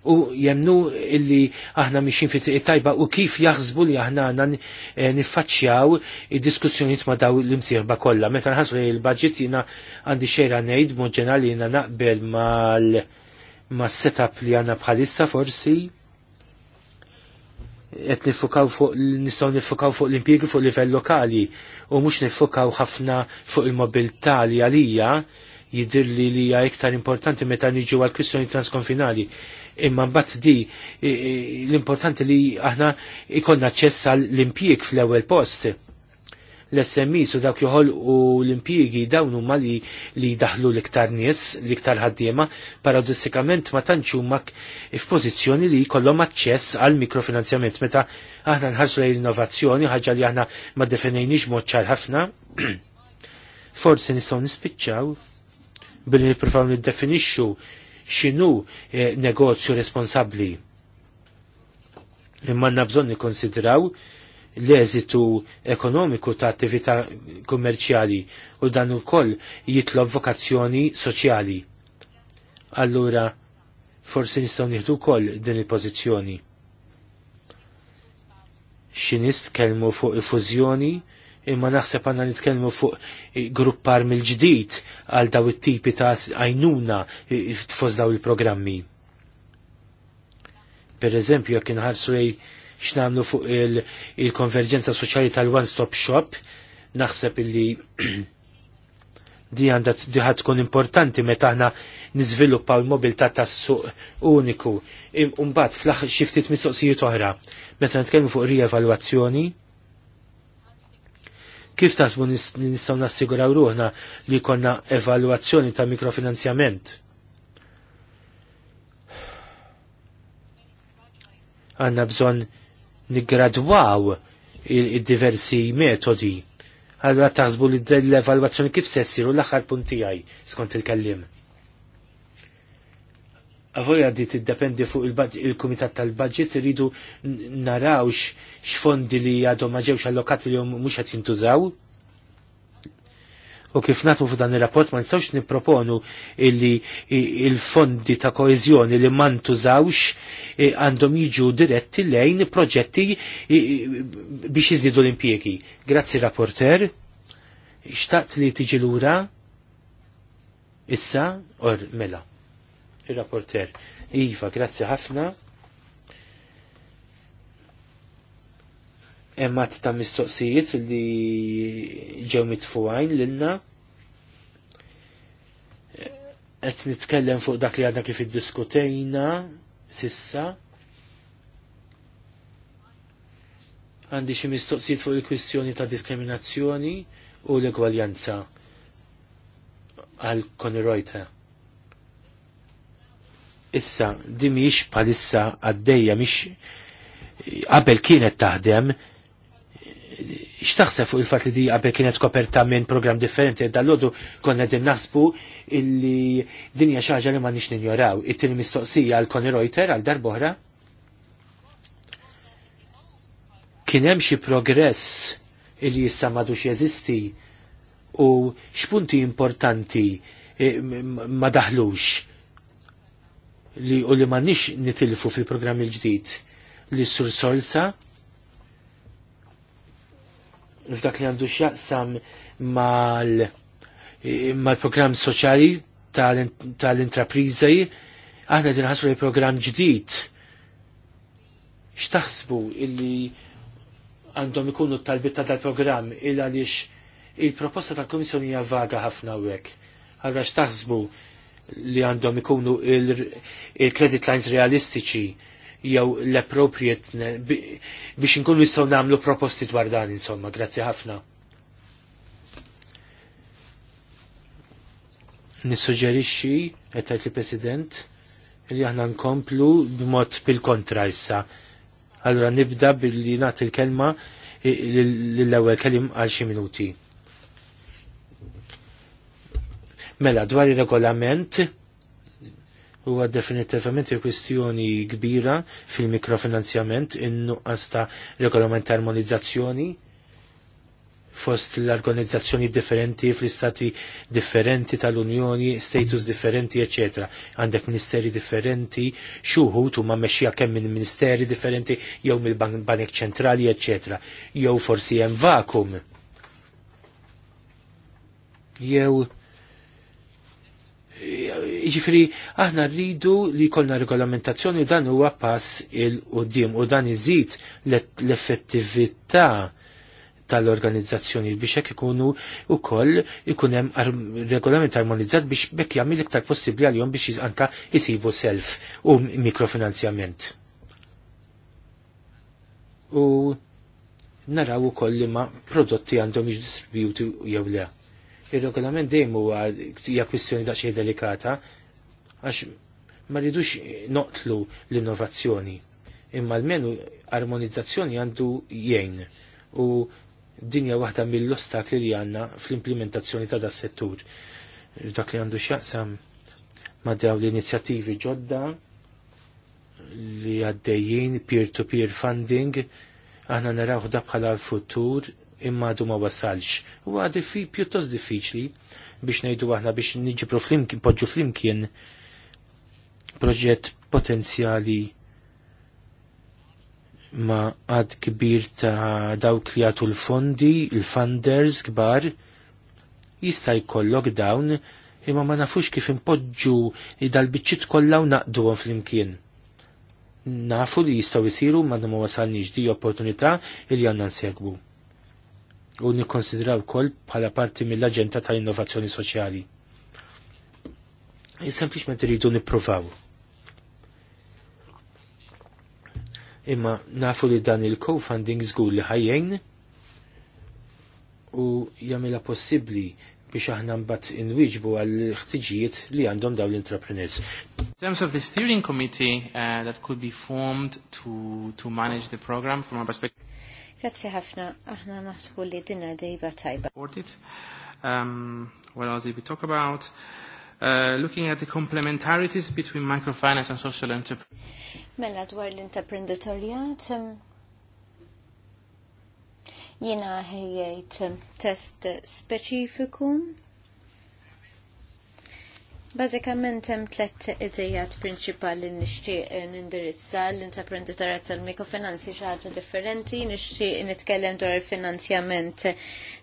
u jemnu illi aħna miexin fit tajba u kif jaħsbu li aħna għanna eh, nifacċjaw id-diskussjoniet ma daw l-imsirba kollha. Meta nħassu li l-budget jina għandi xejra ngħid mod li jina naqbel mal ma setup li għanna bħalissa forsi et nifukaw fuq nistgħu nifukaw fuq l impiegi fuq livell lokali u mhux nifukaw ħafna fuq il-mobilità li għalija jidir li li hija iktar importanti meta niġu għal kwistjoni transkonfinali. Imma mbagħad di l-importanti li aħna ikonna ċess għall impjieg fl-ewwel post. l smi su dawk joħol u l-impjiegi dawn huma li li daħlu l-iktar nies, l-iktar ħaddiema, paradossikament ma tantx huma f'pożizzjoni li jkollhom aċċess għal mikrofinanzjament meta aħna nħarsu lejn l-innovazzjoni, ħaġa li aħna ma definejniex mod ċar ħafna. Forsi nistgħu nispiċċaw billi nippruvaw niddefinixxu x'inhu eh, negozju responsabbli. Imma għandna bżonn nikkonsidraw l-eżitu ekonomiku ta' attività kummerċjali u dan ukoll jitlob vokazzjoni soċjali. Allura forsi nistgħu nieħdu wkoll din il-pożizzjoni. Xi nistkellmu fuq il-fużjoni imma naħseb għanna nitkellmu fuq gruppar mill-ġdid għal daw it-tipi ta' għajnuna fost daw il-programmi. Per eżempju, jekk inħarsu lej x'namlu fuq il-konverġenza soċjali tal-one-stop shop, naħseb illi di għandha diħat tkun importanti meta aħna niżviluppaw il-mobilità ta' suq uniku. Imbagħad fl-aħħar xi ftit mistoqsijiet oħra. Meta nitkellmu fuq rievalwazzjoni, Kif tasbu nistgħu nassiguraw ruħna li konna evalwazzjoni ta' mikrofinanzjament? Għanna bżon nigradwaw il-diversi metodi. Allora taħsbu li l-evalwazzjoni kif sessiru l-axar punti għaj, skont il-kellim. Għavolja di dependi fuq il-Kumitat tal-Budget rridu narawx x'fondi li għadhom ma ġewx allokati li mhux qed jintużaw. U kif natu dan ir-rapport ma nistawx nipproponu illi il-fondi ta' koeżjoni li ma ntużawx e, għandhom jiġu diretti lejn proġetti biex jizidu l-impjiegi. Grazzi rapporter, xtaqt li tiġi lura issa or mela il-rapporter. Iva, grazzi ħafna. Emmat ta' mistoqsijiet li ġew mitfuħajn l-inna. Et nitkellem fuq dak li għadna kif id-diskutejna sissa. Għandi xi mistoqsijiet fuq il-kwistjoni ta' diskriminazzjoni u l-egwaljanza għal Connie Reuter issa di miex palissa għaddejja miex qabel kienet taħdem xtaħseb fuq il-fat li di qabel kienet koperta minn program differenti dal-lodu konna din nasbu illi dinja xaġa li ma nix ninjoraw it-tini mistoqsija għal Connie Reuter għal darbohra kien hemm xi progress illi jissa madux jeżisti u x'punti importanti eh, ma daħlux li u li m'għandniex nitilfu fil-programm il-ġdid li sur solsa f'dak li għandu x'jaqsam mal mal-programm soċjali tal intraprizaj aħna din ħasru li programm ġdid x'taħsbu illi għandhom ikunu tal-bitta tal-programm il għaliex il-proposta tal-Komissjoni hija vaga ħafna hekk. Allura x'taħsbu li għandhom ikunu il-credit lines realistiċi jew l-appropriate biex nkunu jistgħu nagħmlu proposti dwar dan insomma, grazzi ħafna. Nissuġġerixxi qed tgħid il-President li aħna nkomplu b'mod bil-kontra issa. Allura nibda billi nagħti l-kelma l-ewwel kelim għal xi minuti. Mela, dwar il-regolament, huwa definitivament kwistjoni kbira fil-mikrofinanzjament in għasta regolament armonizzazzjoni fost l-organizzazzjoni differenti fl-istati differenti tal-Unjoni, status differenti, ecc. Għandek ministeri differenti, xuħut u ma meċxija kemm minn ministeri differenti, jew mill-banek ċentrali, ecc. Jew forsi hemm vakum. Jew Ġifri, aħna rridu li kollna regolamentazzjoni u dan huwa pass il-qoddim u dan iżid l-effettività tal-organizzazzjoni biex hekk ikunu wkoll ikun hemm regolament armonizzat biex bekk jagħmel iktar possibbli għalihom biex anka jisibu self u mikrofinanzjament. U naraw ukoll li ma prodotti għandhom jiddistribjuti jew le. Il-regolament dejjem huwa hija kwistjoni daqsxejn delikata għax ma rridux noqtlu l-innovazzjoni. Imma l-menu armonizzazzjoni għandu jgħin u dinja waħda mill-ostakli li għanna fl-implementazzjoni ta' das settur. Dak li għandu xaqsam ma' daw l-inizjattivi ġodda li għaddejjin peer-to-peer funding aħna naraw da bħala l-futur imma għadu ma wasalx. U għadi fi pjuttost diffiċli biex najdu għahna biex nġibru flimkien, podġu flimkien proġett potenzjali ma għad kbir ta' dawk li għatu l-fondi, l-funders kbar, jista' jkollok dawn imma ma nafux kif impoġġu dal-biċċit kollha u naqduhom flimkien. Nafu li jistgħu jsiru ma ma wasalniex di opportunità li għandna segbu u nikkonsidraw kol bħala parti mill agenda tal-innovazzjoni soċjali. Sempliċment irridu nippruvaw. Imma nafu li dan il-co-funding żgur li ħajjejn u jagħmilha possibbli biex aħna mbagħad inwiġbu għal ħtiġijiet li għandhom dawn l-entrepreneurs. In terms of the steering committee uh, that could be formed to, to manage the program from our perspective. Grazie ħafna, aħna naħsbu li dinna dejba tajba. Um, what else did we talk about? Uh, looking at the complementarities between microfinance and social enterprise. Mela dwar l-entreprenditorjat, um, jina ħejjajt um, test specifikum Bazzikament hemm tliet idejat prinċipali nixtieq nindirizza l intraprenditora tal-mikrofinanzi xi ħaġa differenti, nixtieq nitkellem dwar il-finanzjament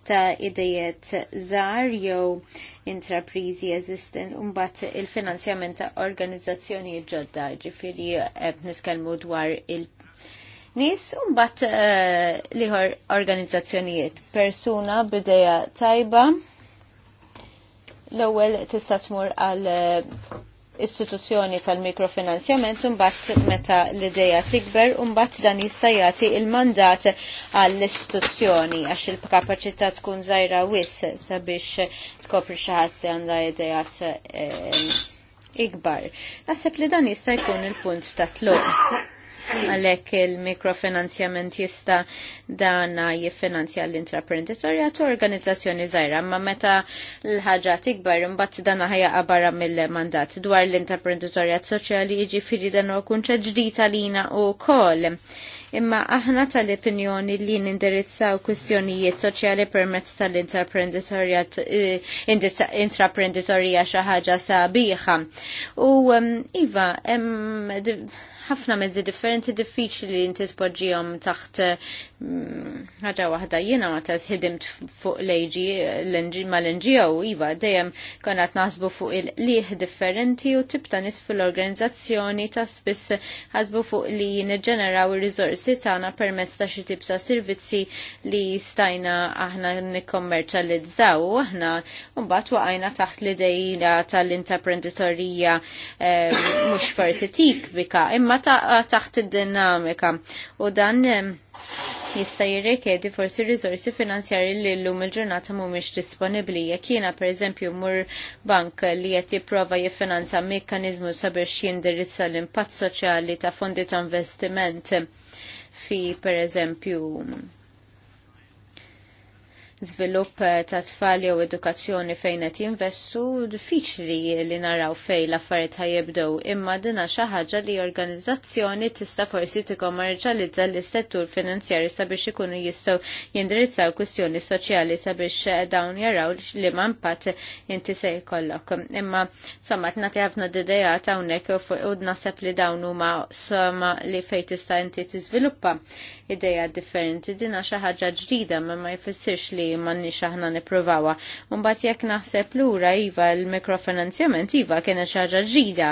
ta' idejiet żgħar jew intraprizi eżistent u mbagħad il-finanzjament ta' organizzazzjoni ġodda, ġifieri niskellmu dwar il- Nis mbagħad uh, liħor organizzazzjonijiet persuna b'ideja tajba L-ewwel tista' tmur għal eh, istituzzjoni tal-mikrofinanzjament imbagħad meta l-idea tikber mbagħad dan jista' jagħti il-mandat għall-istituzzjoni għax il-kapaċità tkun żgħira wis sabiex tkopri xi ħadd li għandha idejat eh, ikbar. Naħseb li dan jista' jkun il-punt ta' tlum għalek il-mikrofinanzjament jista dana jiffinanzja l-intraprenditorjat u organizzazzjoni zaħra. ma meta l-ħagġa tikbar imbatt dana ħajja barra mill-mandat dwar l-intraprenditorjat soċjali firri jiġifieri dan u kunċa ġdita lina u kol. Imma aħna tal-opinjoni li nindirizzaw kwistjonijiet soċjali permezz tal intraprenditorja xaħġa eh, xi ħaġa sabiħa. U ehm, iva, ehm, ħafna mezzi differenti diffiċli li inti tpoġġihom taħt eh, Mm, ħaġa waħda jiena ta' ħidimt fuq l-AG mal-NGO iva dejjem konat qed naħsbu fuq il-liħ differenti u tibta nis nies fil-organizzazzjoni ta' spiss ħasbu fuq li niġġeneraw ir-riżorsi tagħna permezz ta' xi tibsa servizzi li stajna aħna nikkommerċjalizzaw u aħna mbagħad waqajna taħt l-idejja tal-intraprenditorija eh, mhux forsi tikbika imma taħt id-dinamika u dan eh, jista' jirrikjedi forsi riżorsi finanzjarji li llum il-ġurnata mhumiex disponibbli. Jekk jiena pereżempju mur bank li qed jipprova jiffinanza mekkaniżmu sabiex jindirizza l-impatt soċjali ta' fondi ta' investiment fi pereżempju zvilup eh, ta' tfal jew edukazzjoni fejn qed jinvestu, diffiċli li naraw fejn l-affarijiet jibdew imma dina xi ħaġa li organizzazzjoni tista' forsi tikkommerċjalizza lis settur finanzjarji sabiex ikunu jistgħu jindirizzaw kwistjoni soċjali sabiex eh, dawn jaraw li ma' impatt inti se jkollok. Imma somma nagħti ħafna d ta' hawnhekk u naħseb li dawn huma somma li fejn tista' inti tiżviluppa ideja differenti dina xi ħaġa ġdida ma ma jfissirx li manni aħna niprovawa. Mbagħad jek naħseb lura iva l-mikrofinanzjament iva kena xaġa ġida.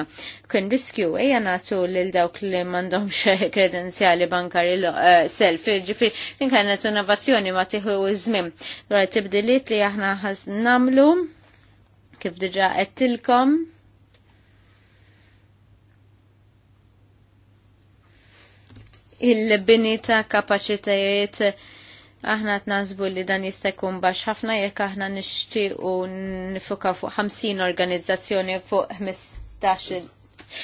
Kien riskju, eja nagħtu lil dawk li mandom kredenzjali bankari eh, self, ġifri, tinkanet innovazzjoni ma tiħu iż-żmim. Dwar tibdiliet li aħna ħas namlu, kif diġa għettilkom. il-bini ta' kapacitajiet Aħna t-nazbu li dan jista' jkun ħafna jekk aħna nixtiequ nifuka fuq 50 organizzazzjoni fuq 15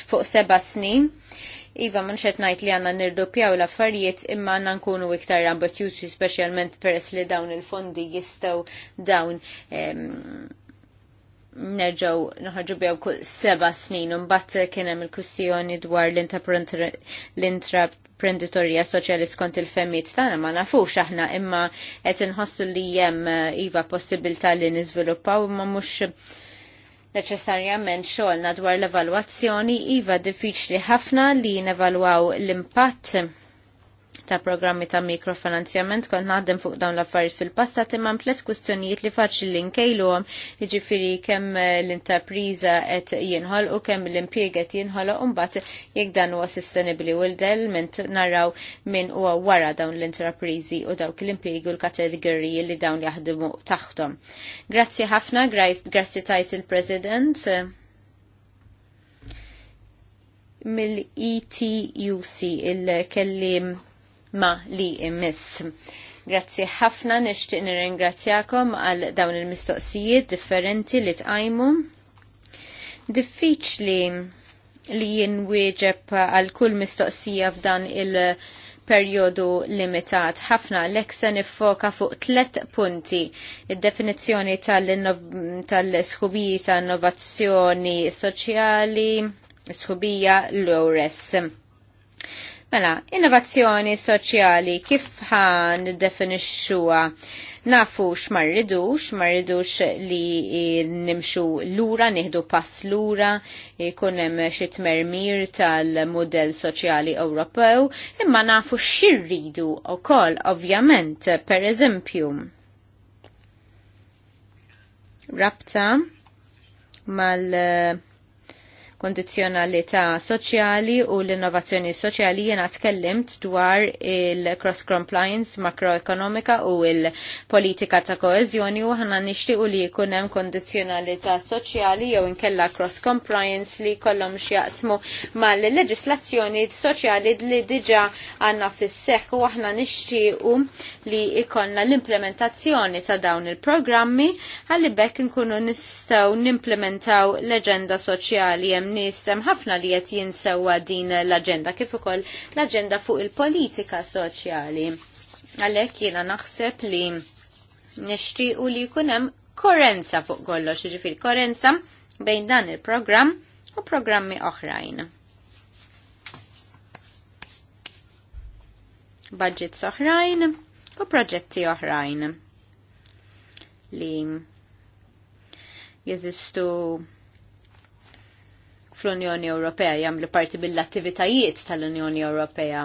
fuq seba' snin. Iva, man xed najt li għanna pjaw l-affarijiet imma għanna nkunu iktar ambizjuzi, specialment peress li dawn il-fondi jistaw dawn nerġaw nħarġu bjaw kull seba snin, un bat kienem il kussijoni dwar l-intraprenditorjat imprenditorija soċjali skont il-femmit tagħna ma nafux aħna imma qed inħossu li hemm eh, iva possibilità li niżviluppaw imma mhux neċessarjament xogħolna dwar l-evalwazzjoni iva diffiċli ħafna li nevalwaw l-impatt ta' programmi ta' mikrofinanzjament kont naħdem fuq dawn l-affarijiet fil-passat imma tliet kwistjonijiet li faċli li nkejluhom jiġifieri kemm eh, l-intapriża qed jinħol u kemm l-impjieg qed jinħoloq u mbagħad jekk dan huwa sostenibbli u l naraw min huwa wara dawn l-intrapriżi u dawk l-impjieg u l-kategoriji li dawn jaħdmu taħtom. Grazzi ħafna, grazzi tajt il-President mill-ETUC il-kellim ma li immiss. Grazzi ħafna nixtieq nirringrazzjakom għal dawn il-mistoqsijiet differenti li tqajmu. Diffiċli li jinwieġeb għal kull mistoqsija f'dan il- perjodu limitat. ħafna l-ek se nifoka fuq tlet punti. Id-definizzjoni tal sħubija tal ta' innovazzjoni soċjali, sħubija l-ores Mela, innovazzjoni soċjali kif ħan definixxuha? Nafu x'marridux, marridux li nimxu lura, nieħdu pass lura, jkun hemm xi tmermir tal-mudell soċjali Ewropew, imma nafu x'irridu wkoll ovvjament, pereżempju. Rabta mal- kondizjonalità soċjali u l-innovazzjoni soċjali jena tkellimt dwar il-cross compliance makroekonomika u il-politika ta' koezjoni u ħana nixtiequ li jkun hemm kondizjonalità soċjali jew inkella cross compliance li kollhom x'jaqsmu mal-leġislazzjoni soċjali li diġà għandna fis-seħħ u aħna nixtiequ li jkollna l-implementazzjoni ta' dawn il-programmi ħalli bekk nkunu nistgħu nimplementaw l-eġenda soċjali hemm nisem ħafna li qed jinsewa din l-aġenda kif ukoll l-aġenda fuq il-politika soċjali. Għalhekk jiena naħseb li nixtiequ li jkun hemm korenza fuq kollox, jiġifieri korenza bejn dan il-programm u programmi oħrajn. budgets oħrajn u proġetti oħrajn li jeżistu fl-Unjoni Ewropea jagħmlu parti mill-attivitajiet tal-Unjoni Ewropea.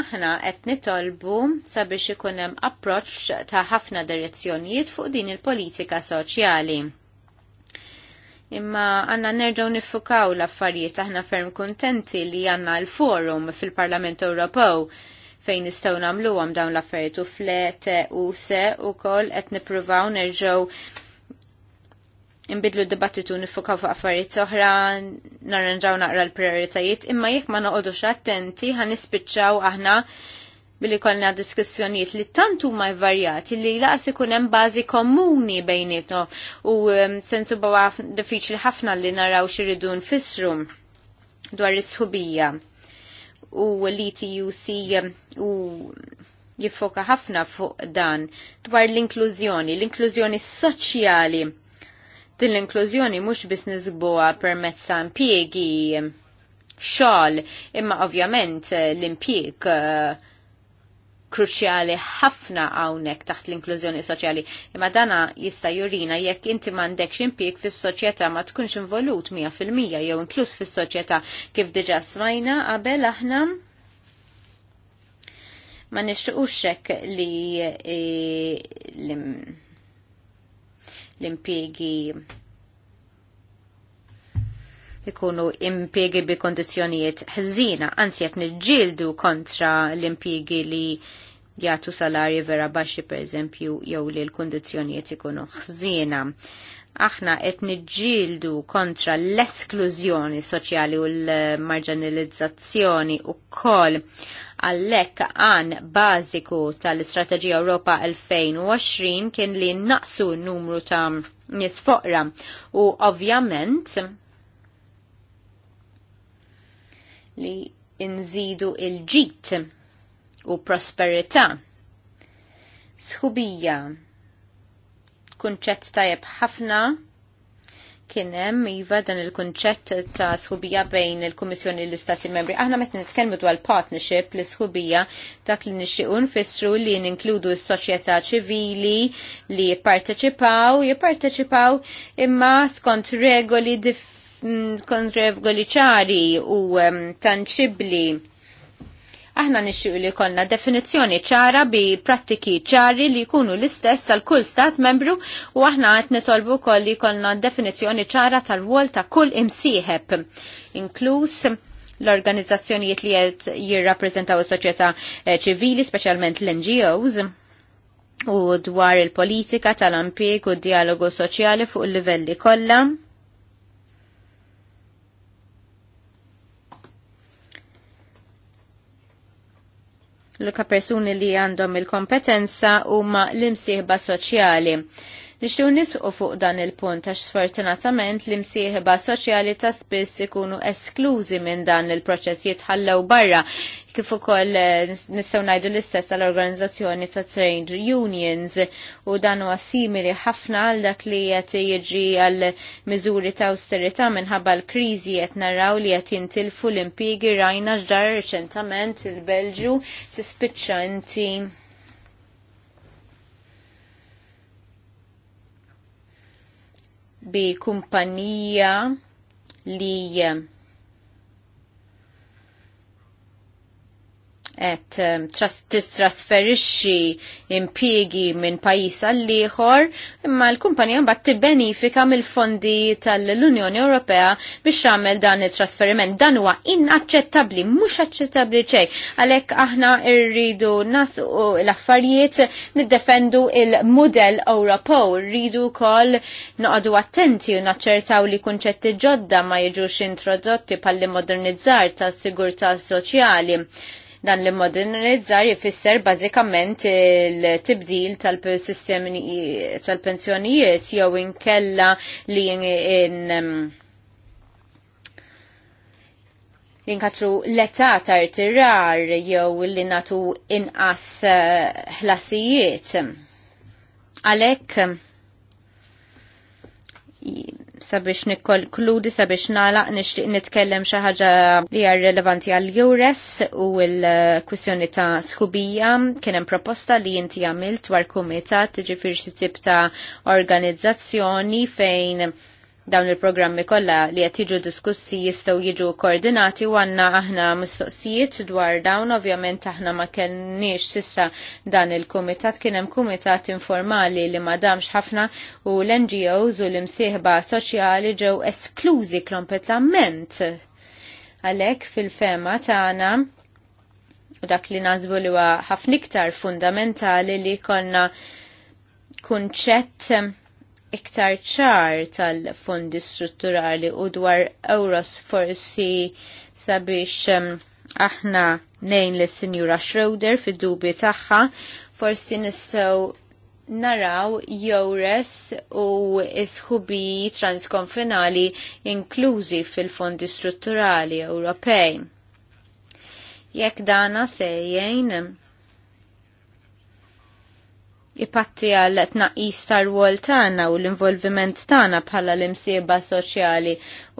Aħna qed nitolbu sabiex ikun hemm approċċ ta' ħafna direzzjonijiet fuq din il-politika soċjali imma għanna nerġaw nifukaw l-affarijiet aħna ferm kontenti li għanna l-forum fil-Parlament Ewropew fejn nistgħu nagħmluhom dawn l-affarijiet u flete u se u kol qed nippruvaw nerġgħu imbidlu d-dibattitu nifukaw fuq affarijiet oħra, narranġaw naqra l-prioritajiet, imma jekk ma noqogħdux attenti ħan nispiċċaw aħna billi kollna diskussjonijiet li tant huma varjati li laqas ikun hemm bażi komuni bejnietno u um, sensu bawa diffiċli ħafna li naraw xiridu nfissru dwar is-sħubija u l-ETUC um, u jiffoka ħafna fuq dan dwar l-inklużjoni, l-inklużjoni soċjali Din l-inklużjoni mhux biss niżbuha permezz ta' impjiegi xogħol, imma ovvjament l-impjieg eh, kruċjali ħafna hawnhekk taħt l-inklużjoni soċjali. Imma dana jista' jurina jekk inti m'għandekx impjieg fis-soċjetà ma tkunx involut 100% jew inkluż fis-soċjetà kif diġà smajna qabel aħna ma nixtiqux hekk li, eh, li l-impiegi ikunu impiegi bi kondizjonijiet ħżina, anzi jek nġildu kontra l-impiegi li jgħatu salarji vera baxxi per eżempju jew li l-kondizjonijiet ikunu ħżina aħna qed niġġieldu kontra l-esklużjoni soċjali u l-marġinalizzazzjoni ukoll għallek għan bażiku tal-Istrateġija Ewropa 2020 kien li naqsu n-numru ta' nies foqra u ovvjament li nżidu il-ġit u prosperità. Sħubija kunċett tajjeb ħafna kien hemm iva dan il-kunċett ta' sħubija bejn il-Kummissjoni l istati Membri. Aħna meta nitkellmu dwar partnership l sħubija dak li nixtiequ nfissru li ninkludu s-soċjetà ċivili li jipparteċipaw, jipparteċipaw imma skont regoli mm, kont regoli ċari u um, tanċibli Aħna nixxu li konna definizzjoni ċara bi prattiki ċari li jkunu l-istess tal kull stat membru u aħna qed nitolbu wkoll li konna definizzjoni ċara tal-wol ta' kull imsieħeb, inkluż l-organizzazzjonijiet li qed jirrappreżentaw is-soċjetà eh, ċivili, speċjalment l-NGOs u dwar il-politika tal-impjeg u d-dialogu soċjali fuq il-livelli kollha l-ka persuni li għandhom il-kompetenza huma l-imsieħba soċjali. Nixtiju nisqu fuq dan il-punt għax sfortunatament li msieħba soċjali ta' spiss ikunu esklużi minn dan il-proċess jitħallew barra kif ukoll eh, nistgħu ngħidu l-istess għall organizzazzjoni ta' trade unions u dan huwa simili ħafna għal dak li qed jiġi għal miżuri ta' austerità minħabba l-kriżi qed naraw li qed jintilfu l-impjiegi rajna ġdar reċentament il-Belġu tispiċċa inti bi kumpanija li et tistrasferixxi impjiegi minn pajjiż għal ieħor, imma l-kumpanija mbagħad tibbenifika mill-fondi tal-Unjoni Ewropea biex tagħmel dan it-trasferiment. Dan huwa inaċċettabbli, mhux aċċettabbli ċej. Għalhekk aħna rridu nas l-affarijiet niddefendu il-mudell Ewropew, rridu wkoll noqogħdu attenti u naċċertaw li kunċetti ġodda ma jiġux introdotti pal-modernizzar tas-sigurtà soċjali Dan li modernizzar jifisser bazikament il-tibdil tal-sistemi tal-pensjonijiet jew inkella li in, jinkatru l-età ta' irtirar jew li natu inqas eh, ħlasijiet. Għalek sabiex nikkonkludi sabiex nala, nixtieq nitkellem xi ħaġa li hija rilevanti għal Jures u l-kwissjoni ta' skubija kien hemm proposta li inti għamilt dwar kumitat tiġifieri xi tip ta' organizzazzjoni fejn dawn il-programmi kollha li qed jiġu diskussi jistgħu jiġu koordinati u għandna aħna mistoqsijiet dwar dawn ovvjament aħna ma kellniex sissa dan il-kumitat kien hemm kumitat informali li ma damx ħafna u l-NGOs u l-imsieħba soċjali ġew esklużi kompletament. Għalhekk fil-fema tagħna u dak li nażbu li huwa ħafna iktar fundamentali li konna kunċett iktar ċar tal-fondi strutturali u dwar euros forsi sabiex aħna nejn l sinjura Schroeder fid dubi tagħha forsi nistgħu naraw jowres u isħubi transkonfinali inklużi fil-fondi strutturali Ewropej. Jekk dana sejjen, ipatti għal tnaqis tal-wol tagħna u l-involviment tagħna bħala l-imsieba soċjali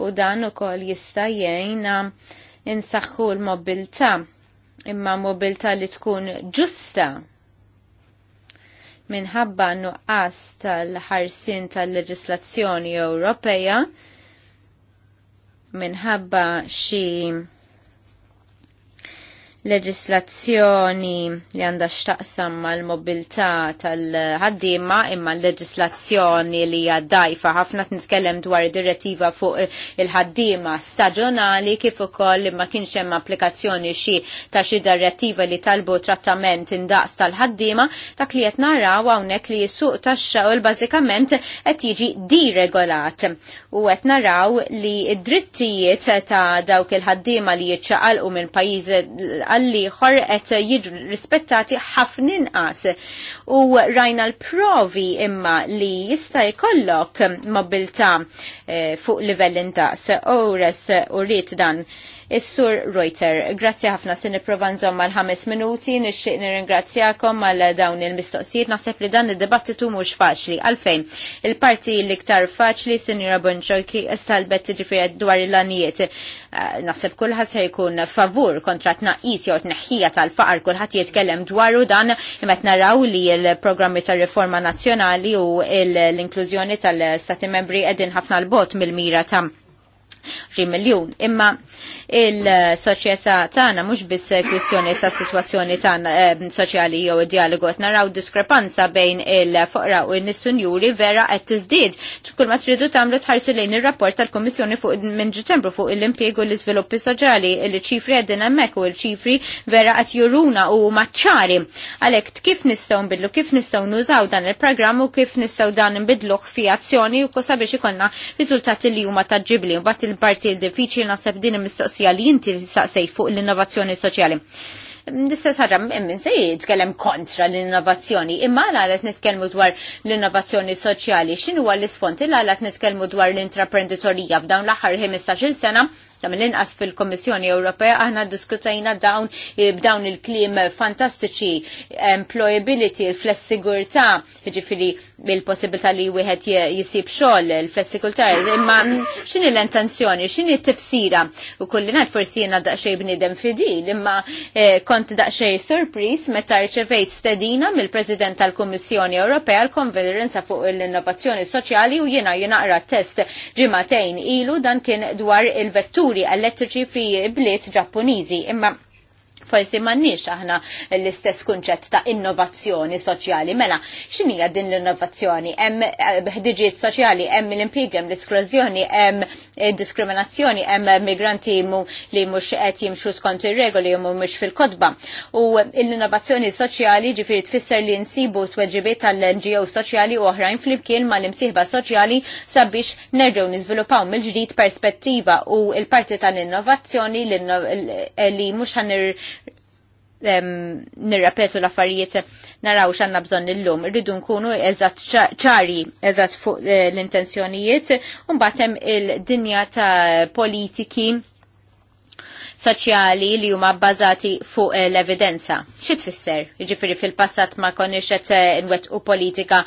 u dan ukoll jista' jistajjena um, insaħħu l-mobilità imma mobilità li tkun ġusta minħabba nuqqas tal-ħarsin tal-leġislazzjoni Ewropeja minħabba xi leġislazzjoni li għandha xtaqsam mal-mobilità tal-ħaddiema imma l-leġislazzjoni li għaddajfa dajfa ħafna nitkellem dwar direttiva fuq il-ħaddiema staġjonali kif ukoll imma kienx hemm applikazzjoni xi ta' xi direttiva li talbu trattament indaqs tal-ħaddiema ta' li qed naraw hawnhekk li s-suq tax-xogħol bażikament qed jiġi diregolat u qed naraw li d-drittijiet ta' dawk il-ħaddiema li jiċċaqalqu minn pajjiżi għalli ħor qed jiġu rispettati ħafna inqas u rajna l-provi imma li jista' jkollok mobilta eh, fuq ta' se Ores u rrit dan Is-Sur Reuter, grazzi ħafna se nipprova nżomm mal ħames minuti, nixtieq nirringrazzjakom għal dawn il-mistoqsijiet, naħseb li dan id-dibattitu mhux faċli. Għalfejn, il-parti l-iktar faċli Sinjora Bonċoki stalbet ġifieri dwar il-lanijiet. Eh, naħseb kulħadd se jkun favur kontra tnaqqis jew tneħħija tal-faqar kulħadd jitkellem dwaru dan imma naraw li il-programmi tal riforma nazjonali u l-inklużjoni tal-stati membri edin ħafna l-bot mill-mira ta' 20 miljon. Imma il-soċjetà tagħna mhux biss kwestjoni sa' sitwazzjoni tana eh, soċjali jew id-dialogu qed naraw diskrepanza bejn il-foqra u n nissunjuri vera qed tiżdied. Kull ma tridu tagħmlu tħarsu lejn ir-rapport tal-Kummissjoni fuq minn Ġittembru fuq l impiegu u l-iżviluppi soċjali, il-ċifri għeddin hemmhekk u l-ċifri vera qed juruna u maċċari. Għalhekk kif nistgħu nbidlu, kif nistgħu nużaw dan il programmu kif nistgħu dan nbidlu fi azzjoni u sabiex ikonna rizultati li huma taġġibli u il-parti l-diffiċli naħseb din il-mistoqsija mistoqsija li jinti saqsej fuq l-innovazzjoni soċjali. Nistess ħaġa minn se jitkellem kontra l-innovazzjoni, imma għalet nitkellmu dwar l-innovazzjoni soċjali, xinu għal l-isfond il għalet nitkellmu dwar l-intraprenditorija f'dawn l-aħħar 15-il sena ta' mill-inqas fil-Kommissjoni Ewropea aħna diskutajna dawn e, b'dawn il-klim fantastiċi employability, il flessigurta ġifiri il possibilta li wieħed jisib xogħol, il flessigurta imma x'inhi l-intenzjoni, x'inhi t-tifsira u kulli ngħid forsi jiena daqsxej bniedem fidil, imma e, kont daqsxej surpris meta rċevejt stedina mill-President tal-Kummissjoni Ewropea l-konferenza fuq l-innovazzjoni soċjali u jiena jinaqra test ġimatejn ilu dan kien dwar il-vettur vetturi elettriċi fi bliet Ġappuniżi imma forsi m'għandniex aħna l-istess kunċett ta' innovazzjoni soċjali. Mela, x'inhija din l-innovazzjoni? Hemm eh, ħdiġijiet soċjali, hemm l-impjieg, hemm l-isklużjoni, hemm eh, diskriminazzjoni, hemm migranti li mhux qed jimxu skont ir-regoli u mhux fil-kotba. U l-innovazzjoni soċjali ġifieri tfisser li nsibu tweġibiet tal-NGO soċjali u oħrajn flimkien mal-imsieħba soċjali sabiex nerġgħu niżviluppaw mill-ġdid perspettiva u l-parti tal-innovazzjoni li mhux ħanir nirrapetu l-affarijiet naraw xanna bżon illum. Rridu nkunu eżat ċari eżat fuq eh, l-intenzjonijiet, batem il-dinja ta' politiki soċjali li huma bbażati fuq eh, l-evidenza. Xi tfisser? Jiġifieri fil-passat ma konniex qed eh, nwettqu politika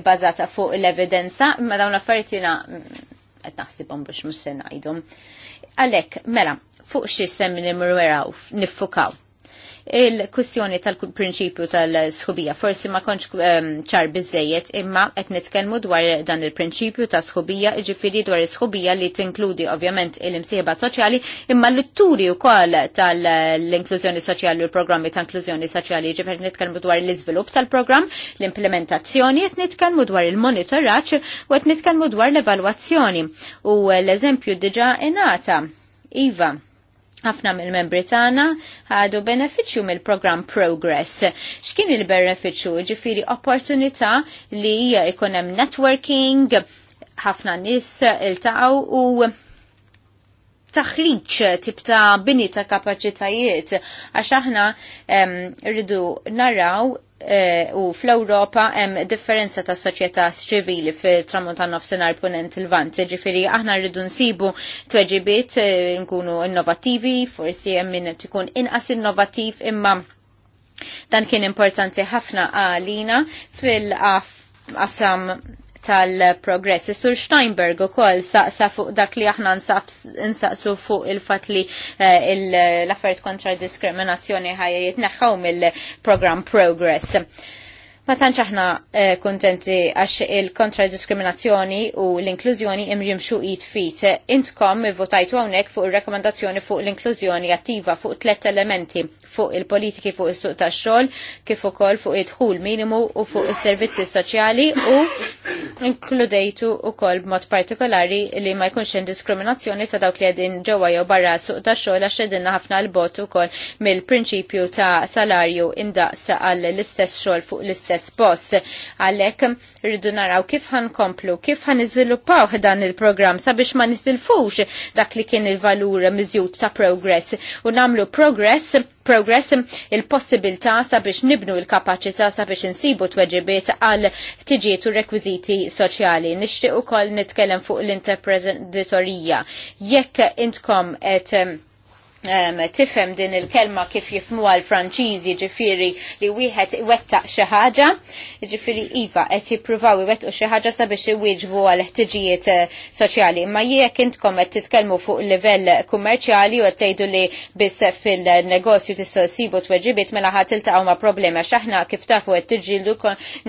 bbażata fuq l-evidenza, ma dawn l-affarijiet mm, qed naħsibhom biex mhux se ngħidhom. Għalhekk, mela, fuq xi semmi nimrweraw, niffukaw il-kwistjoni tal-prinċipju tal-sħubija. Forsi ma konċ ehm, ċar bizzejiet imma qed nitkellmu dwar dan il-prinċipju ta' sħubija, ġifieri dwar is-sħubija li tinkludi ovvjament il-imsieħba soċjali imma l-itturi wkoll tal-inklużjoni soċjali u l-programmi ta' inklużjoni soċjali, ġifieri nitkellmu dwar l-iżvilupp tal-programm, l-implementazzjoni qed nitkellmu dwar il-monitoraġġ u qed nitkellmu dwar l-evalwazzjoni. U l-eżempju diġà ingħata. Iva, ħafna mill-membri tagħna ħadu benefiċċju mill-programm Progress. X'kien il-benefiċċju? Ġifieri opportunità li jkun hemm networking, ħafna nies iltaqgħu u taħriċ tip ta' bini ta' kapaċitajiet għax aħna rridu naraw Eh, u fl-Europa hemm differenza ta' soċjetà ċivili fil-tramuntana nofsinhar punent il-vant. Ġifieri aħna rridu nsibu tweġibiet eh, nkunu innovattivi, forsi hemm min tkun inqas innovattiv imma dan kien importanti ħafna għalina fil-qasam tal-progress. Sur Steinberg u kol saqsa fuq dak li aħna nsaqsu fuq il-fat li eh, l-affert kontra diskriminazzjoni ħajja jitneħħaw mill-program Progress. Ma tantx aħna eh, kontenti għax il-kontra diskriminazzjoni u l-inklużjoni imġim id fit. Intkom votajtu hawnhekk fuq ir-rekomandazzjoni fuq l-inklużjoni attiva fuq tliet elementi fuq il-politiki fuq is-suq tax-xogħol, kif ukoll fuq id ħul minimu u fuq is-servizzi soċjali u inkludejtu ukoll b'mod partikolari li ma jkunx hemm diskriminazzjoni ta' dawk li għedin ġewwa jew barra suq tax-xogħol għax qegħdinna ħafna l-bot ukoll mill-prinċipju ta' salarju indaqs għall istess xogħol fuq l-istess l-istess post. Għalek rridu naraw kif ħan komplu, kif ħan iżviluppaw dan il-program sabiex ma nitilfux dak li kien il-valur mizjut ta' progress u namlu progress progress il-possibilità sabiex nibnu il-kapacità sabiex insibu tweġibiet għal tiġiet u rekwiziti soċjali. Nixtieq ukoll nitkellem fuq l-interpretatorija. Jekk intkom et um, tifhem din il-kelma kif jifmu għal franċiżi ġifiri li wieħed iwettaq xi ħaġa, ġifiri iva qed jippruvaw iwettqu xi ħaġa sabiex iwieġbu għal ħtiġijiet eh, soċjali. Imma jekk intkom qed titkellmu fuq livell kummerċjali u qed tgħidu li biss fil-negozju tistgħu sibu tweġibiet mela ħadd tiltaqgħu ma' problema x'aħna kif tafu qed tiġġieldu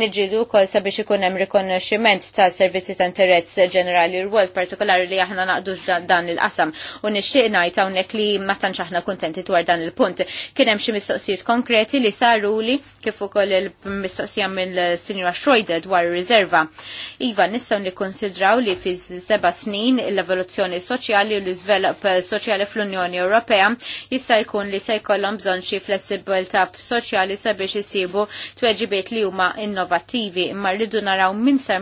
niġġieldu wkoll sabiex ikun hemm rikonoxximent ta' servizzi ta' interess ġenerali rwol partikolari li aħna naqdux dan il-qasam u nixtieq ngħid hawnhekk li ma tantx ħna kuntenti dwar dan il-punt. Kien hemm xi mistoqsijiet konkreti li saruli kif ukoll il-mistoqsija mill-Sinjora Schroeder dwar ir-riserva. Iva, nistgħu nikkonsidraw li fi seba' snin l-evoluzzjoni soċjali u l-iżvelop soċjali fl-Unjoni Ewropea jista' jkun li se jkollhom bżonn xi flessibilità soċjali sabiex isibu tweġibiet li huma innovattivi imma rridu naraw min se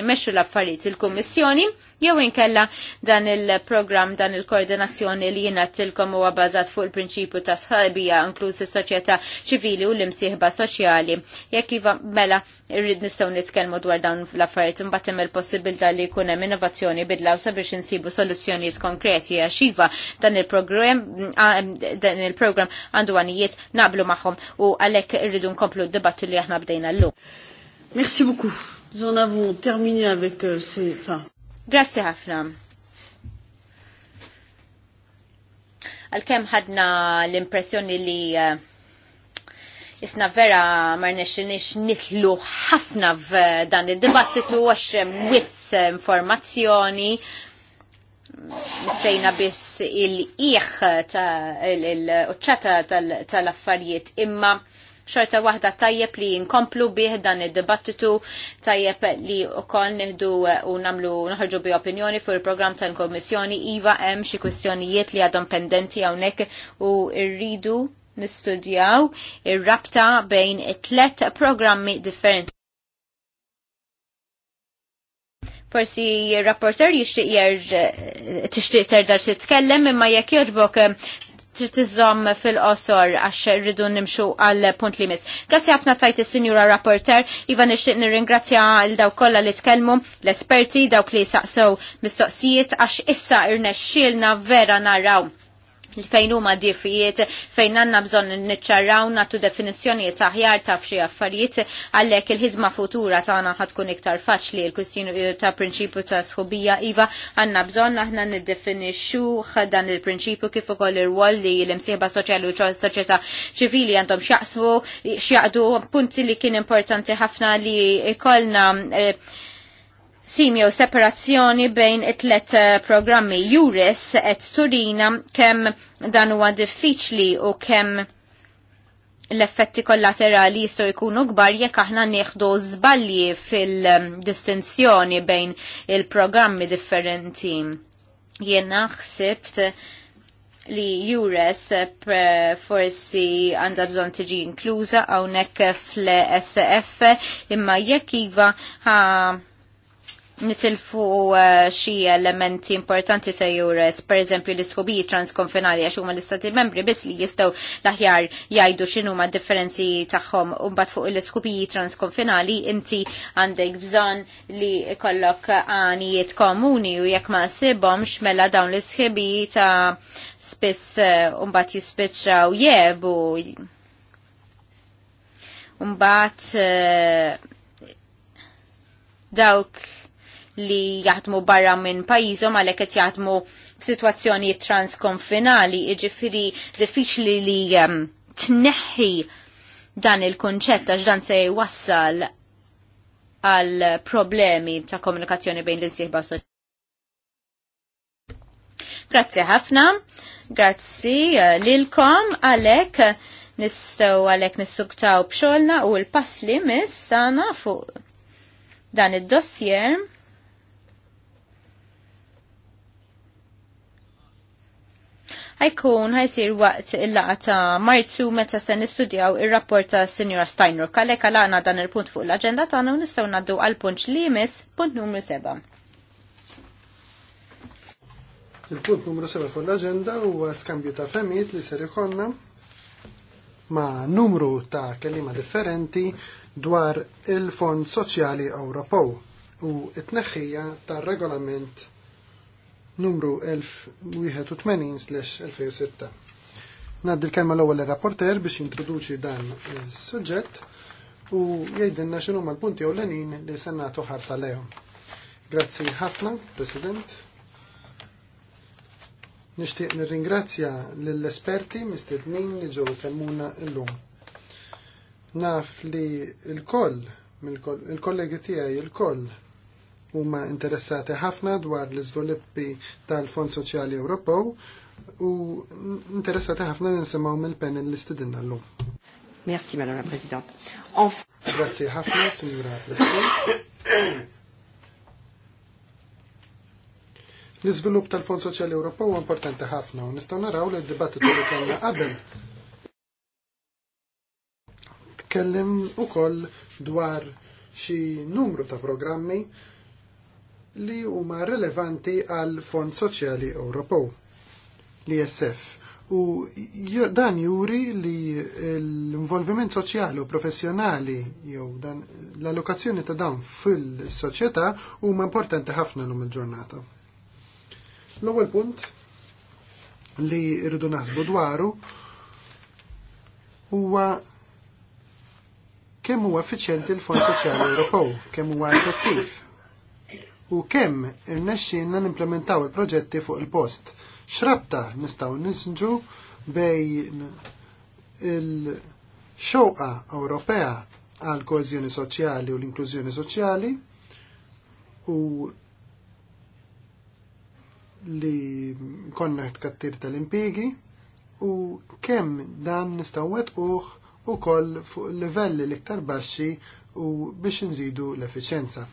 jmexxu l-affarijiet il-Kummissjoni jew inkella dan il-programm dan il-koordinazzjoni li jingħatilkom tagħhom huwa bażat fuq il-prinċipju ta' sħabija inkluż s soċjetà ċivili u l-imsieħba soċjali. Jekk iva mela irrid nistgħu nitkellmu dwar dawn l-affarijiet imbagħad hemm il-possibilità li jkun hemm innovazzjoni bidlaw sabiex insibu soluzzjonijiet konkreti għax iva dan il-programm dan il-programm għandu għanijiet naqblu magħhom u għalhekk irridu nkomplu d-dibattu li aħna bdejna llum. Merci beaucoup. Nous en avons terminé avec euh, ces... Enfin... Grazie ħafna. Għalkemm ħadna l-impressjoni li jisna vera marnex nix nitlu ħafna f'dan id-dibattitu għax wiss informazzjoni sejna biss il-iħ ta' il uċċata tal-affarijiet imma xorta waħda tajjeb li nkomplu bih dan id-dibattitu tajjeb li wkoll nieħdu eh, u namlu nħarġu bi opinjoni fuq il-programm tal-Kommissjoni iva hemm xi kwistjonijiet li għadhom pendenti hawnhekk u rridu nistudjaw ir-rabta bejn it-tlet programmi differenti. forsi rapporter jishtiq jerġ tishtiq terġa titkellem imma jekk jogħġbok eh, trid fil-qosor għax rridu nimxu għal punt li mis. Grazzi ħafna tajt is-Sinjura Rapporter, iva nixtieq nirringrazzja l daw kollha li tkellmu, l-esperti dawk li saqsew mistoqsijiet għax issa irnexxielna vera naraw fejn huma diffijiet fejn għandna bżonn niċċarraw nagħtu definizzjonijiet aħjar ta' xi affarijiet għalhekk il-ħidma futura tagħna ħad tkun iktar faċli l kustin eh, ta' prinċipju ta' sħubija iva għandna bżonn aħna niddefinixxu dan il-prinċipju kif ukoll ir-rwol li l-imsieħba soċjali u soċjetà ċivili għandhom x'jaqsmu x'jaqdu punti li kien importanti ħafna li kollna eh, simju separazzjoni bejn it-tlet eh, programmi Juris et Turina kemm dan huwa diffiċli u kemm l-effetti kollaterali jistgħu jkunu kbar jekk aħna nieħdu żbalji fil-distinzjoni bejn il-programmi differenti. Jien naħsibt li jures eh, forsi għandha bżonn tiġi inkluża hawnhekk fl-SF imma jekk iva ha' nitilfu uh, xi elementi importanti ta' jures, per eżempju l-isfobiji transkonfinali għax huma l-istati membri biss li jistgħu laħjar jajdu jgħidu ma' differenzi tagħhom u mbagħad fuq l-isfobiji transkonfinali inti għandek bżonn li kollok għanijiet komuni u jekk ma sibhomx mela dawn l-isħibi ta' spiss u uh, mbagħad jispiċċaw jebu. Uh, dawk li jaħdmu barra minn pajjiżhom għalhekk qed jaħdmu f'sitwazzjonijiet transkonfinali, jiġifieri diffiċli li ehm, tneħħi dan il-kunċett għax dan se jwassal għal problemi ta' komunikazzjoni bejn l-insieħba Grazzi ħafna, grazzi eh, lilkom għalek nistaw għalek nissuktaw bxolna u l-pass li mis sana fuq dan id-dossier. ħajkun ħajsir waqt il-laqa ta' marzu meta se nistudjaw ir-rapport ta' Sinjora Steiner. Għalhekk għalaqna dan il-punt fuq l-aġenda tagħna u nistgħu ngħaddu għal punt li jmiss punt numru 7. Il-punt numru 7 fuq l-aġenda huwa skambju ta' femijiet li ser ikonna ma' numru ta' kelima differenti dwar il-Fond Soċjali Ewropew u t tneħħija tar-regolament numru 1081-2006. Naddi l-kelma l-ewwel ir-rapporter biex jintroduċi dan is-suġġett u jgħidilna x'inhu l-punti ewlenin li se nagħtu ħarsa lejhom. Grazzi ħafna, President. Nixtieq nirringrazzja lill-esperti mistednin li ġew ikellmuna llum. Naf li l-koll, il-kollegi tiegħi il-koll huma interessati ħafna dwar l-iżviluppi tal-Fond Soċjali Ewropew u interessati ħafna nisimgħu mill-panel li stidinna llum. Merci, Madame la Présidente. Enf... Grazie ħafna, Signora President. L-iżvilupp tal-Fond Soċjali Ewropew huwa importanti ħafna u nistgħu naraw li d-dibattitu li kellna qabel tkellem ukoll dwar xi numru ta' programmi li huma rilevanti għal Fond Soċjali Ewropew, l-ISF. U dan juri li l-involviment soċjali u professjonali jew dan l-allokazzjoni ta' dan fil-soċjetà huma importanti ħafna lum il-ġurnata. L-ewwel punt li rridu naħsbu dwaru huwa kemm huwa effiċjenti l-Fond Soċjali Ewropew, kemm huwa effettiv u kemm irnexxinna nimplementaw il-proġetti fuq il-post. Xrabta nistgħu nisġu bejn il xoqa Ewropea għal koeżjoni soċjali u l-inklużjoni soċjali u li konna tkattir tal-impigi u kemm dan nistgħu wetquh ukoll fuq livelli l-iktar baxxi u biex nżidu l efficienza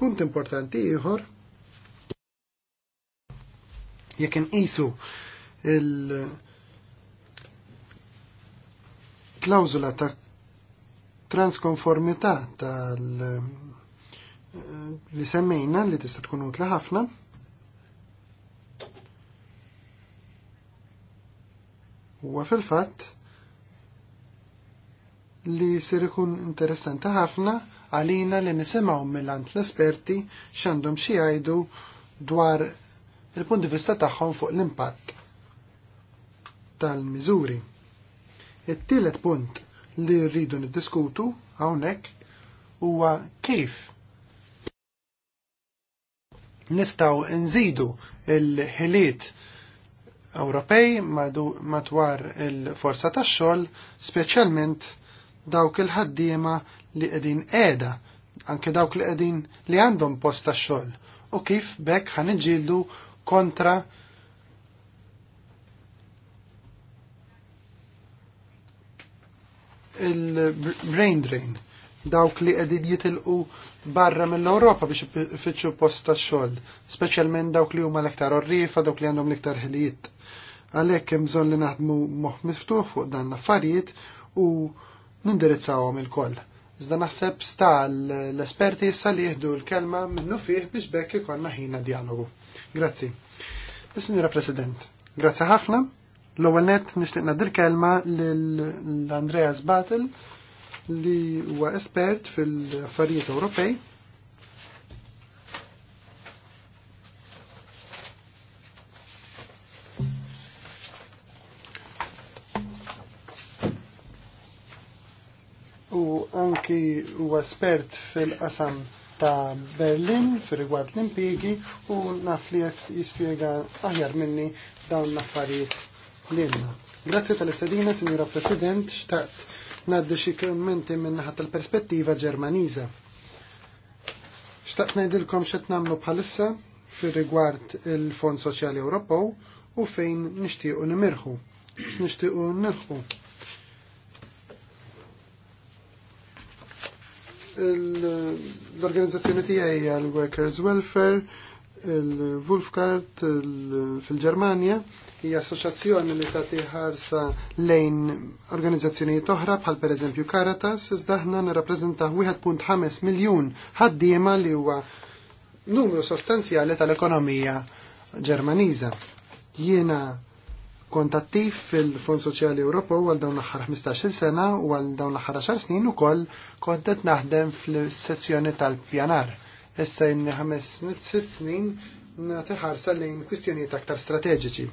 Punt importanti ieħor jekk inqisu il klawzula ta' transkonformità tal eh, li semmejna li tista' tkun utla ħafna. Huwa fil-fatt li sir ikun interessanti ħafna għalina li nisimgħu mill-ant l-esperti x'għandhom xi jgħidu dwar il-punt di vista tagħhom fuq l-impatt tal-miżuri. It-tielet punt li rridu niddiskutu hawnhekk huwa kif nistgħu nżidu l ħiliet Ewropej madwar il-forza tax-xogħol speċjalment dawk il-ħaddiema li qegħdin qiegħda, anke dawk li qegħdin li għandhom post tax-xogħol u kif bekk ħaniġġieldu kontra il-brain drain dawk li qegħdin jitilqu barra mill-Ewropa biex ifittxu post tax-xogħol, speċjalment dawk li huma l-iktar orrifa, dawk li għandhom l-iktar ħiliet. Għalhekk hemm bżonn li naħdmu moħħ miftuħ fuq dan l-affarijiet u nindirizzawhom il-koll. Iżda naħseb sta l-esperti issa li jieħdu l-kelma minnu fih biex bekk ikollna ħina dialogu. Grazzi. Is-Sinjura President, grazzi ħafna. L-ewwel nett nixtieq nadir kelma lill andreas Batel li huwa espert fil-affarijiet Ewropej u anki u espert fil-qasam ta' Berlin fil rigward l-impiegi u naf li jispjega aħjar minni dawn l-affarijiet l-inna. Grazzi tal-istadina, Signora President, xtaqt naddi xi kommenti minn ħadd il-perspettiva Ġermaniża. Xtaqt ngħidilkom xet nagħmlu bħalissa fil rigward il-Fond Soċjali Ewropew u fejn nixtiequ nimirħu. X'nixtiequ nirħu l-organizzazzjoni tiegħi hija l-Workers Welfare, il-Wolfgard fil-Ġermanja, hija assoċjazzjoni li tagħti ħarsa lejn organizzazzjonijiet oħra bħal pereżempju Caritas, iżda aħna nirrappreżentaw 1.5 miljun ħaddiema li huwa numru sostanzjali tal-ekonomija Ġermaniża. Jiena kontattiv fil-Fond Soċjali Ewropew għal dawn l-aħħar 15-il sena u għal dawn l-aħħar 10 snin ukoll kont qed naħdem fl-sezzjoni tal-pjanar. Issa inni ħames sitt snin nagħti ħarsa lejn kwistjonijiet aktar strateġiċi.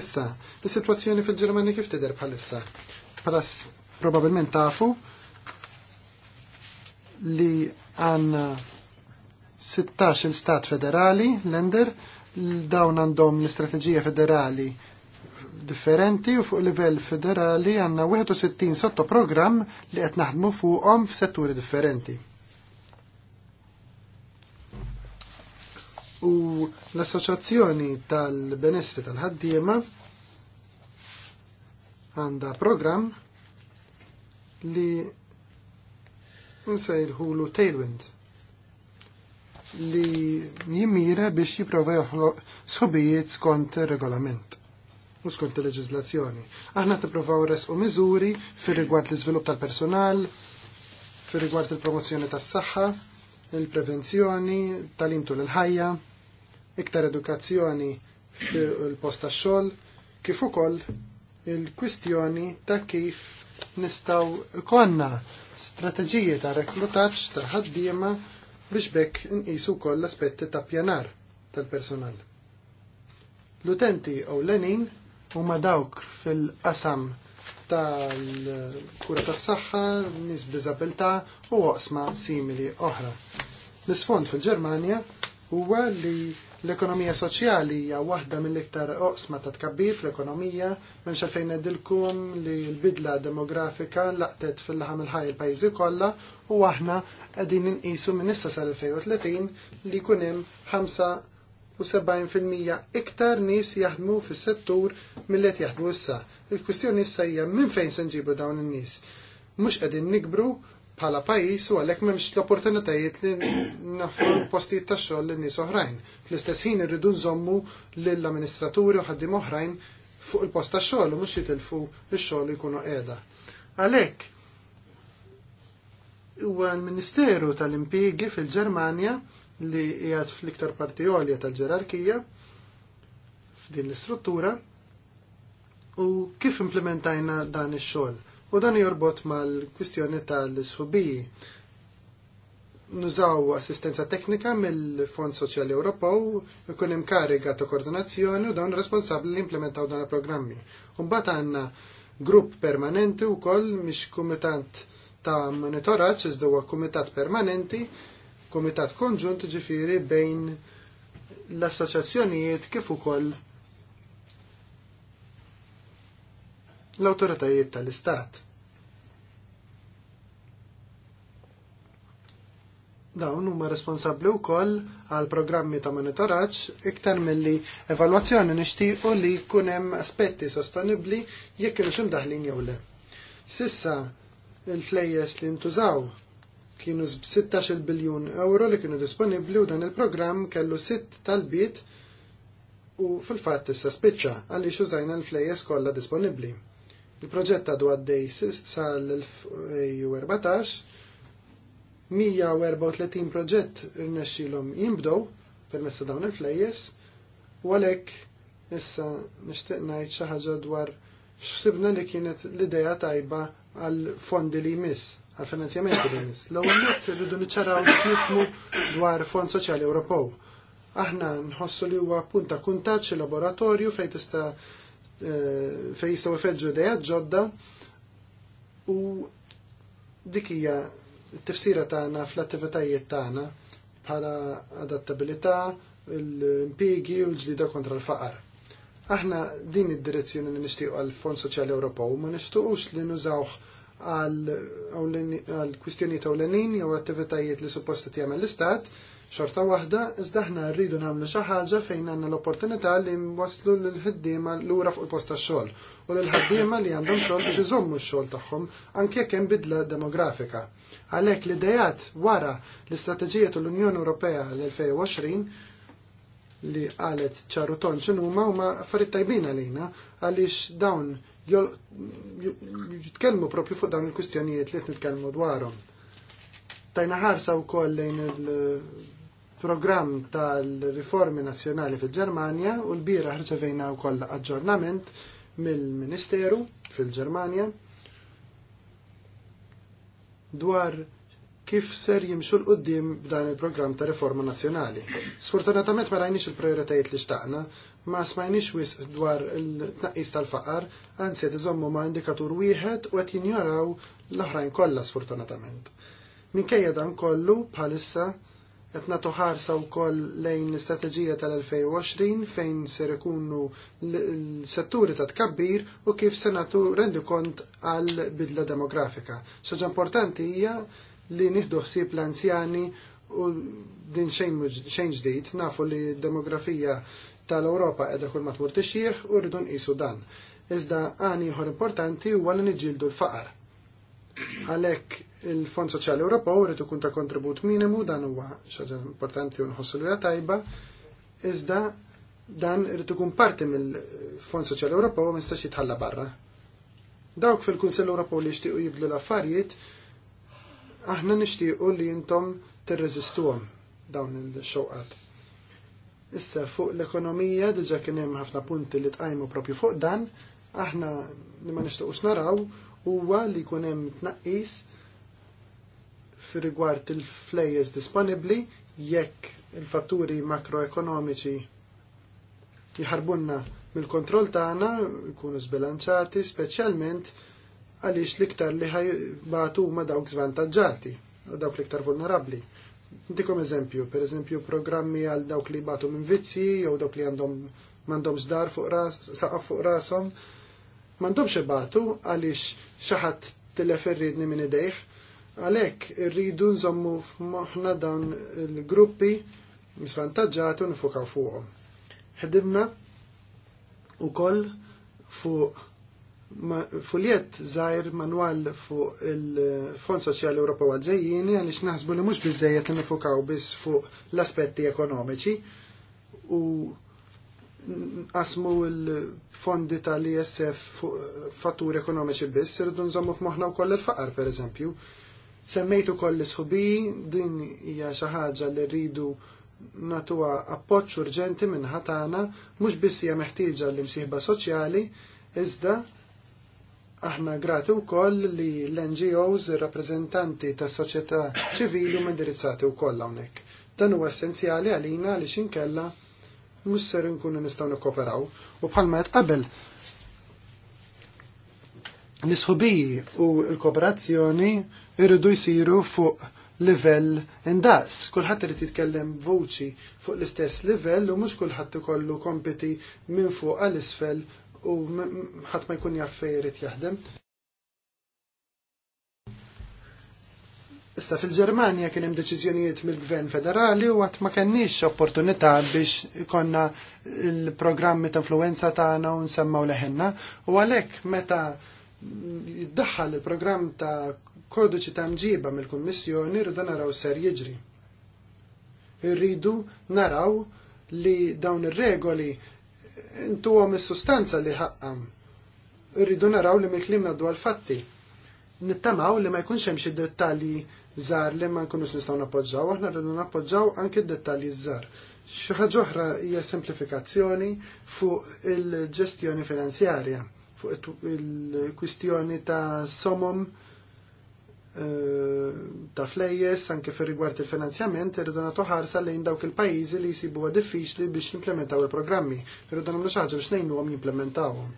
Issa, is-sitwazzjoni fil-Ġermanja kif tidher bħalissa? Bħala probabbilment tafu li għandna 16 il-stat federali, lender, dawn għandhom l-istrateġija federali differenti u fuq livell federali għanna 61 program li qed naħdmu fuqhom f'setturi differenti. U l-Assoċjazzjoni tal-Benessri tal-Ħaddiema għandha program li nsejlħulu Tailwind li jimmira biex jiprofa joħloq sħubijiet skont regolament u skont il-leġizlazzjoni. Aħna tipprovaw resqu miżuri fir-rigward l izvilup tal-personal, fir-rigward il-promozzjoni tas-saħħa, il-prevenzjoni, tal-im l il-ħajja, iktar edukazzjoni fil-post tax-xogħol, kif ukoll il-kwistjoni ta' kif nistgħu konna strateġiji ta' reklutaġġ ta' ħaddiema biex bekk nqisu wkoll l-aspetti ta' pjanar tal-personal. L-utenti l-lenin huma dawk fil-qasam tal-kura tas-saħħa, nies b'diżabilità u oqsma simili oħra. L-isfond fil-Ġermanja huwa li l-ekonomija soċjali hija waħda mill-iktar oqsma ta' tkabbir fl-ekonomija, minn xalfejn ngħidilkom li l-bidla demografika laqtet fil-laħam il-ħaj il pajzi kollha u aħna qegħdin inqisu minn issa sal 2030 li jkun hemm fil-mija iktar nies jaħdmu fis-settur milli qed jaħdmu issa. Il-kwistjoni issa hija minn fejn se nġibu dawn in-nies. Mhux qegħdin nikbru bħala pajjiż u għalhekk m'hemmx l-opportunitajiet li naffru postijiet tax-xogħol lin nies oħrajn. Fl-istess ħin irridu nżommu lill-amministraturi u ħaddiem oħrajn fuq il-post ta' xogħol u mhux jitilfu x-xogħol jkunu qiegħda. Għalhekk huwa l-Ministeru tal-Impjiegi fil-Ġermanja li jgħad fl-iktar parti għolja tal-ġerarkija f'din l-istruttura u kif implementajna dan ix-xogħol. U dan jorbot mal-kwistjoni tal-sħubiji. Nużaw assistenza teknika mill-Fond Soċjali Ewropew, ikun hemm kariga ta' koordinazzjoni u dawn responsabbli li implementaw dan il-programmi. U mbagħad għandna grupp permanenti wkoll mhix kumitant ta' monitoraġġ iżda huwa kumitat permanenti komitat konġunt ġifiri bejn l-assoċjazzjonijiet kif ukoll l-awtoritajiet tal-istat. Dawn huma responsabbli wkoll għal programmi ta' monitoraġġ iktar milli evalwazzjoni nixtiequ li jkun hemm aspetti sostenibbli jekk kienux imdaħlin jew le. Sissa il-flejjes li ntużaw kienu b-16 biljun euro li kienu disponibli u dan il-programm kellu sitt talbiet u fil-fatt issa spiċċa għaliex użajna l-flejes kollha disponibbli. Il-proġett għadu għaddej sal-2014 134 proġett rnexxilhom jinbdow permessa dawn il flejes u għalhekk issa nixtieq ngħid xi ħaġa dwar x'sibna li kienet l-idea tajba għal fondi li jmiss għal-finanzjamenti l nis. L-ewwel nett irridu niċċaraw nifmu dwar Fond Soċjali Ewropew. Aħna nħossu li huwa punta kuntaġġ laboratorju fejn tista' eh, fejn jistgħu ifeġġu idejat ġodda u dik hija t-tifsira tagħna fl-attivitajiet tagħna bħala adattabilità, l-impjegi u l-ġlida kontra l-faqar. Aħna din id-direzzjoni li nixtiequ għal Fond Soċjali Ewropew ma nixtiequx li nużawh għal kwistjonijiet ewlenin jew attivitajiet li supposta jagħmel l-istat, xorta waħda iżda aħna rridu nagħmlu xi ħaġa fejn għandna l-opportunità li l lill-ħaddiema lura fuq il posta xol xogħol u lill-ħaddiema li għandhom xogħol biex iżommu x-xogħol tagħhom anke kem bidla demografika. Għalhekk l-idejat wara l-istrateġijiet u l-Unjoni Ewropea l-2020 li qalet ċaru tonċ huma huma affarijiet tajbin għalina għaliex dawn jitkellmu propju fuq dawn il-kustjonijiet li nitkellmu dwarhom. Tajna ħarsa wkoll lejn il-programm tal-riformi nazzjonali fil-Ġermanja u l-bira ħarċevejna wkoll aġġornament mill-Ministeru fil-Ġermanja dwar kif ser jimxu l-qoddim b'dan il-programm ta' riforma nazjonali. Sfortunatament ma rajniex il-prioritajiet li xtaqna, ma smajniex wis dwar il-tnaqqis tal-faqar, għansi iżommu ma' indikatur wieħed u qed jinjoraw l-oħrajn kollha sfortunatament. Minkejja dan kollu bħalissa qed nagħtu ħarsa wkoll lejn l-istrateġija tal-2020 fejn ser ikunu l-setturi ta' tkabbir u kif se nagħtu rendi kont għal bidla demografika. Xaġa importanti hija li nieħdu ħsieb l-anzjani u din xejn ġdid, nafu li demografija tal-Ewropa edha kull matmur tixjih u rridu nqisu dan. Iżda għani ieħor importanti huwa għallin iġildu l-faqar. Għalhekk il-Fond Soċjali Ewropew rrid kun ta' kontribut minimu dan huwa xaġa importanti u nħossu li tajba. Iżda dan rrid kun parti mill-Fond Soċjali Ewropew ma jistax jitħalla barra. Dawk fil-Kunsell Ewropew li jixtiequ jibdlu l-affarijiet, aħna nixtiequ li intom tirreżistuhom dawn il-xewqat. Issa fuq l-ekonomija diġa kien hemm ħafna punti li tqajmu propju fuq dan, aħna li ma nixtiequx naraw huwa li jkun hemm tnaqqis firigward rigward il-flejjes disponibbli jekk il-fatturi makroekonomiċi jħarbunna mill-kontroll tagħna jkunu sbilanċati speċjalment għaliex l-iktar li ħajbatu ma dawk zvantaġġati u dawk l-iktar vulnerabbli. Dikom eżempju, per eżempju programmi għal dawk li batu minn vizzi, jew dawk li għandhom mandom zdar fuq ras, saqqa fuq rasom, mandom batu għalix xaħat teleferridni minn idejh, għalek rridu nżommu f'moħna dawn il-gruppi svantagġati nfuka fuqhom. Ħedimna u koll fuq fuljet zaħir manwal fuq il-Fond Soċjali Ewropew għal-ġejjini għaliex naħsbu li mhux biżejjed li nifukaw biss fuq l-aspetti ekonomiċi u asmu l-fondi tal-ISF fuq fatturi ekonomiċi biss irridu nżommu f'moħħna wkoll il-faqar pereżempju. Semmejtu koll l-isħubi, din hija xi ħaġa li rridu natuha appoġġ urġenti minn ħatana, mhux biss hija meħtieġa l-imsieħba soċjali, iżda Aħna grati wkoll li l-NGOs, rappreżentanti tas soċjetà ċivili huma indirizzati wkoll hawnhekk. Dan huwa essenzjali għalina li xinkella mhux ser nkunu nistgħu nikkoperaw u bħalma qed qabel nisħubi u l-kooperazzjoni irridu jsiru fuq livell indaqs. Kulħadd irid jitkellem voċi fuq l-istess livell u mhux kulħadd ikollu kompeti minn fuq għall isfel u ħadd ma jkun jaff fejn irid jaħdem. Issa fil-Ġermanja kien hemm deċiżjonijiet mill-Gvern Federali u għat ma kenniex opportunità biex ikonna il-programmi ta' influenza tagħna u nsemmaw leħenna u għalhekk meta jiddaħħal il-programm ta' kodiċi ta' mġiba mill-Kummissjoni rridu naraw ser jiġri. Irridu naraw li dawn ir-regoli intu għom il-sustanza li ħaqqam. Irridu naraw li miklimna dwar fatti. Nittamaw li ma jkunx hemm xi dettalji żgħar li ma jkunux nistgħu nappoġġaw, aħna rridu nappoġġaw anke dettalji żgħar. Xi ħaġa oħra hija semplifikazzjoni fuq il-ġestjoni finanzjarja, fuq il-kwistjoni ta' somom Eh, ta' flejjes anke fir rigward il-finanzjament irridu nagħtu ħarsa lejn dawk il-pajjiżi li jsibuha diffiċli biex jimplementaw il-programmi. Irridu nagħmlu xi ħaġa biex ngħinuhom jimplementawhom.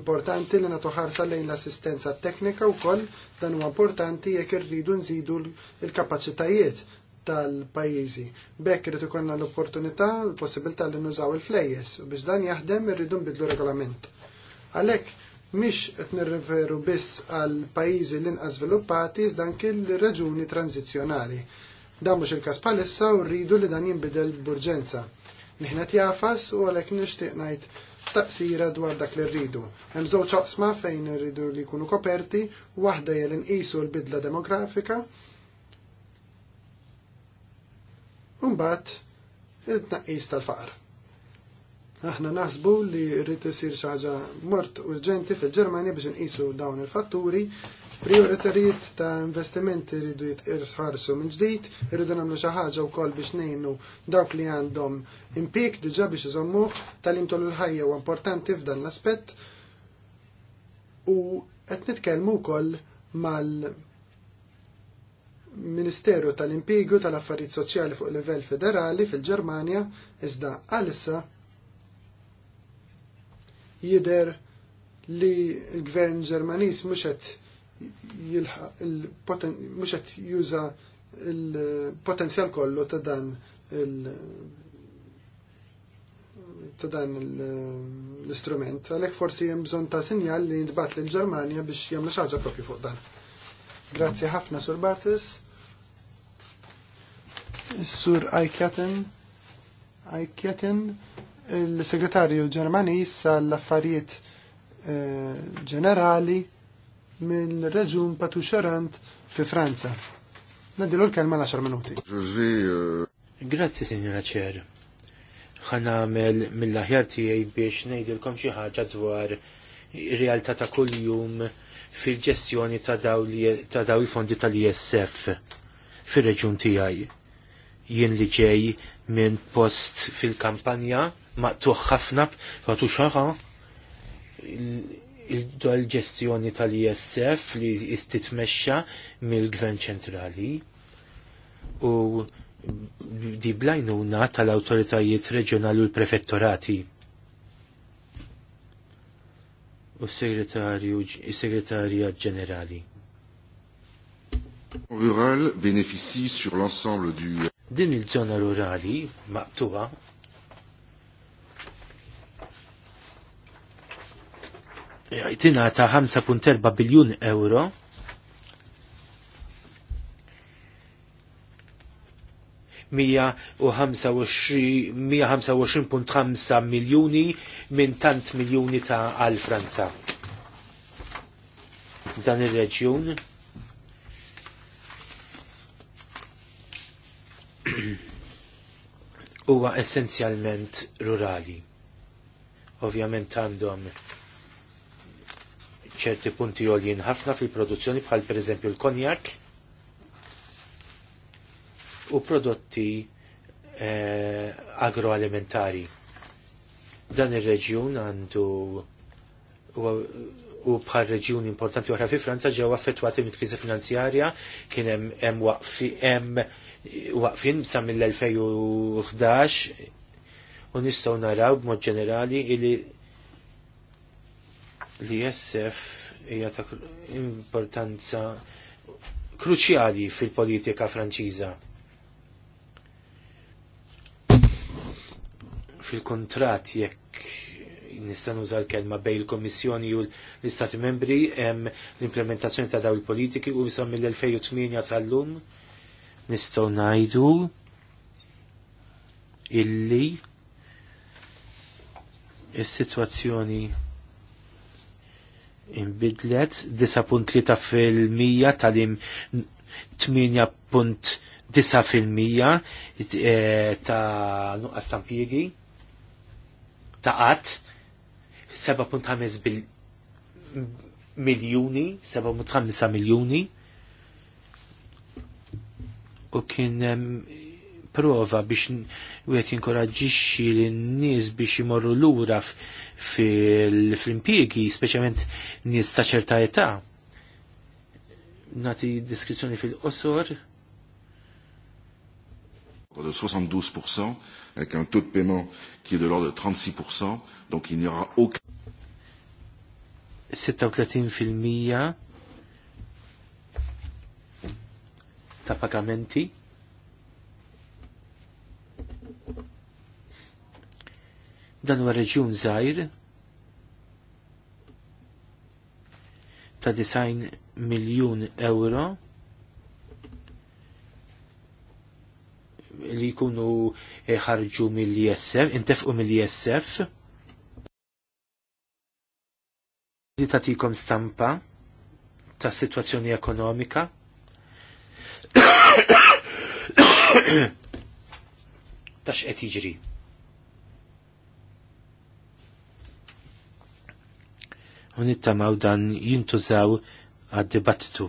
Importanti li nagħtu ħarsa lejn l-assistenza teknika wkoll dan huwa importanti jekk irridu nżidu l-kapaċitajiet tal-pajjiżi. Bekk irid ikollna l-opportunità, l-possibilità li nużaw il-flejjes u biex dan jaħdem irridu nbidlu regolament. Għalhekk Mhix qed nirreferu biss għal pajjiżi l-inqas żviluppati iżda anke l-raġuni Dan mhux il-każ bħalissa u rridu li dan jinbidel b'urġenza. Niħna tjafas u għalhekk nixtieq ngħid taqsira dwar dak li rridu. Hemm żewġ oqsma fejn irridu li jkunu koperti, waħda hija li l-bidla demografika. u mbagħad it-tnaqqis tal-faqar. Aħna naħsbu li rrid isir xi ħaġa mort urġenti fil-Ġermanja biex inqisu dawn il-fatturi, prioritarijiet ta' investimenti rridu jitqirħarsu minn ġdid, irridu nagħmlu xi ħaġa wkoll biex ngħinu dawk li għandhom impik diġà biex iżommu tal-imtol il-ħajja huwa importanti f'dan l-aspett u qed nitkellmu wkoll mal Ministeru tal-Impigu tal-Affarijiet Soċjali fuq livell federali fil-Ġermanja iżda għalissa jider li l-gvern ġermanis mhux qed mhux qed juża il-potenzjal kollu ta' dan il- ta' dan l-istrument, għalek forsi jem bżon ta' sinjal li jindbat l ġermania biex jem xaġa propju fuq dan. Grazie ħafna, Sur Bartis. Sur Aikjaten, Aikjaten, il-segretarju Ġermanis għall-affarijiet eh, ġenerali mill-reġun Patu Xorant fi Franza. Nadilu l-kelma l-10 minuti. Eh. Grazzi, Signora Ċer. għamel mill-aħjar tiegħi biex ngħidilkom xi ħaġa dwar ir-realtà ta' kuljum fil-ġestjoni ta' daw il-fondi tal-ISF fir-reġun tiegħi. Jien li ġej minn post fil-kampanja maqtuħ ħafna fatu xaħa il-dol ġestjoni tal-ISF li istitmesċa mill-Gvern ċentrali u di blajnuna tal-autoritajiet reġjonali u l-prefettorati. U s-segretarju, segretarja ġenerali. Rural benefici sur l'ensemble du... Din il-ġona rurali maqtuwa jtina ta' 5.4 biljun euro Mija 125.5 miljuni minn tant miljuni ta' għal Franza. Dan ir-reġjun huwa essenzjalment rurali. Ovvjament għandhom ċerti punti għoljin ħafna fil-produzzjoni bħal per eżempju l-konjak u prodotti eh, agroalimentari. Dan ir-reġjun għandu u bħal reġjun importanti oħra fi Franza ġew affettwati mill kriżi finanzjarja kien hemm hemm hemm waqfin sa mill-2011 u nistgħu naraw b'mod ġenerali li li jessef hija ta' importanza kruċjali fil-politika franċiża. Fil-kontrat jekk nista' nuża l-kelma bejn il-Kommissjoni u l-Istati Membri hemm l-implementazzjoni ta' dawn il-politiki u sa mill-2008 sal-lum nistgħu ngħidu illi is-sitwazzjoni il imbidlet, 9.3 fil-mija tal-im 8.9 fil-mija eh, ta' nuqqa stampiegi ta' qatt 7.5 bil miljoni, 7.5 miljoni u kien prova biex wieħed jinkoraġġixxi lin-nies biex imorru lura fl-impjiegi, speċjalment nies ta' ċerta età. Nati deskrizzjoni fil-qosor. 72% avec un taux de paiement qui est de l'ordre de 36%, donc il n'y aura aucun... 36% ta' pagamenti Dan huwa reġjun żgħir ta' 90 miljun euro li jkunu ħarġu mill-ISF, intefqu mill-ISF. Li tatikom stampa ta' situazzjoni ekonomika. ta' x'qed jiġri. u nittamaw dan jintużaw għad-dibattitu.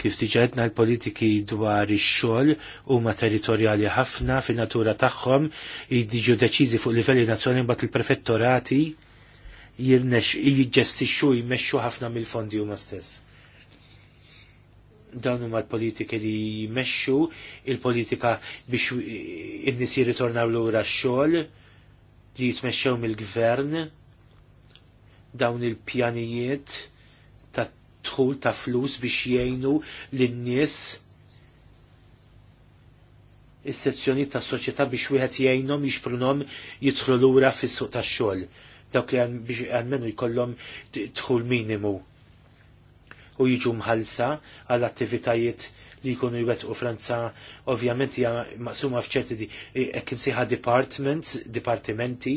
Kif diġedna l-politiki dwar ix-xogħol huma territorjali ħafna fin-natura tagħhom jiġu deċiżi fuq livelli nazzjonali mbagħad il-prefettorati jirnex jiġġestixxu jmexxu ħafna mill-fondi huma stess. Dawn huma l-politiki li jmexxu il-politika biex in-nies jirritornaw lura x-xogħol li jitmexxew mill-gvern dawn il-pjanijiet ta' tħul ta' flus biex jgħinu lin-nies is-sezzjoni ta' soċjetà biex wieħed jgħinhom jixprunhom jidħlu lura fis-suq tax-xogħol. Dawk li għan biex għalmenu jkollhom dħul minimu u jiġu mħalsa għal attivitajiet li jkunu jwettqu Franza ovvjament hija maqsuma f'ċerti di hekk e- imsejħa departments, dipartimenti,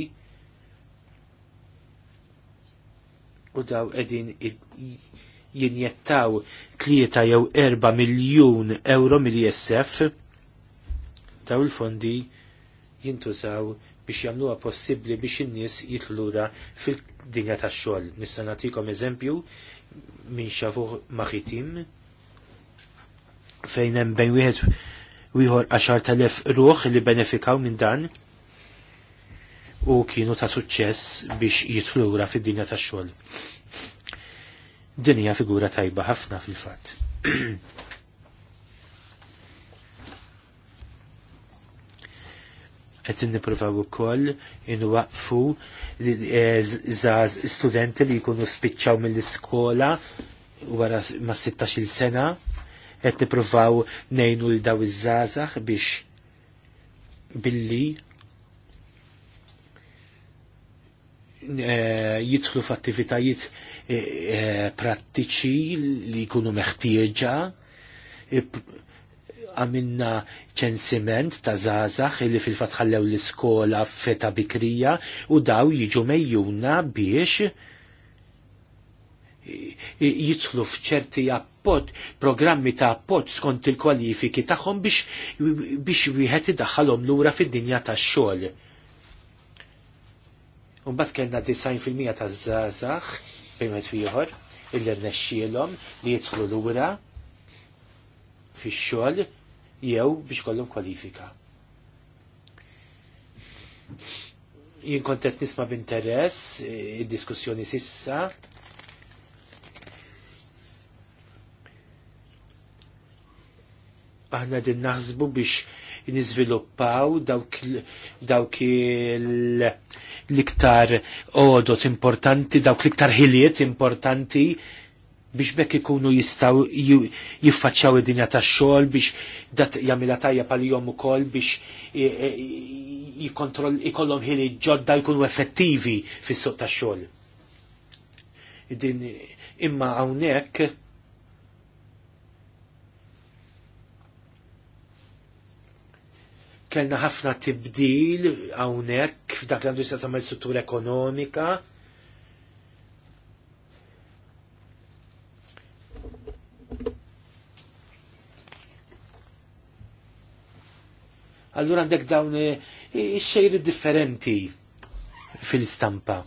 u daw edin jinjettaw tlieta jew erba miljun euro mill-ISF daw il-fondi jintużaw biex jagħmluha possibbli biex in-nies jitlura fil-dinja tax-xogħol. Nista' nagħtikom eżempju minn xafu maħitim fejn hemm bejn wieħed wieħor 10,000 ruħ li benefikaw minn dan u kienu ta' suċċess biex jitlura fid-dinja ta' xogħol. Din hija figura tajba ħafna fil-fatt. qed nippruvaw ukoll inwaqfu eh, studenti li jkunu spiċċaw mill-iskola wara ma' 16-il sena qed nippruvaw ngħinu l daw iż-żgħażagħ biex billi Eh, jidħlu f'attivitajiet eh, eh, prattiċi li jkunu meħtieġa għamilna ċensiment ta' zazax li fil-fatħallew l-iskola feta bikrija u daw jiġu mejjuna biex jitlu fċerti appot, programmi ta' appot skont il-kwalifiki tagħhom biex biex wieħed idaħħalhom lura fid-dinja tax-xogħol Unbat kellna 90% ta' zazax bimet fiħor illi rnexxielhom li jidħlu lura fix-xogħol jew biex kollhom kwalifika. Jien kont qed nisma' b'interess eh, id-diskussjoni sissa aħna din naħsbu biex niżviluppaw dawk l-iktar odot importanti, dawk l-iktar ħiliet importanti biex bekk ikunu jistaw jiffaċċaw id-dinja tax-xogħol biex dat jagħmilha tajja bħalihom ukoll biex jikontroll ikollhom ħili ġodda jkunu effettivi fis-suq tax-xogħol. Din imma hawnhekk kellna ħafna tibdil hawnhekk f'dak li għandu jistaqsam struttura ekonomika. Allura għandek dawn xejri differenti fil-istampa.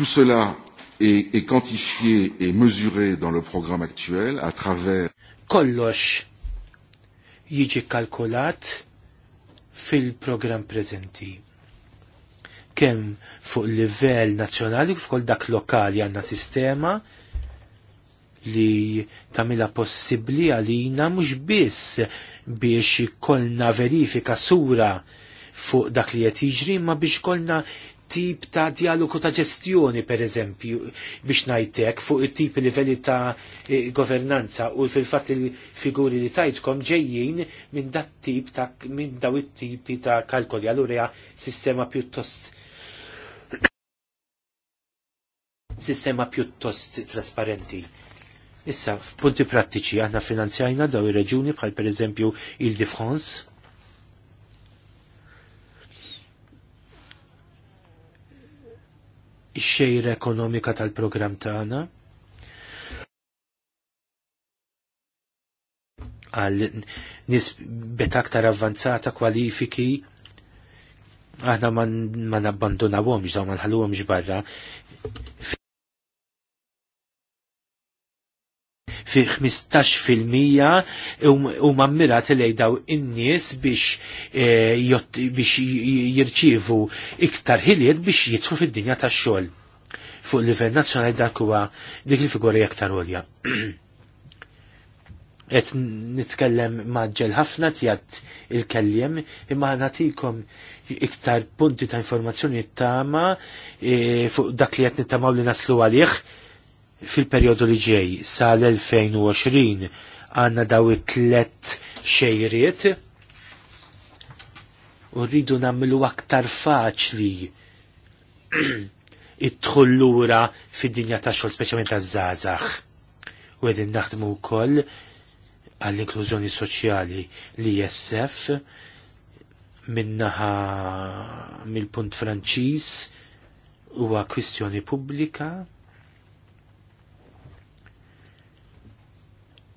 Tout cela est, est quantifié et mesuré dans le programme actuel à travers kollox jiġi kalkulat fil-programm preżenti. Kemm fuq livell nazzjonali u fuq dak lokali għandna sistema li tamila possibli għalina mhux biss biex kollna verifika sura fuq dak li qed jiġri ma biex kollna tip ta' dialogu ta' ġestjoni, per eżempju, biex najtek fuq it-tip livelli ta' e, governanza u fil-fat il-figuri li tajtkom ġejjin minn dat tip ta' minn daw it-tipi ta' kalkoli. Allura sistema pjuttost sistema pjuttost trasparenti. Issa, f'punti prattiċi, aħna finanzjajna daw ir-reġuni bħal per eżempju il defrance France, xejra ekonomika tal-programm tagħna. għal nisbet aktar avvanzata kwalifiki aħna ma nabbandunawhomx daw ma nħalluhomx barra fi 15% u mammirat li daw in-nies biex eh, jirċivu iktar ħiliet biex jidħlu fid-dinja tax-xogħol. Fuq livell nazzjonali dak huwa dik il-figura aktar għolja. Et nitkellem maġġel ħafna tjat il-kellem imma nagħtikom iktar punti ta' informazzjoni tama eh, fuq dak li qed nittamaw li naslu għalih fil-periodu li ġej sal-2020 għanna daw it-tlet xejriet u rridu namlu aktar faċli it-tħullura fid-dinja ta' xogħol speċjalment ta' żgħażagħ U għedin naħdmu wkoll għall-inklużjoni soċjali li jessef minnaħa mill-punt Franċiż huwa kwistjoni pubblika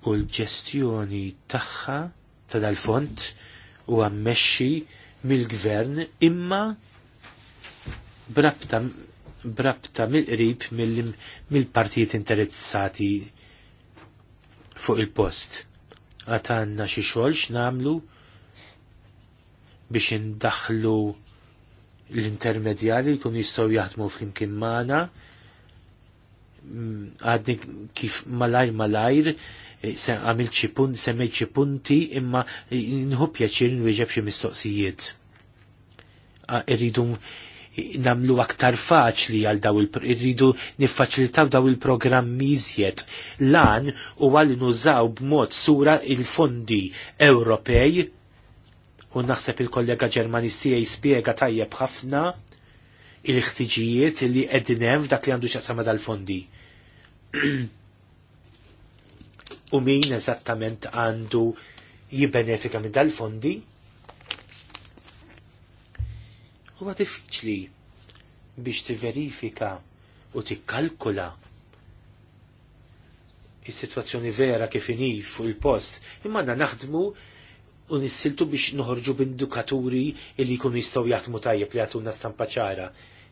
u l-ġestjoni tagħha ta' dal-font u għammexxi mill-gvern imma brabta brabta mill-qrib mill-partijiet interessati fuq il-post. Għatanna xie xogħol x'namlu biex indaħlu l intermedjali jkun jistgħu jaħdmu flimkien magħna mm, għadni kif malajr malajr Eh, għamil ċipun, semmej ċipunti imma eh, nħu pjaċir nwieġeb xi mistoqsijiet. Ah, irridu eh, namlu aktar faċli għal daw il-irridu niffaċilitaw daw il-programmi iżjed lan u għal nużaw b'mod sura il-fondi Ewropej u naħseb il-kollega ġermanisti jispiega tajjeb ħafna il-ħtiġijiet li edinem f'dak li għandu xaqsama dal-fondi. u min eżattament għandu jibbenefika minn dal-fondi. Huwa diffiċli biex tiverifika u tikkalkula is-sitwazzjoni vera kif inhi fuq il-post, imma għandna naħdmu u nissiltu biex noħorġu b'indukaturi li jkunu jistgħu jaħdmu tajjeb li għatuna stampa ċara.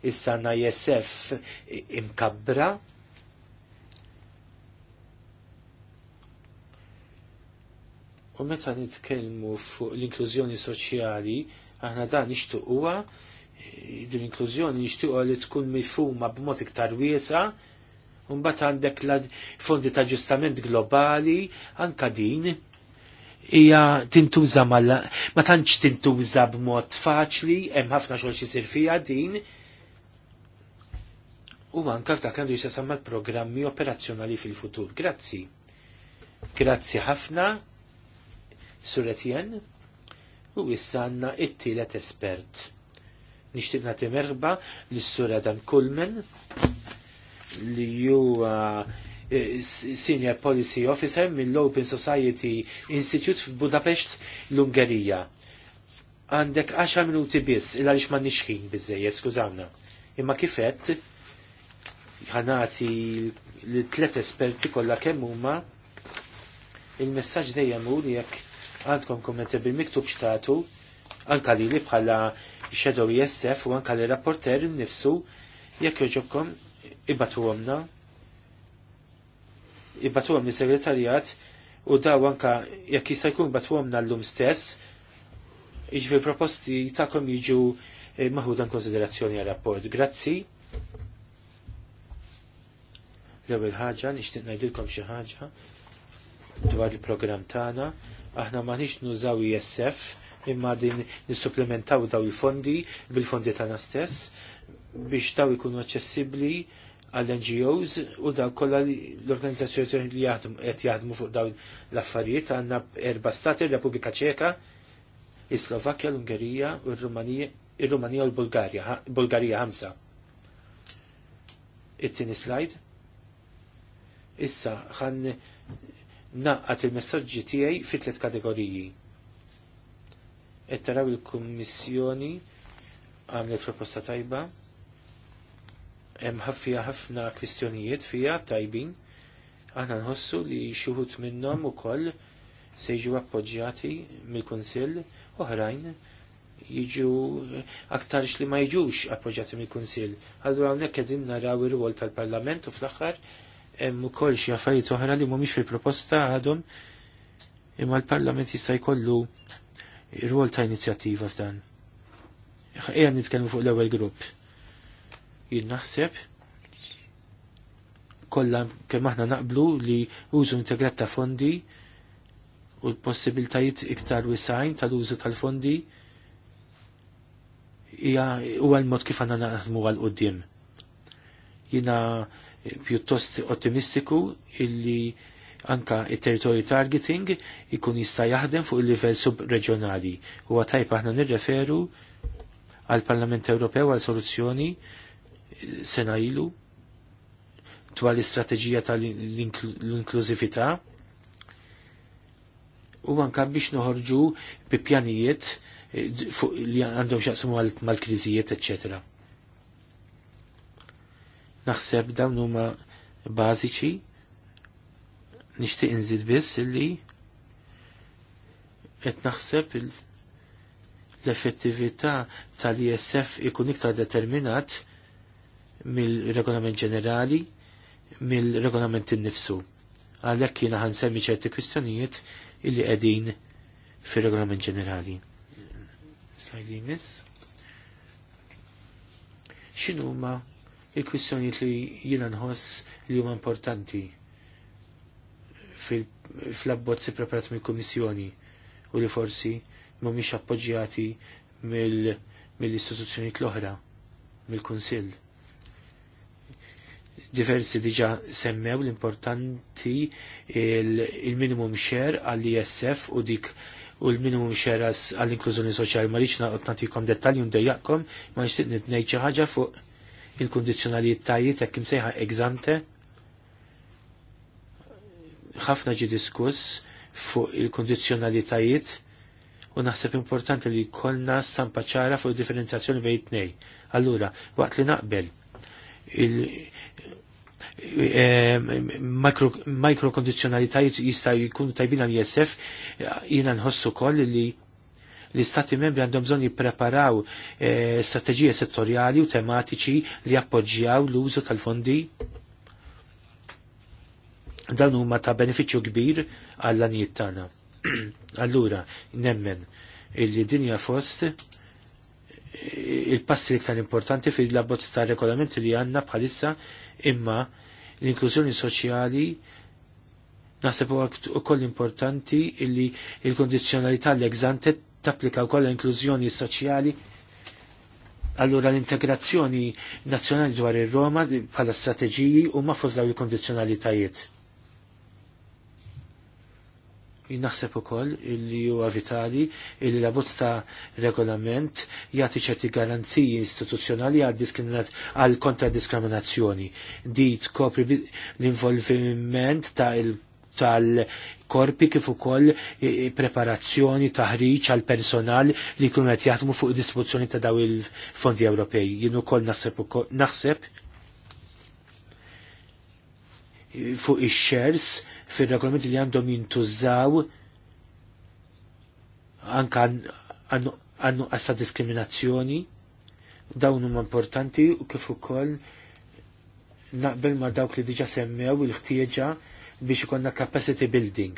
Issa għandna ISF imkabbra U meta nitkellmu fuq l-inklużjoni soċjali, aħna dan nixtuquha, din l-inklużjoni nixtuquha li tkun mifhuma b'mod iktar wiesa, u mbagħad għandek l-fondi ta' ġustament globali, anka din hija tintuża mal ma tantx tintuża b'mod faċli, hemm ħafna xogħol xi jsir fiha din. U anka f'dak għandu jista' programmi operazzjonali fil-futur. Grazzi. Grazzi ħafna Suretjen u wissanna it-tielet espert. Nixtieq nagħti merħba lis-sur Adam Kulmen li huwa eh, Senior Policy Officer mill-Open Society Institute f'Budapest l-Ungerija. Għandek 10 minuti biss, il għaliex ma nixħin bizzejiet, skużawna. Imma kifet, ħanati l-tlet esperti kollha kemm huma il-messaġġ dejjem u li jekk għandkom kommenti bil miktub xtatu, anka li li bħala Shadow jessef u anka li rapporter nifsu, jekk joġobkom ibbatu għomna, ibbatu għomni segretarjat u daw anka jekk jista' jkun ibbatu għomna l-lum stess, iġvi proposti ta'kom jiġu eh, maħudan konsiderazzjoni għal-rapport. Grazzi. L-ewwel ħaġa nixtieq ngħidilkom xi ħaġa dwar il-programm tagħna Aħna ma nix nużaw ISF imma din nissupplementaw daw il-fondi bil-fondi tagħna stess biex daw ikunu aċċessibbli għall-NGOs u daw kollha l-organizzazzjoni li qed jaħdmu fuq dawn l-affarijiet għandna erba' stati r-Repubblika Ċeka, is-Slovakkja, l-Ungerija u rumanija rumanija u l-Bulgarija, Bulgarija ħamsa. It-tieni slide. Issa ħan naqqat il-messagġi tiegħi fi tliet kategoriji. Qed taraw il-Kummissjoni għamlet proposta tajba, hemm ħaffija ħafna kwistjonijiet fija tajbin, aħna nħossu li xuħut minnhom ukoll se jiġu appoġġjati mill-Kunsill oħrajn jiġu aktar li ma jiġux appoġġjati mill kunsill Allura hawnhekk qegħdin naraw ir-rwol tal-Parlament u fl-aħħar hemm ukoll xi affarijiet oħra li mhumiex fil-proposta għadhom imma l-Parlament jista' jkollu rwol ta' inizjattiva f'dan. Ejja nitkellmu fuq l-ewwel grupp. Jien naħseb kollha kemm aħna naqblu li użu integrat ta' fondi u l-possibiltajiet iktar wisajn tal-użu tal-fondi hija huwa l-mod kif għandna naħdmu għal qudiem. Jina pjuttost ottimistiku illi anka il-territory targeting ikun jista' jaħdem fuq il-livell subreġjonali. Huwa tajb aħna nirreferu għal Parlament Ewropew għal soluzzjoni eh, sena ilu dwar l-istrateġija tal-inklużività u anka biex noħorġu bi pjanijiet eh, li għandhom xaqsmu mal-kriżijiet, eccetera Naħseb dawn huma bażiċi nixtieq inżid biss illi qed naħseb l-effettività tal-ISF ikun iktar determinat mill-regolament ġenerali mill-regolament innifsu. Għalhekk jiena ħansemmi ċerti kwistjonijiet illi qegħdin fir-regolament ġenerali. Slajdi miss. X'inhuma il-kwistjonijiet li jiena nħoss li huma importanti fl-abbozzi preparat mill-Kummissjoni u li forsi mhumiex appoġġjati mill-istituzzjonijiet l-oħra, mill-Kunsill. Diversi diġa semmew l-importanti il-minimum share għall-ISF u dik u l-minimum share għall-inklużjoni soċjali ma rridx naqgħod nagħtikom dettalji ndejjaqkom ma nixtieq ngħid xi ħaġa fuq il-kondizjonalitajiet jekk imsejħa eżante ħafna ġi diskuss fuq il-kondizjonalitajiet u naħseb importanti li kollna stampa ċara fuq differenzjazzjoni bejn it-tnej. Allura, waqt li naqbel il-makrokondizjonalitajiet eh, jista' jkunu tajbin għal ISF jiena nħossu koll li L-Istati membri għandhom bżonn jippreparaw eh, strateġije settorjali u tematiċi li appoġġjaw l-użu tal-fondi dan huma ta' benefiċċju kbir għall anijiet tagħna. Allura, nemmen illi dinja fost eh, il-passi l-iktar importanti fil-labbozz ta' regolamenti li għanna bħalissa imma l-inklużjoni soċjali naħseb u koll importanti illi il-kondizjonalità l-egzantet tapplika wkoll l-inklużjoni soċjali allura l-integrazzjoni nazzjonali dwar ir-Roma bħala strateġiji u ma fost dawn il-kondizjonalitajiet. Naħseb ukoll li huwa vitali li l-abbozz ta' regolament jagħti ċerti garanziji istituzzjonali għal diskriminat għal kontra diskriminazzjoni. Di tkopri l-involviment ta' il- tal-korpi kif ukoll preparazzjoni taħriġ għal personal li jkunu qed jaħdmu fuq id-distribuzzjoni ta' daw il-fondi Ewropej. Jien ukoll naħseb naħseb fuq ix-shares fir-regolamenti li għandhom jintużaw anka għannu għasta diskriminazzjoni dawn huma importanti u kif ukoll naqbel ma dawk li diġa semmew il-ħtieġa biex ikonna capacity building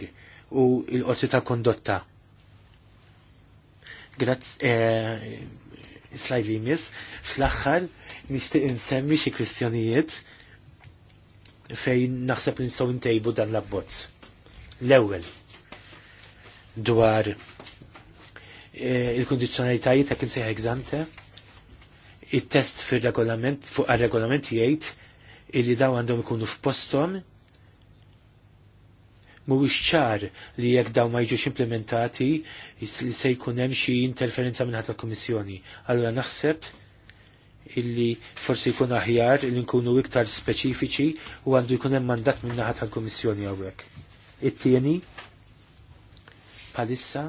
u il-qorti ta' kondotta. Grazz, eh, mis, jmiss, fl-axħar nixtieq insemmi xi kwistjonijiet fejn naħseb li nistgħu ntejbu dan l-abbozz. L-ewwel dwar eh, il-kundizzjonalitajiet ta' kien seħ eżante, it-test fir-regolament fuq ar-regolament jgħid illi daw għandhom ikunu f'postom mhuwiex ċar li jekk dawn ma jiġux implementati li se jkun hemm xi interferenza minn tal kummissjoni Allura naħseb illi forsi jkun aħjar illi nkunu iktar speċifiċi u għandu jkun hemm mandat minn naħa tal-Kummissjoni hawnhekk. It-tieni palissa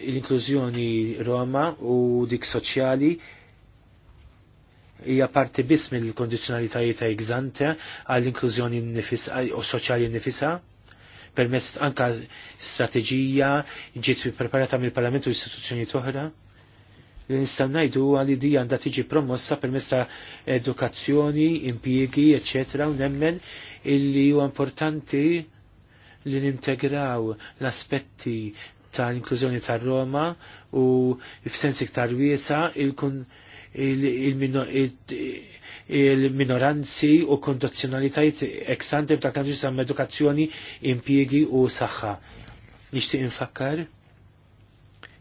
l-inklużjoni Roma u dik soċjali hija parti biss mill-kondizzjonalitajiet ta' għall-inklużjoni u soċjali nifisa permess anka strateġija ġiet preparata mill-Parlament u istituzzjoni toħra. Li nistan najdu li di għandha tiġi promossa permess ta' edukazzjoni, impjiegi, ecc. u nemmen illi huwa importanti li nintegraw l-aspetti tal-inklużjoni tar-Roma u f'sens iktar wiesa il-kun il-minoranzi u kondizjonalitajt eksante f'dak għandu sam edukazzjoni, impjiegi u saħħa. Nixtieq infakkar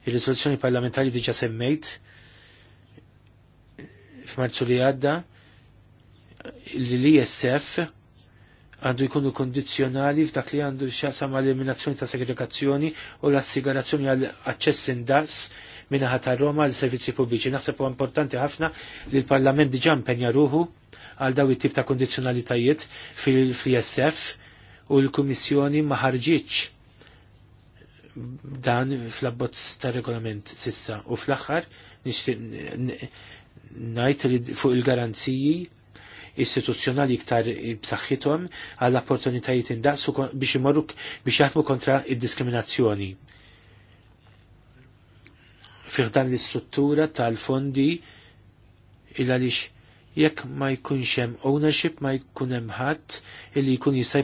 il-risoluzzjoni parlamentari diġa semmejt f'Marzu li għadda l-ISF għandu jkunu kondizjonali f'dak li għandu xasam għall eliminazzjoni ta' segregazzjoni u l-assigurazzjoni għall aċċess indaqs minna ta' Roma għal servizzi pubbliċi. Naħseb huwa importanti ħafna li l-Parlament diġà penja ruħu għal daw it-tip ta' kondizjonalitajiet fil fsf u l-Kummissjoni ma ħarġitx dan fl-abbozz ta' regolament sissa u fl-aħħar najt li fuq il-garanziji istituzzjonali iktar b'saħħithom għall opportunitajiet indaqsu biex imorru biex jaħdmu kontra id-diskriminazzjoni fiħdan l-istruttura tal-fondi illa lix jekk ma jkunx hemm ownership ma jkun hemm ħadd illi jkun jista'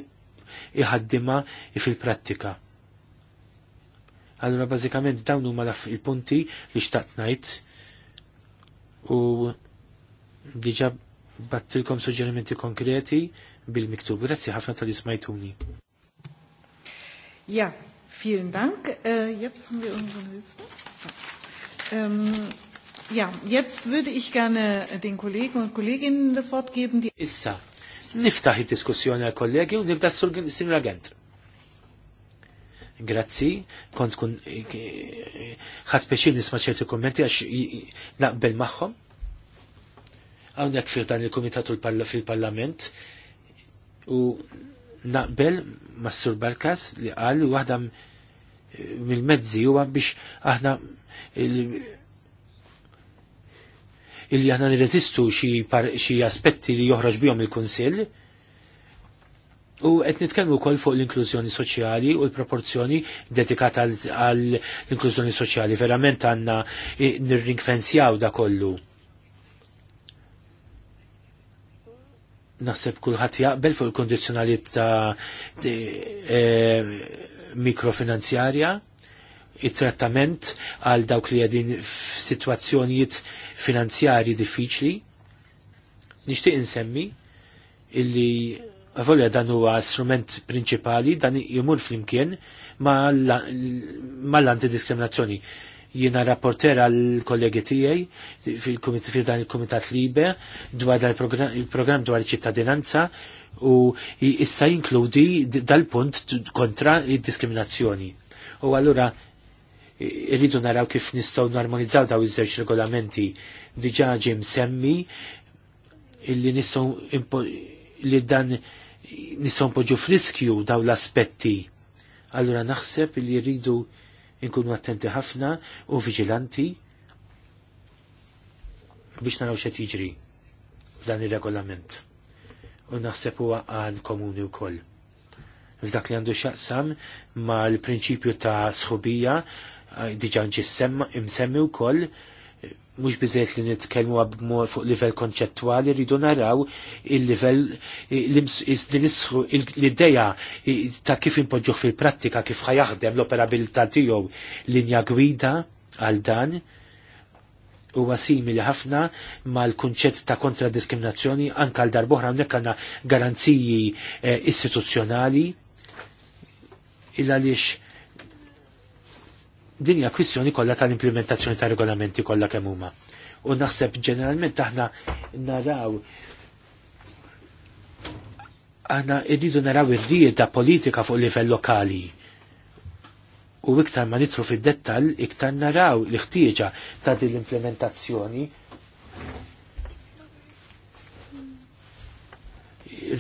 iħaddima fil-prattika. Allura bażikament dawn huma il-punti li xtaqt ngħid u diġà battilkom suġġerimenti konkreti bil-miktub. Grazzi ħafna tal-ismajtuni. Ja, vielen Dank. Uh, jetzt haben wir unseren Hilfsner. Ähm, ja, jetzt würde ich gerne den Kollegen und Kolleginnen das Wort geben. Die Issa, niftaħ il-diskussjoni għal kollegi u nibda s-sur agent. Grazzi, kont kun ħat peċin nisma ċertu kommenti għax naqbel maħħom. Għawnek fil dan il-komitat fil-parlament u naqbel mas-sur Barkas li għal u għadam mill medzi u biex aħna il aħna nirezistu xi aspetti li joħroġ bijom il-Kunsill. U qed nitkellmu wkoll fuq l-inklużjoni soċjali u l-proporzjoni dedikata għall-inklużjoni soċjali. Verament għandna ringfensjaw da kollu. Naħseb kulħadd jaqbel fuq il-kondizzjonalità eh, mikrofinanzjarja it-trattament għal dawk li għedin f-situazzjonijiet finanzjari diffiċli. Nishtiq insemmi illi għavolja dan huwa strument prinċipali, dan jimur flimkien ma l-antidiskriminazzjoni. Jina rapporter għal kollegi tijaj fil dan il-Komitat Libe dwar il-program dwar ċittadinanza u issa jinkludi dal-punt kontra il-diskriminazzjoni. U għallura irridu naraw kif nistgħu normalizzaw daw iż-żewġ regolamenti diġà ġie msemmi illi nistgħu li dan nistgħu npoġġu friskju daw l-aspetti. Allura naħseb li rridu nkunu attenti ħafna u viġilanti biex naraw x'għed jiġri dan ir-regolament. U naħseb huwa għan komuni wkoll f'dak li għandu xaqsam ma l-prinċipju ta' sħubija diġan imsemmi u koll, mux bizzet li nitkelmu għabmu fuq livell konċettuali, rridu naraw il-livell l-ideja ta' kif impoġuħ fil-prattika, kif ħajaħdem l-operabilità tiegħu linja gwida għal dan u simili ħafna mal-kunċett ta' kontradiskriminazzjoni anka għal darbohra hawnhekk għandna garanziji eh, istituzzjonali il għaliex din hija kwistjoni kollha tal-implementazzjoni ta' regolamenti kollha kemm huma. U naħseb ġeneralment aħna naraw aħna rridu naraw ir-rieda politika fuq livell lokali. U iktar ma nitru fid-dettall, iktar naraw l-ħtieġa ta' din l-implementazzjoni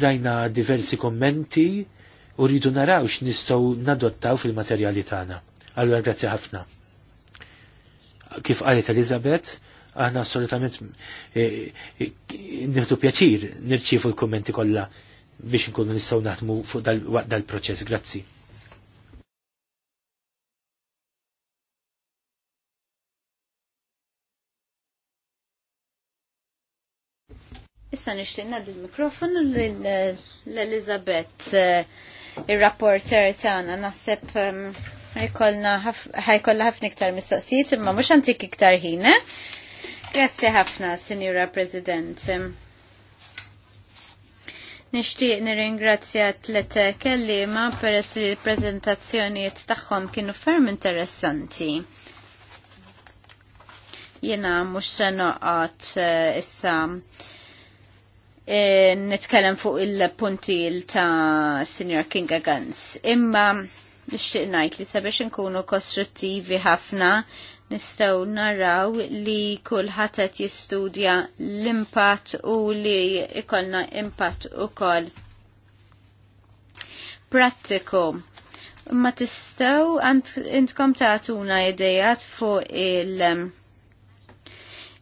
rajna diversi kommenti u rridu naraw x'nistgħu nadottaw fil-materjali tagħna. Allora, grazzi ħafna. Kif qalet Elizabeth, aħna assolutament eh, eh, nieħdu pjaċir nirċievu l-kommenti kollha biex nkunu nistgħu naħdmu fuq dal-proċess. Grazzi. Issa nixtieq nagħdi l-mikrofonu eh, l-Elizabeth, ir rapporter tagħna naħseb ehm, ħajkollna ħafna iktar mistoqsijiet imma mhux antik iktar ħin. Eh? Grazzi ħafna, Sinjura President. Nixtieq nirringrazzja tlet kellima per li l-preżentazzjonijiet tagħhom kienu ferm interessanti. Jiena mhux se noqgħod eh, issa eh, nitkellem fuq il-punti ta' Sinjor Kinga Gans. Imma nixtieq ngħid li sabiex inkunu kostruttivi ħafna nistgħu naraw li kulħadd qed jistudja l-impatt u li ikollna impatt ukoll prattiku. Ma tistgħu intkom tagħtuna idejat fuq il-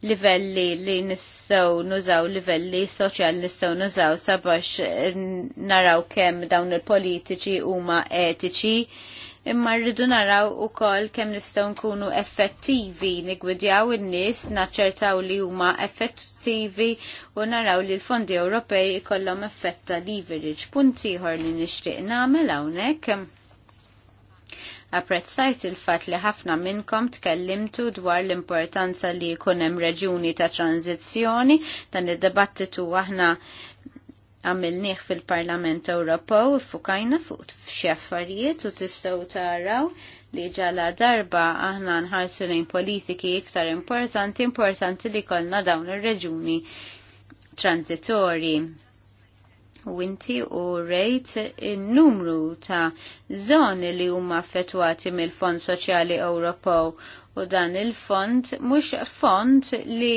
livelli li nistgħu nużaw, livelli soċjal nistgħu nużaw sabax eh, naraw kemm dawn il-politiċi huma etiċi imma rridu naraw ukoll kemm nistgħu nkunu effettivi nigwidjaw in-nies naċċertaw li huma effettivi u naraw li l-fondi Ewropej ikollhom effetta leverage. punti ieħor li nixtieq nagħmel hawnhekk Apprezzajt il-fat li ħafna minnkom tkellimtu dwar l-importanza li kunem reġuni ta' tranzizjoni dan id-debattitu aħna għamilniħ fil-Parlament Ewropew fukajna fuq f'xaffarijiet u tistgħu taraw li ġala darba aħna nħarsu lejn politiki iktar importanti importanti li kollna dawn ir-reġuni transitori u inti u rejt il-numru ta' zon li huma affettwati mill-Fond Soċjali Ewropew u dan il-fond mhux fond li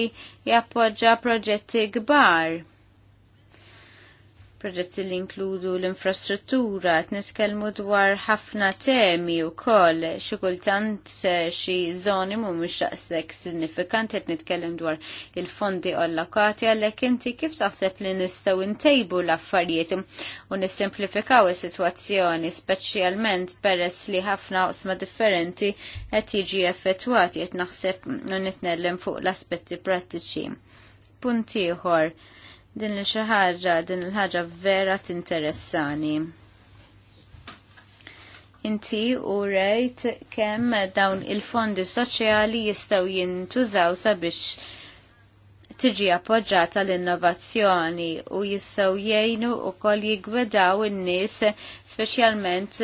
jappoġġa proġetti kbar proġetti li inkludu l-infrastruttura, t niskelmu dwar ħafna temi u koll, xikultant xi zoni mu daqshekk signifikanti qed nitkellem dwar il-fondi allokati għalhekk inti kif taħseb li nistgħu ntejbu l-affarijiet u nissimplifikaw is-sitwazzjoni, speċjalment peress li ħafna osma differenti qed jiġi effettwati qed naħseb nun fuq l-aspetti prattiċi. Punt ieħor din li xi ħaġa, din il-ħaġa vera tinteressani. Inti u rejt kemm dawn il-fondi soċjali jistgħu jintużaw sabiex tiġi appoġġata l-innovazzjoni u jistgħu jgħinu wkoll jigwedaw in-nies speċjalment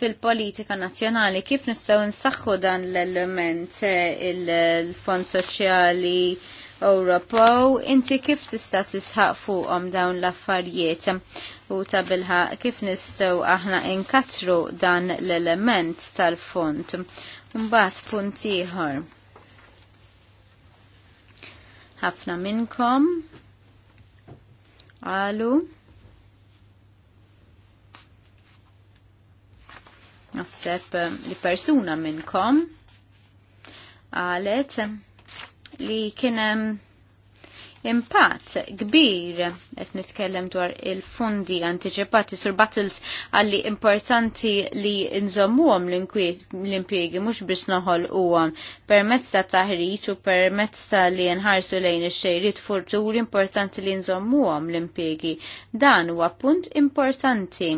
fil-politika nazzjonali kif nistgħu nsaħħu dan l-element eh, il-fond soċjali po, inti kif tista' tisħaq fuqhom dawn l-affarijiet u tabilħa kif nistgħu aħna inkatru dan l-element tal-font. Mbagħad punt ieħor. Ħafna minnkom qalu Nasseb li persuna minnkom għalet li kienem impatt kbir qed nitkellem dwar il-fondi antiċipati sur battles għalli importanti li nżommuhom l impjegi mhux biss noħol huhom permezz ta' taħriġ u permezz ta' li nħarsu lejn ix xejrid furtur importanti li nżommuhom l impjegi Dan huwa punt importanti.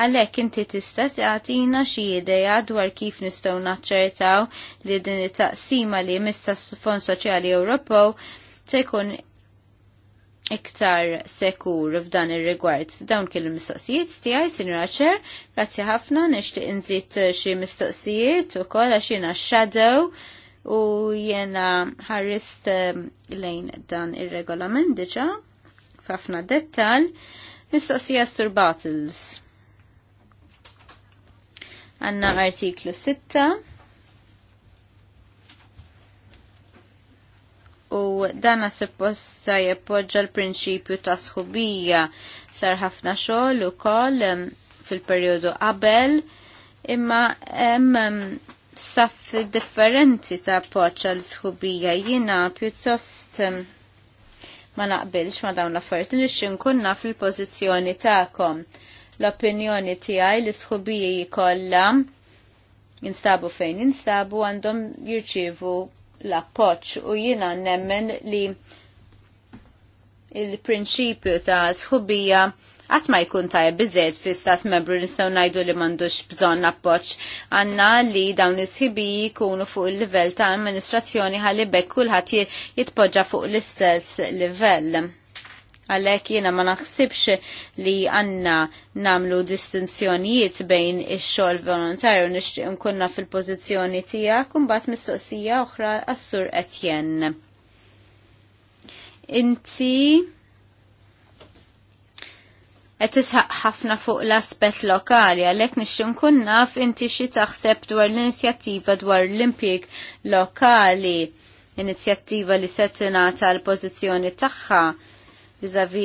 Għalhekk inti tista' tagħtina xi idea dwar kif nistgħu naċċertaw li din it-taqsima li mista s-Fond Soċjali Ewropew se jkun iktar sekur f'dan ir-rigward. Dawn kien il-mistoqsijiet tiegħi Sinjura Ċer, grazzi ħafna nixtieq inżid xi mistoqsijiet ukoll għax jiena shadow u jiena ħarrist ehm, lejn dan ir-regolament diġà f'ħafna dettal. Mistoqsija Sur Battles. Għanna artiklu 6 u dana supposta jepoġġa l-prinċipju ta' sħubija sar ħafna xogħol ukoll fil-perjodu qabel imma hemm saff differenti ta' poċċa l-sħubija jiena pjuttost ma naqbilx ma dawn l-affarijiet nix inkunna fil pożizzjoni tagħkom. L-opinjoni tiegħi li sħubija jkollha jinstabu fejn jinstabu għandhom jirċievu l-appoċ u jina nemmen li il-prinċipju ta' sħubija għat ma jkun ta' bizzed fi stat membru nistaw najdu li mandux bżon appoċ għanna li dawn is-ħibi jkunu fuq il-livell ta' amministrazzjoni ħalli bekk kulħadd jitpoġġa fuq l-istess livell. Għalek jiena ma naħsibx li għanna namlu distinzjonijiet bejn ix-xogħol volontarju nixtieq nkunna fil-pożizzjoni tiegħek kumbat mistoqsija oħra għas-sur Etjen. Inti qed tisħaq ħafna fuq l-aspett lokali għalhekk nixtieq nkunna naf inti xi taħseb dwar l-inizjattiva dwar l impjeg lokali inizjattiva li se tingħata l-pożizzjoni tagħha vizavi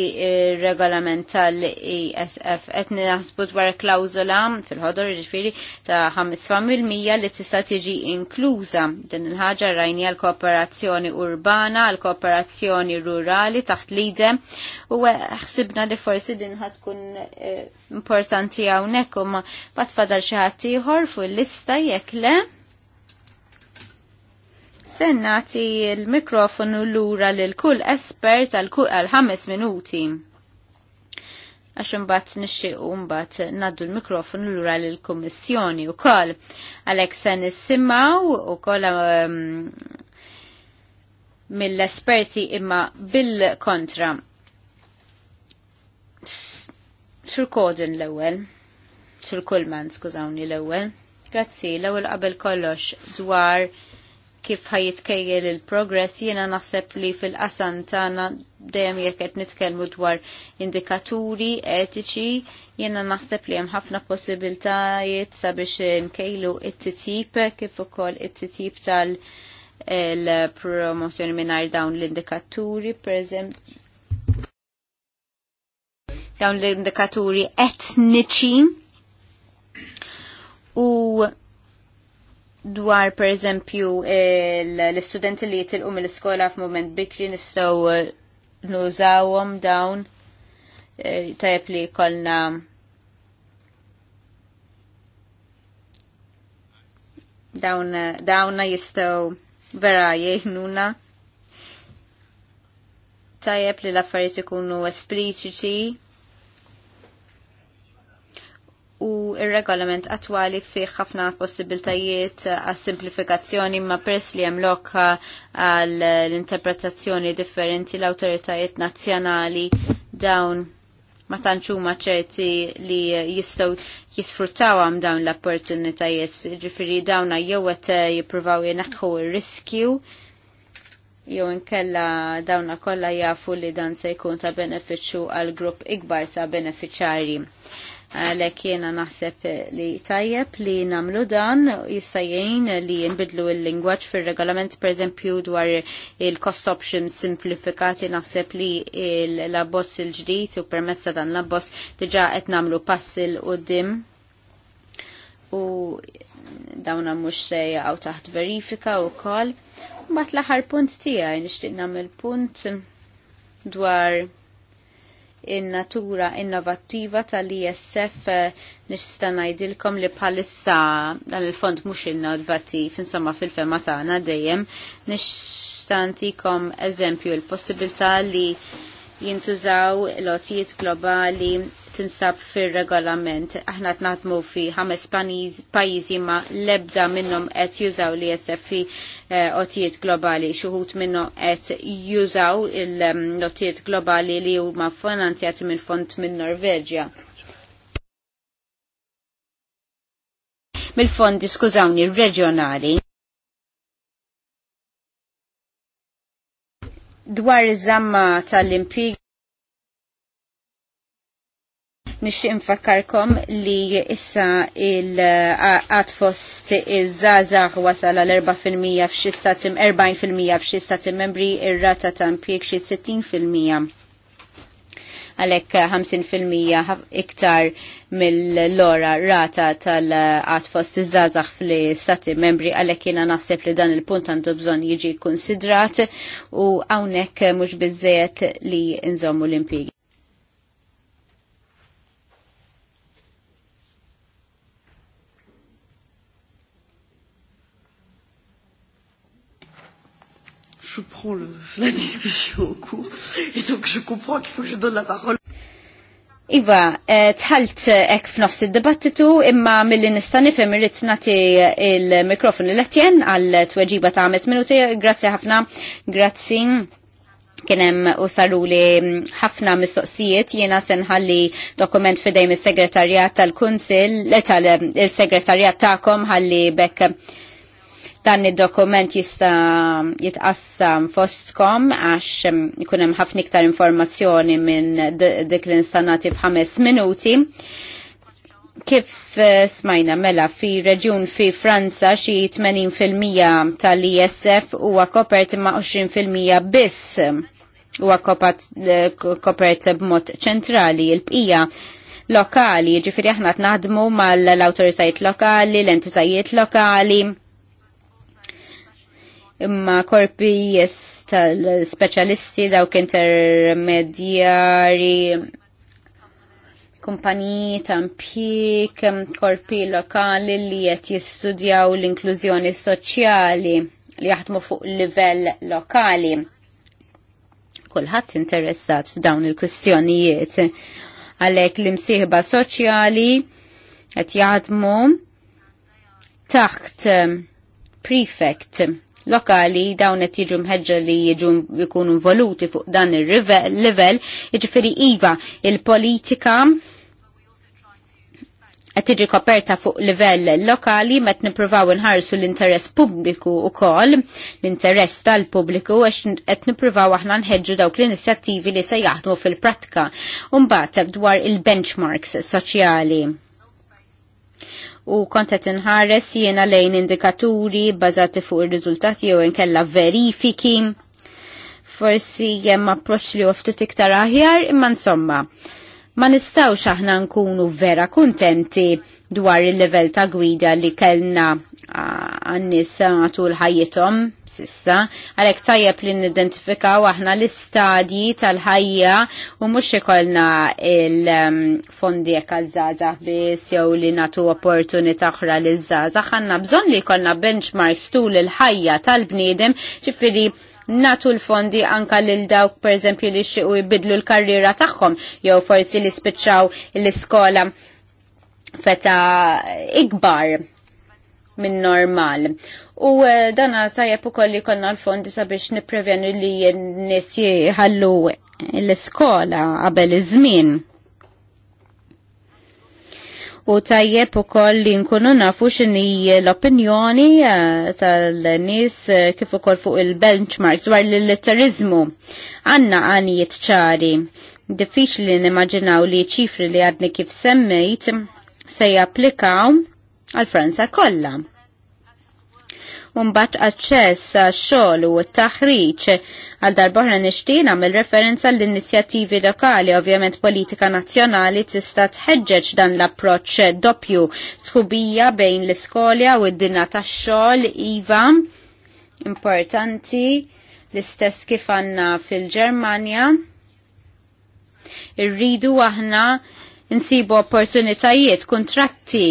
regolament tal-ESF qed naħsbu dwar klawżola fil-ħodor ġifiri ta' 5% li tista' tiġi inkluża din il-ħaġa rajni għal kooperazzjoni urbana, għal kooperazzjoni rurali taħt lidem u ħsibna li forsi din ħad tkun eh, importanti hawnhekk u ma tfadal xi ħadd ieħor fuq il-lista jekle. le. Sennati il-mikrofonu l-ura l-kull espert għal-kull għal-ħames minuti. Għax bat nixxiqu u mbagħad naddu l-mikrofonu lura lill-Kummissjoni wkoll. Għalhekk se nissimgħu ukoll um, mill-esperti imma bil-kontra. Sur Koden l-ewwel, sur Kulman skużawni l-ewwel. Grazzi, l-ewwel qabel kollox dwar kif ħajitkejjel il-progress jiena naħseb li fil-qasam tagħna dejjem jekk qed nitkellmu dwar indikaturi etiċi, jiena naħseb li hemm ħafna possibiltajiet sabiex nkejlu it-titjib kif ukoll it-titjib tal- il-promozjoni minar dawn l-indikaturi, per dawn l-indikaturi etniċi u dwar per eżempju l-istudenti li jitilqu mill-iskola f'moment bikri nistgħu eh, nużawhom dawn eh, tajb li kollna dawna jistgħu vera jgħinuna tajjeb li l-affarijiet ikunu espliċiċi u il-regolament attuali fih ħafna possibiltajiet għas simplifikazzjoni ma pers li jemlok għal l-interpretazzjoni differenti l-autoritajiet nazzjonali dawn ma tanċuma ċerti li jistaw jisfruttaw għam dawn l-opportunitajiet. Ġifiri dawna jew għet jipruvaw jenakħu il-riskju jew inkella dawna kolla jafu li dan se jkun ta' beneficju għal grupp ikbar ta' beneficjari għalek jena naħseb li tajjeb li namlu dan jissajjien li jinbidlu il-lingwaċ fil-regolament per eżempju dwar il-cost option simplifikati naħseb li l-abbozz il-ġdijt u permessa dan l-abbozz diġa qed namlu pass il-qoddim u dawna mux għaw taħt verifika u kol. Bat l punt tija, nishtiq namil punt dwar in-natura innovattiva tal-ISF eh, nista' ngħidilkom li bħalissa dan il-fond mhux innovattiv, insomma fil-fema tagħna dejjem nistantikom eżempju l-possibilità li jintużaw lotijiet globali tinsab fil-regolament. Aħna t-naħdmu fi ħames pajizi ma lebda minnom qed jużaw li jessef fi eh, otijiet globali. Xuħut minnom qed jużaw il-otijiet globali li huma finanzjat minn font minn Norveġja. mil fondi skużawni, reġjonali. Dwar iż-żamma tal-impig Nixtieq infakkarkom li issa il atfost iż-żazax wasal għal 4% f'xi fil 40% f'xi stati membri ir-rata ta' impjieg xi 60% għalek 50% iktar mill-lora rata tal atfost iż-żazax fl-stati membri għalek jiena naħseb li dan il-punt għandu bżonn jiġi konsidrat u għawnek mux biżżejjed li nżommu l-impiegi. je prends le, la discussion au cours et donc je comprends qu'il faut que je donne la parole. Iva, eh, tħalt eh, ek f'nofs id-dibattitu imma mill-li nista' nifhem irrid nagħti eh, il-mikrofon l etjen għal tweġiba ta' għamet minuti. Grazzi ħafna, grazzi. Kien hemm u saruli ħafna mistoqsijiet jiena se nħalli dokument fidejn is-segretarjat tal-kunsil tal-segretarjat tagħkom ħalli bekk Dan id-dokument jista jitqassam fostkom għax hemm ħafna iktar informazzjoni minn dik l-instanati f'ħames minuti kif eh, smajna mela fi reġjun fi Franza xi 80% tal-ISF huwa kopert ma' 20% biss huwa eh, kopert b'mod ċentrali l-bqija lokali, ġifiri aħna naħdmu mal-autoritajiet lokali, l-entitajiet lokali, imma korpi speċjalisti dawk intermedjari kumpaniji ta' impjik, korpi lokali li qed jistudjaw l-inklużjoni soċjali li jaħdmu fuq livell lokali. Kulħadd interessat f'dawn il-kwistjonijiet għalhekk l-imsieħba soċjali qed jaħdmu taħt prefect lokali dawn qed jiġu mħeġġa li jiġu jkunu involuti fuq dan ir-level, jiġifieri iva il-politika qed tiġi koperta fuq livell lokali met nippruvaw inħarsu l-interess pubbliku wkoll, l-interess tal-pubbliku għax qed nippruvaw aħna nħeġġu dawk l-inizjattivi li se jaħdmu fil-prattika. Mbagħad dwar il-benchmarks soċjali u kontet inħares jiena lejn indikaturi bazati fuq ir-riżultati jew inkella verifiki. Forsi hemm approċċ li ftit iktar aħjar imma insomma ma nistawx aħna nkunu vera kontenti dwar il-level ta' gwida li kellna għannis matul ħajjitom sissa, għalek tajjeb li nidentifikaw aħna l-istadji tal-ħajja u mux ikolna il-fondi um, għazzaza bis jew li natu opportunita oħra li zzaza, għanna bżon li kolna benchmarks tul il-ħajja tal-bnidem ċifiri natu l-fondi anka lil dawk per eżempju li xiequ jibidlu l-karriera tagħhom jew forsi li spiċċaw l-iskola feta ikbar minn normal. U eh, dan tajjeb ukoll li konna l-fondi sabiex nipprevenu li n-nies jħallu l-iskola qabel iż-żmien u tajjeb u koll li nkunu nafu xini l-opinjoni eh, tal-nis eh, kif ukoll fuq il-benchmark dwar l-litterizmu. Għanna għanijiet ċari. Diffiċ li nimmaġinaw li ċifri li għadni kif semmejt se japplikaw għal-Franza kollha u mbagħad aċċess għax-xogħol u t-taħriġ għal darbohra nixtieq nagħmel referenza l-inizjattivi lokali, ovvjament politika nazzjonali tista' tħeġġeġ dan l-approċċ doppju tħubija bejn l-iskolja u d-dinna tax-xogħol iva importanti l-istess kif għandna fil-Ġermanja. Irridu aħna insibu opportunitajiet, kontratti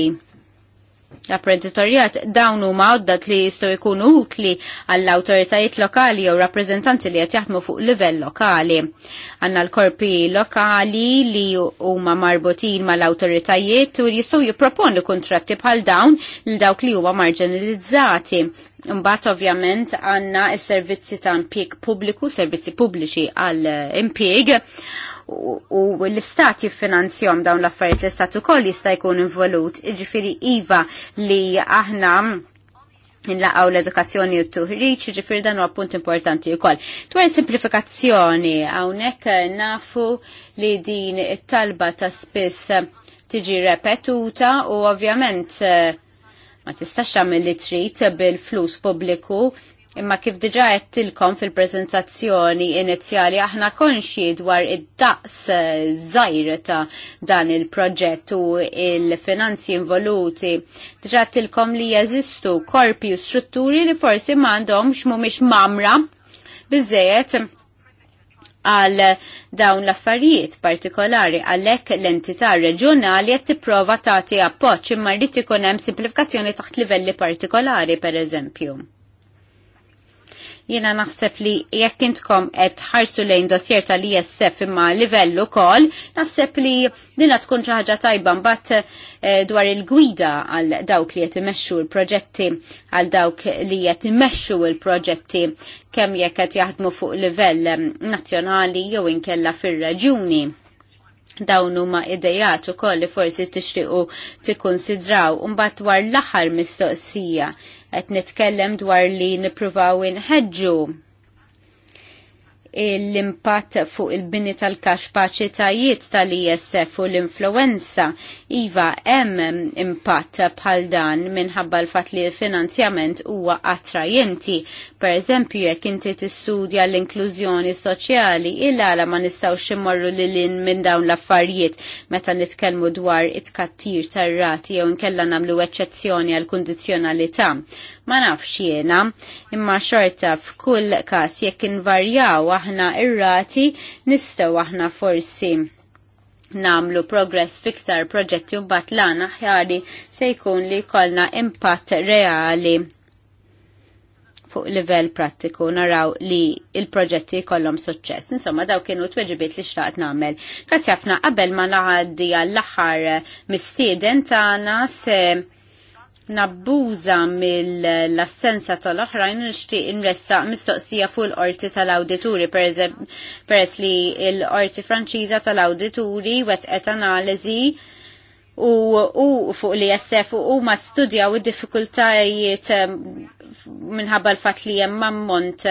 apprenditorjat dawn huma għoddat li jistgħu jkunu utli għall awtoritajiet lokali jew rappreżentanti li qed jaħdmu fuq livell lokali. Għandna l-korpi lokali li huma marbutin mal-awtoritajiet u jistgħu jipproponu kuntratti bħal dawn lil dawk li huma marginalizzati. Mbagħad ovvjament għandna s-servizzi ta' impjieg pubbliku, servizzi pubbliċi għall impjieg u l-istat jiffinanzjom dawn l-affarijiet l-istat ukoll jista' jkun involut, jiġifieri iva li aħna nlaqgħu l-edukazzjoni u t-tuħriċ, ġifir dan u appunt importanti u koll. Dwar simplifikazzjoni, għawnek nafu li din it-talba ta' spiss tiġi repetuta u ovvjament eh, ma tistax tagħmel li trid bil-flus pubbliku Imma kif diġa għettilkom fil-prezentazzjoni inizjali aħna konxi dwar id-daqs eh, zaħir ta' dan il-proġett u il-finanzi involuti. Diġa għettilkom li jeżistu korpi u strutturi li forsi xmu mumiex mamra bizzejet għal dawn l-affarijiet partikolari għalhekk l-entità reġjonali qed tipprova tagħti appoġġ imma rrid ikun hemm simplifikazzjoni taħt livelli partikolari pereżempju jina naħseb li jekk intkom qed ħarsu lejn dossier tal-ISF imma livellu kol, naħseb li dina tkun xi ħaġa tajba mbagħad eh, dwar il-gwida għal dawk li qed imexxu l-proġetti għal dawk li qed imexxu l-proġetti kemm jekk qed jaħdmu fuq livell nazzjonali jew inkella fir raġuni dawn huma idejat ukoll li forsi tixtiequ tikkunsidraw imbagħad dwar l-aħħar mistoqsija qed nitkellem dwar li nippruvaw inħeġġu l-impatt fuq il-bini tal-kaxpaċitajiet tal-ISF u l-influenza. Iva, hemm impatt bħal dan minħabba l-fat li l-finanzjament huwa attrajenti. Per eżempju, jekk inti tistudja l-inklużjoni soċjali, il-għala ma nistawx immorru li lin minn dawn l-affarijiet meta nitkellmu dwar it-kattir tar-rati jew nkella namlu eċċezzjoni għal kundizzjonalità. Ma nafx jiena, imma xorta f'kull każ jekk invarjaw aħna ir-rati nistgħu aħna forsi namlu progress fiktar proġetti u bat lana ħjari se jkun li kolna impatt reali fuq livell prattiku naraw li il-proġetti kollom suċċess. Insomma, daw kienu t-weġibiet li xtaqt namel. Grazzi ħafna qabel ma naħaddi għall-aħħar mistieden tagħna se nabbuża mill-assenza tal-oħrajn nixtieq inressa mistoqsija fuq l-qorti tal-awdituri peress li l-qorti Franċiża tal-awdituri qed analiżi u, u fuq li jessef u, u ma studjaw id-diffikultajiet minħabba l-fat li hemm ammont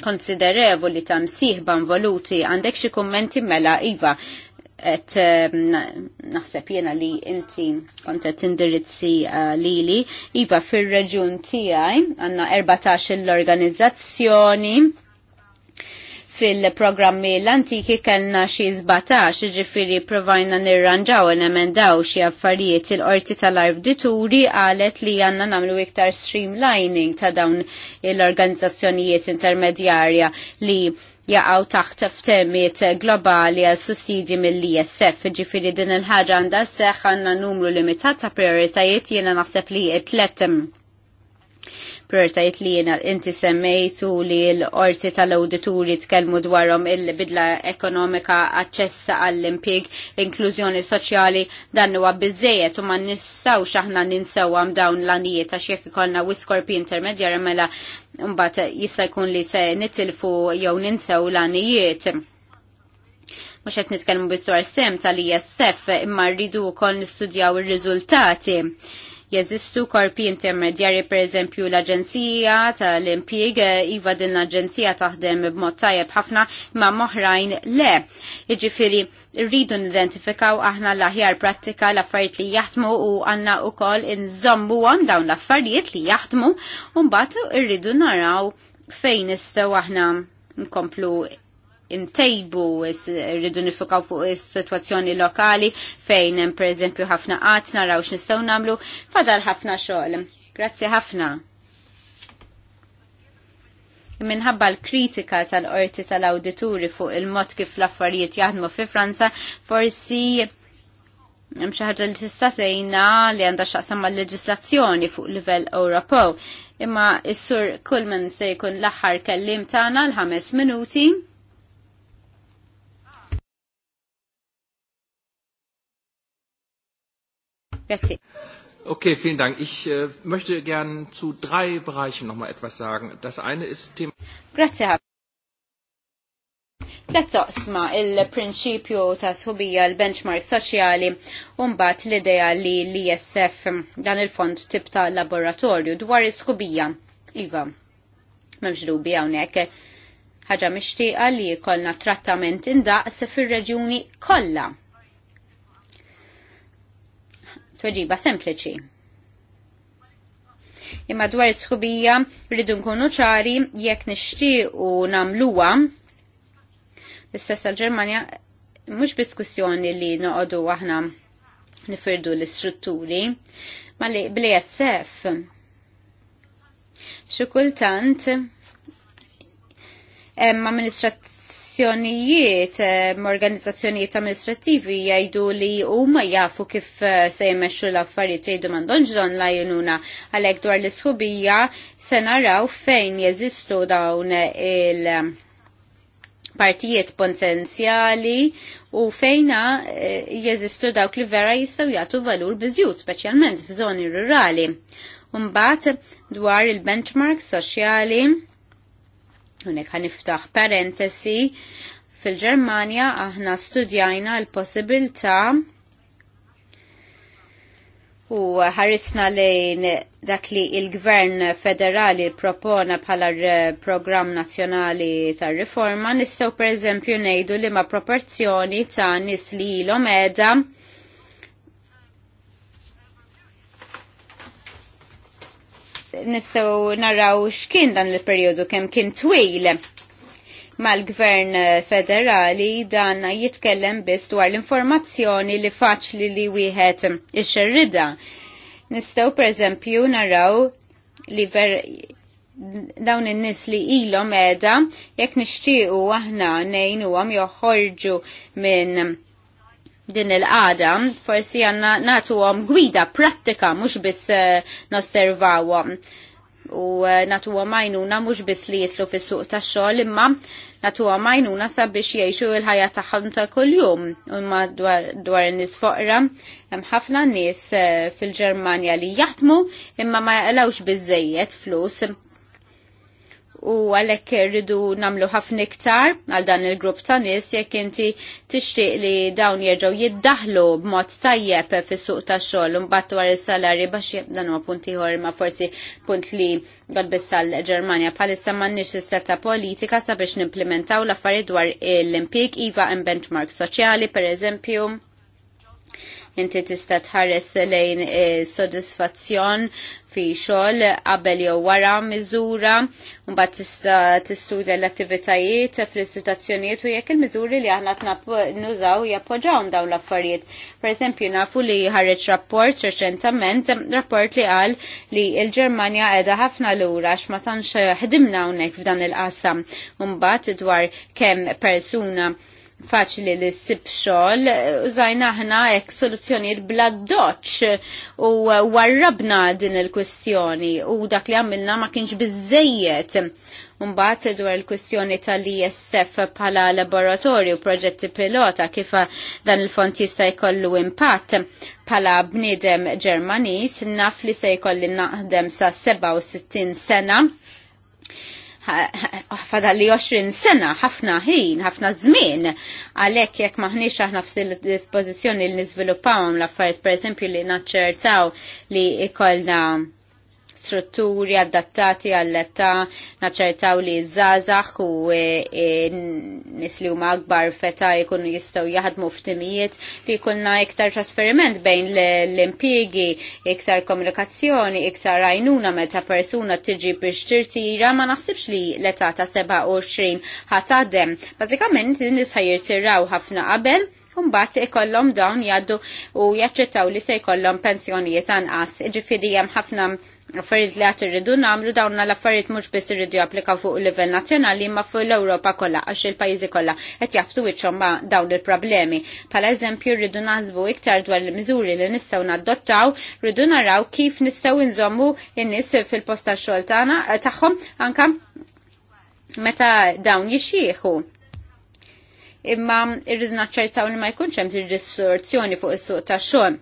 konsiderevoli ta' msieħba involuti għandek xi kummenti mela iva et naħseb jena li inti kontet indirizzi li eh, lili. Iva fil-reġun tijaj għanna 14 l-organizzazzjoni fil-programmi l-antiki kellna xi 17 ġifiri provajna nirranġaw u nemendaw xi affarijiet il-qorti tal arbdituri għalet li għanna namlu iktar streamlining ta' dawn l-organizzazzjonijiet intermedjarja li jaqaw taħt ftemiet globali għal sussidji mill-ISF, ġifiri din il-ħagġa għandha seħ numru limitat ta' prioritajiet jiena naħseb li tlet prioritajiet li jena inti semmejtu li l-orti tal-awdituri tkellmu dwarhom il-bidla ekonomika aċċessa għall-impjeg, inklużjoni soċjali dan huwa biżejjed u ma x'aħna aħna għam dawn l-anijiet għax jekk ikollna wiskorpi intermedjar mela mbagħad jista' jkun li se nitilfu jew ninsew l-anijiet. Mhux qed nitkellmu bis-dwar sem tal-ISF imma rridu wkoll nistudjaw ir-riżultati Jeżistu korpi intermedjari per eżempju l-Aġenzija tal-Impjieg, iva din l-Aġenzija taħdem b'mod tajjeb ħafna ma moħrajn le. Jiġifieri rridu nidentifikaw aħna l-aħjar prattika l-affarijiet li jaħdmu u għandna wkoll inżommu għam dawn l-affarijiet li jaħdmu u mbagħad irridu naraw fejn nistgħu aħna nkomplu intejbu rridu nifukaw fuq is-sitwazzjoni lokali fejn hemm pereżempju ħafna qatt naraw x'nistgħu nagħmlu fadal ħafna xogħol. Grazzi ħafna. Minħabba l-kritika tal-qorti tal-awdituri fuq il-mod kif l-affarijiet jaħdmu fi Franza, forsi hemm xi ħaġa li tista' tgħinna li għandha x'aqsam mal-leġislazzjoni fuq livell Ewropew. Imma s-sur Kullman se jkun l-aħħar kellim tagħna l-ħames minuti. Merci. Okay, vielen Dank. Ich äh, möchte gern zu drei Bereichen noch mal etwas sagen. Das eine ist Thema... Grazie. Tlet toqsma il-prinċipju ta' sħubija l-benchmark soċjali umbat l-ideja li l-ISF dan il-fond tip ta' laboratorju dwar is-sħubija. Iva, memx dubi hawnhekk ħaġa mixtieqa li jkollna trattament indaqs fir-reġjuni kollha tweġiba sempliċi. Imma dwar is-sħubija rridu nkunu ċari jekk nixtiequ nagħmluha l-istess tal-Ġermanja mhux diskussjoni li noqogħdu aħna nifirdu l-istrutturi, ma li bl-ESF. Xi kultant hemm amministrazzjoni organizzazzjonijiet, eh, organizzazzjonijiet amministrativi jgħidu li huma jafu kif eh, se jmexxu l-affarijiet jgħidu m'għandhomx bżonn lajnuna għalhekk dwar l-isħubija se naraw fejn jeżistu dawn il- partijiet potenzjali u fejna eh, jeżistu dawk li vera jistgħu jagħtu valur biżjud, speċjalment f'żoni rurali. Mbagħad dwar il-benchmark soċjali Unek ħaniftaħ parentesi fil-Germania aħna studjajna l-possibilta u ħarisna lejn dak li il-Gvern federali propona bħala program nazjonali tar riforma nistgħu pereżempju ngħidu li ma proporzjoni ta' nis li ilhom edha nistgħu naraw x'kien dan il-perjodu kemm kien twil mal-gvern federali dan jitkellem biss dwar l-informazzjoni li faċli li wieħed ix-xerrida. Nistgħu pereżempju naraw li ver dawn in-nies li ilhom qiegħda jekk nixtiequ aħna ngħinuhom joħorġu minn din il-qada, forsi għanna natu għom gwida pratika, mux bis uh, eh, għom. u eh, natu għom għajnuna mux bis li jitlu fis-suq ta' xoħl imma natu għom għajnuna sabiex jiexu il-ħajja taħħom ta' kol-jum, imma dwar, dwar nis foqra, hemm ħafna nis eh, fil-Ġermanja li jaħdmu, imma ma jgħalawx bizzejiet flus u għalek rridu namlu ħafna iktar għal dan il-grupp ta' nis jekk inti tixtieq li dawn jerġgħu jiddaħlu b'mod tajjeb fis-suq tax-xogħol u mbagħad dwar is-salarji baxx dan huwa punt ieħor ma' forsi punt li għadbiss għall-Ġermanja bħalissa m'għandniex is-seta politika sabiex nimplementaw l-affarijiet dwar l-impjieg iva hemm benchmark soċjali pereżempju Inti tista' tħares lejn eh, sodisfazzjon fi xogħol qabel jew wara miżura, mbagħad tista' tistudja l-attivitajiet fl istitazzjonijiet u jekk il-miżuri li aħna nużaw jappoġġawhom dawn l-affarijiet. Pereżempju nafu li ħareġ rapport reċentament, rapport li qal li l-Ġermanja qiegħda ħafna lura għax ma tantx ħdimna hawnhekk f'dan il-qasam. Mbagħad dwar kemm persuna faċli li sib xol, użajna ħna ek soluzzjoniet bla doċ u warrabna din il-kwestjoni u dak li għamilna ma kienx bizzejiet. Umbat dwar il-kwestjoni tal-ISF pala laboratorju proġetti pilota kif dan il-font jista' jkollu impatt pala bnidem Ġermanis naf li se jkolli naħdem sa' 67 sena li 20 sena, ħafna ħin, ħafna żmien, għalhekk jekk maħniex aħna f'pożizzjoni li niżviluppaw l affarijiet pereżempju li naċċertaw li ikollna strutturi adattati għall-età naċċertaw li żgħażagħ u e, e, nies li huma akbar feta jkunu jistgħu jaħdmu f'timijiet li jkunna iktar trasferiment bejn l-impjiegi, iktar komunikazzjoni, iktar għajnuna meta persuna tiġi biex tirtira ma naħsibx li l-età ta' 27 ħatadem. Bażikament nies jirtiraw ħafna qabel Umbat ikollhom dawn jaddu u jaċċettaw li se jkollhom pensjonijiet anqas. Ġifieri hemm ħafna affarijiet li għat irridu namlu dawn l-affarijiet mhux biss irridu japplikaw fuq il-livell nazzjonali imma fuq l-Ewropa kollha għax il-pajjiżi kollha qed jaftu wiċċhom ma' dawn il-problemi. Pala eżempju rridu nażbu iktar dwar il-miżuri li nistgħu nadottaw, rridu naraw kif nistgħu nżommu in nies fil posta tax-xogħol tagħna eh, tagħhom anke meta dawn jixxieħu imma irridu naċċertaw li ma jkunx hemm distorzjoni fuq is-suq tax-xogħol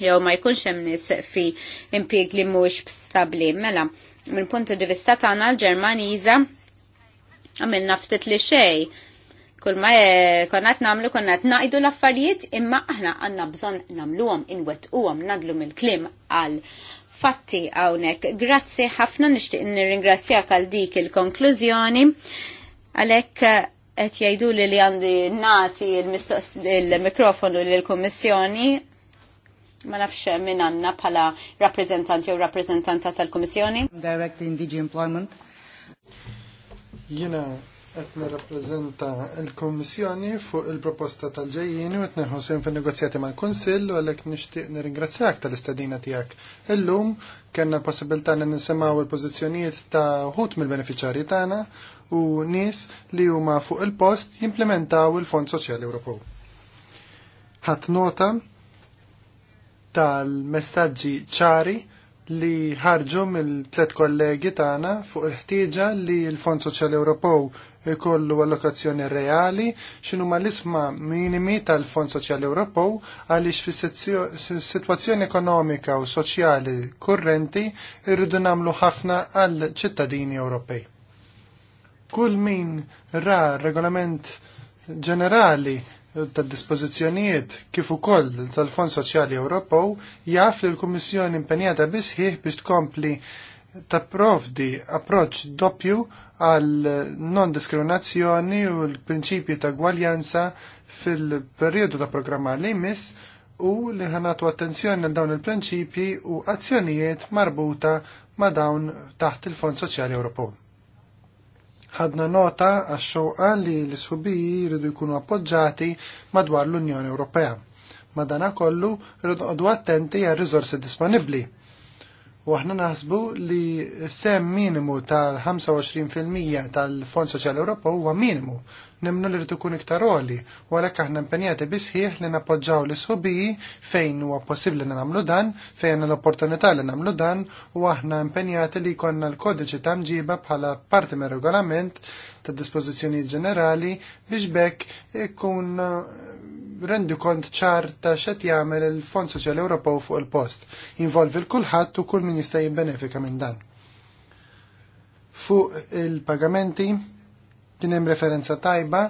jew ma jkunx hemm nies fi impjieg li mhuwiex stabbli. Mela, mill puntu di vista tagħna l-Ġermaniża għamilna ftit li xej. Kull ma eh, konnat namlu konnat ngħidu l-affarijiet imma aħna għanna bżonn namluhom inwettquhom nadlu mill kliem għal fatti hawnhekk. Grazzi ħafna nixtieq nirringrazzjak għal dik il-konklużjoni. Għalhekk qed jgħidu li li għandi nati il-mikrofonu lill-Kummissjoni ma nafx minn għanna pala rappresentanti u rappresentanta tal-Komissjoni. Direct in DG Employment. Jena qed nirrappreżenta l komissjoni fuq il-proposta tal-ġejjini u qed neħu sem fin-negozjati mal-Kunsill u għalhekk nixtieq ingrazzjak tal-istadina tiegħek. Illum kena l-possibilità li nisimgħu il-pożizzjonijiet ta' ħut mill-benefiċjarji tagħna u nies li huma fuq il-post jimplementaw il-Fond Soċjali Ewropew. Ħadd nota tal-messagġi ċari li ħarġu mill-tlet kollegi tagħna fuq il-ħtieġa li l-Fond Soċjal Ewropew ikollu allokazzjoni reali x'inhu ma l-isma minimi tal-Fond Soċjal Ewropew għaliex fis-sitwazzjoni ekonomika u soċjali kurrenti irridu nagħmlu ħafna għal ċittadini Ewropej. Kull min ra regolament ġenerali tad-dispożizzjonijiet kif ukoll tal-Fond Soċjali Ewropew jaf li l-Kummissjoni impenjata bisħieħ biex tkompli provdi approċ doppju għal non-diskriminazzjoni u l-prinċipji ta' gwaljanza fil-periodu ta' programma li jmiss u li ħanatu attenzjoni għal dawn il-prinċipji u azzjonijiet marbuta ma' dawn taħt il-Fond Soċjali Ewropew ħadna nota għax-xewqa li l-isħubiji jridu jkunu appoġġati madwar l-Unjoni Ewropea. Madana kollu rridu attenti għal rizorsi disponibbli. U aħna naħsbu li s sem minimu tal-25% tal-Fond Soċjali Ewropew huwa minimu Nimnu li rridu kun iktar għoli, u għalek aħna impenjati bisħiħ li nappoġġaw li sħubiji fejn huwa possibli li namlu dan, fejn l-opportunità li namlu dan, u aħna impenjati li konna l-kodiċi tamġiba bħala parti me regolament ta' dispożizzjoni ġenerali biex bekk ikun eh, rendi kont ċar ta' xet jagħmel il-Fond Soċjali Ewropew fuq il-post, involvi l-kulħadd u kull min jista' jibbenefika minn dan. Fuq il-pagamenti, Kien hemm referenza tajba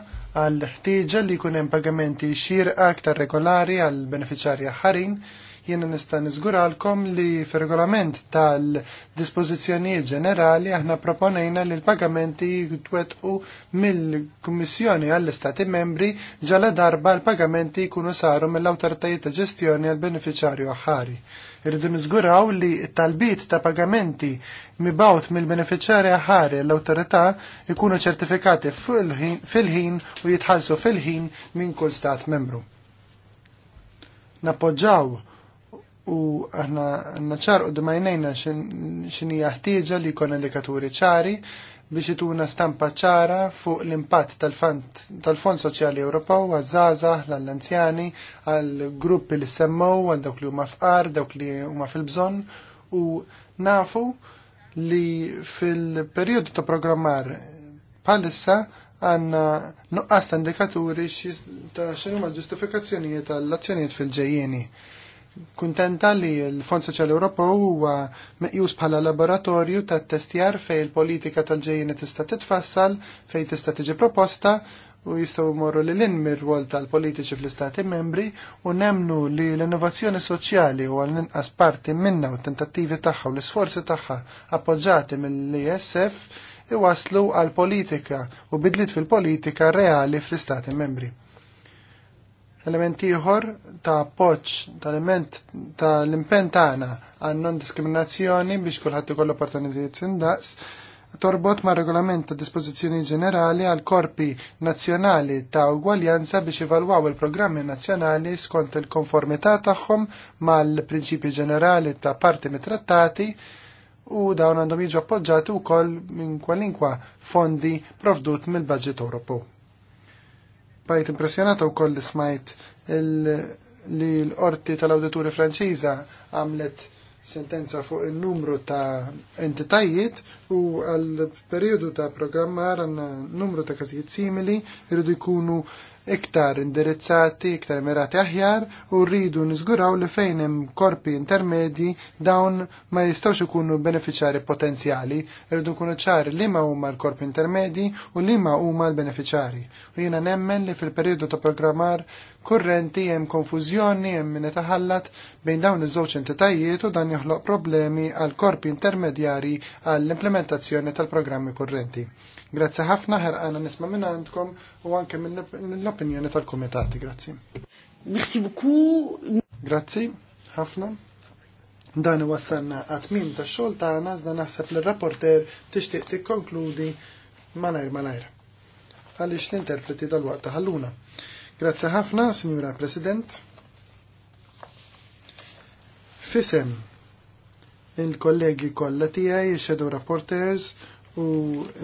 għal ħtieġa li jkun hemm pagamenti xir aktar regolari għal beneficjarja ħarin. Jiena nista' niżguralkom li fir-regolament tal-dispożizzjonijiet ġenerali aħna proponejna li l-pagamenti jitwetqu mill-Kummissjoni għall-Istati membri ġala darba l-pagamenti jkunu saru mill-awtoritajiet ta' ġestjoni għal beneficjarju ħari. Irridu niżguraw li talbit ta' pagamenti mibawt mill beneficjari ħari l-awtorità ikunu ċertifikati fil-ħin u jitħallsu fil-ħin minn kull stat membru. Nappoġġaw u aħna naċar u d-majnejna xinija ħtieġa li jkun indikaturi ċari biex ituna stampa ċara fuq l-impatt tal-Fond Soċjali Ewropew għaż Zaza, għall-anzjani għal gruppi li semmow għal dawk li huma fqar, dawk li huma fil-bżonn u nafu li fil-perjodu ta' programmar bħalissa għanna nuqqas ta' indikaturi ta' xinu ma' ġustifikazzjonijiet tal-azzjonijiet fil-ġejjeni Kuntenta li l-Fond Soċjali Ewropew huwa meqjus bħala laboratorju ta' testjar fej il-politika tal-ġejjin tista' titfassal fej tista' tiġi proposta u jistgħu jmorru lil inmir wol tal-politiċi fl-istati membri u nemnu li l-innovazzjoni soċjali u għall inqas parti minna u tentattivi tagħha u l-isforzi tagħha appoġġati mill-ISF iwaslu għal politika u bidlit fil-politika reali fl-istati membri. Element ieħor ta' poċ, tal-element tal-impenn tagħna għan non-diskriminazzjoni biex kulħadd ikoll opportunitajiet indaqs torbot ma' regolament ta' dispożizzjoni ġenerali għal korpi nazzjonali ta' ugwaljanza biex ivalwaw il-programmi nazzjonali skont il-konformità tagħhom mal-prinċipi ġenerali ta' parti mit-trattati u dawn għandhom jiġu appoġġati wkoll minn kwalinkwa fondi provdut mill-Baġġit Ewropew. Bajt impressjonata u koll smajt li l-qorti tal auditori Franċiża għamlet sentenza fuq il-numru ta' entitajiet u għal periodu ta' programmar għanna numru ta' kazijiet simili irridu jkunu iktar indirizzati, iktar mirati aħjar u rridu niżguraw li fejn hemm korpi intermedji dawn ma jistgħux ikunu beneficjari potenzjali, rridu nkunu ċari li ma huma l-korpi intermedji u li ma huma l-beneficjari. U jiena nemmen li fil periodu ta' programmar kurrenti hemm konfużjoni hemm min itaħallat bejn dawn iż-żewġ entitajiet u dan joħloq problemi għal korpi intermedjari għall-implementazzjoni tal-programmi kurrenti. Grazzi ħafna għana nisma' minn għandkom u anke mill-opinjoni tal-kumitati. Grazzi. Merci beaucoup. Grazzi ħafna. Dan wassalna għatmim ta' xogħol tagħna zda naħseb l rapporter tixtieq tikkonkludi malajr malajr. Għaliex l-interpreti dal-waqt ħalluna. Grazzi ħafna, Signora President. Fisem il-kollegi kollha tiegħi, il-shadow rapporters, u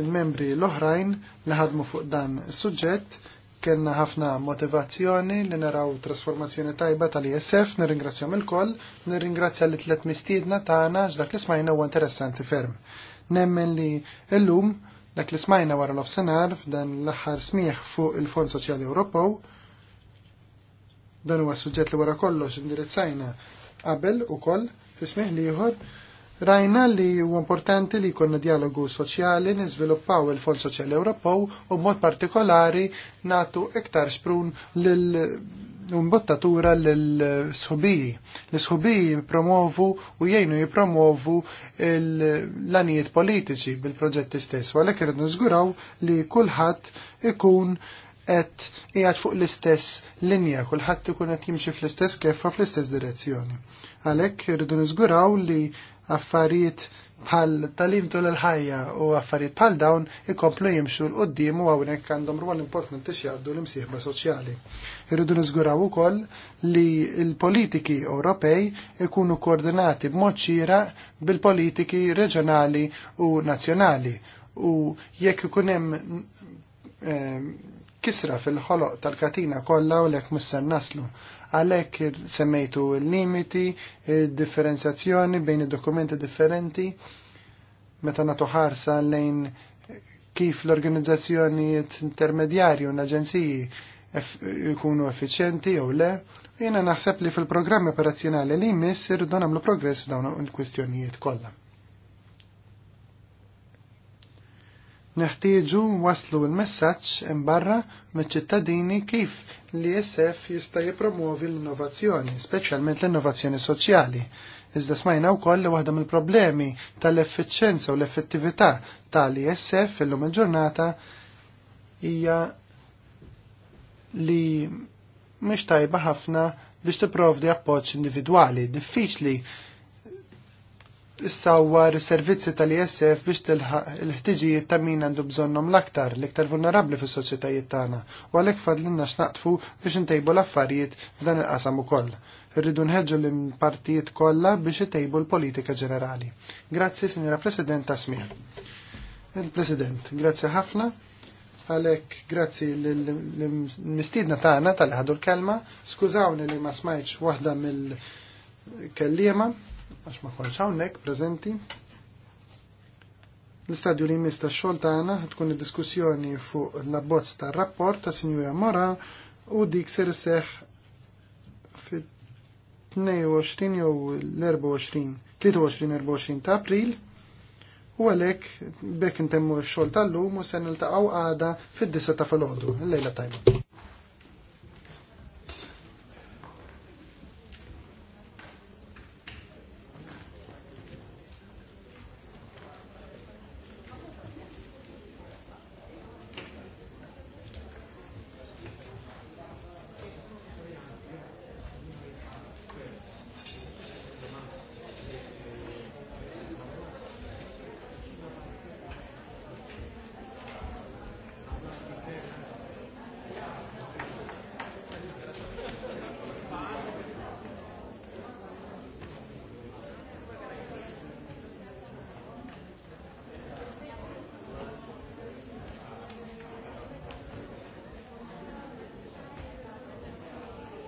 l-membri l-oħrajn li ħadmu fuq dan is-suġġett kellna ħafna motivazzjoni li naraw trasformazzjoni tajba tal-ISF, nirringrazzjom il-koll, nirringrazzja li tlet mistiedna tagħna x'dak li smajna huwa interessanti ferm. Nemmen li llum dak li smajna wara l-offsenar f'dan l-aħħar smieħ fuq il-Fond Soċjali Ewropew dan huwa suġġett li wara kollox indirizzajna qabel ukoll fi smih liħor Rajna li huwa importanti li konna dialogu soċjali niżviluppaw il-Fond Soċjali Ewropew u mod partikolari nagħtu iktar sprun lil imbottatura l-sħubiji. L-sħubiji promovu u jgħinu jipromovu l-anijiet politiċi bil-proġetti stess, għalek irridu nżguraw li kulħadd ikun qed qiegħed fuq l-istess linja, kulħadd ikun qed jimxi fl-istess keffa fl-istess direzzjoni. Għalhekk irridu niżguraw li affarijiet bħal talim tul il-ħajja u affarijiet bħal dawn ikomplu jimxu l-qoddim u hawnhekk għandhom rwol importanti jgħaddu l-imsieħba soċjali. Irridu niżguraw ukoll li l-politiki Ewropej ikunu koordinati b'mod xieraq bil-politiki reġjonali u nazzjonali u jekk ikun hemm eh, kisra fil-ħoloq tal-katina kollha u lek mussen naslu. Għalhekk semmejtu l-limiti, differenzjazzjoni bejn id-dokumenti differenti, meta natu ħarsa lejn kif l-organizzazzjonijiet intermedjarji u l-aġenziji jkunu effiċjenti jew le, jiena naħseb li fil programmi operazzjonali li jmiss irridu nagħmlu progress f'dawn il-kwistjonijiet kollha. Neħtieġu waslu l-messaġġ imbarra miċ ċittadini kif li SF jista' jippromuovi l-innovazzjoni, speċjalment l-innovazzjoni soċjali. Iżda smajna wkoll li waħda mill-problemi tal-effiċenza u l-effettività tal-ISF illum il-ġurnata hija li mhix tajba ħafna biex tipprovdi appoġġ individwali. Diffiċli r servizzi tal-ISF biex tilħaq il-ħtiġijiet ta' min għandu bżonnhom l-aktar, l-iktar vulnerabbli fis-soċjetajiet tagħna, u għalhekk fadlinna x'naqtfu biex intejbu l-affarijiet f'dan il-qasam ukoll. Irridu nħeġġu l-partijiet kollha biex itejbu l-politika ġenerali. Grazzi, Sinjora President Tasmir. Il-President, grazzi ħafna għalek grazzi l-mistidna tagħna tal-ħadu l-kelma, skużawni li ma smajtx waħda mill-kellima, għax ma konċ hawnhekk preżenti. L-istadju li jmiss tax xogħol tagħna tkun id-diskussjoni fuq l-abbozz tar-rapport ta' Sinjura Moral u dik ser seħ fit-22 jew l-24, 23-24 ta' April. U għalek, bekk intemmu xol tal-lum u se niltaqgħu għada fid-disa ta' filgħodu. ħodu l-lejla tajba.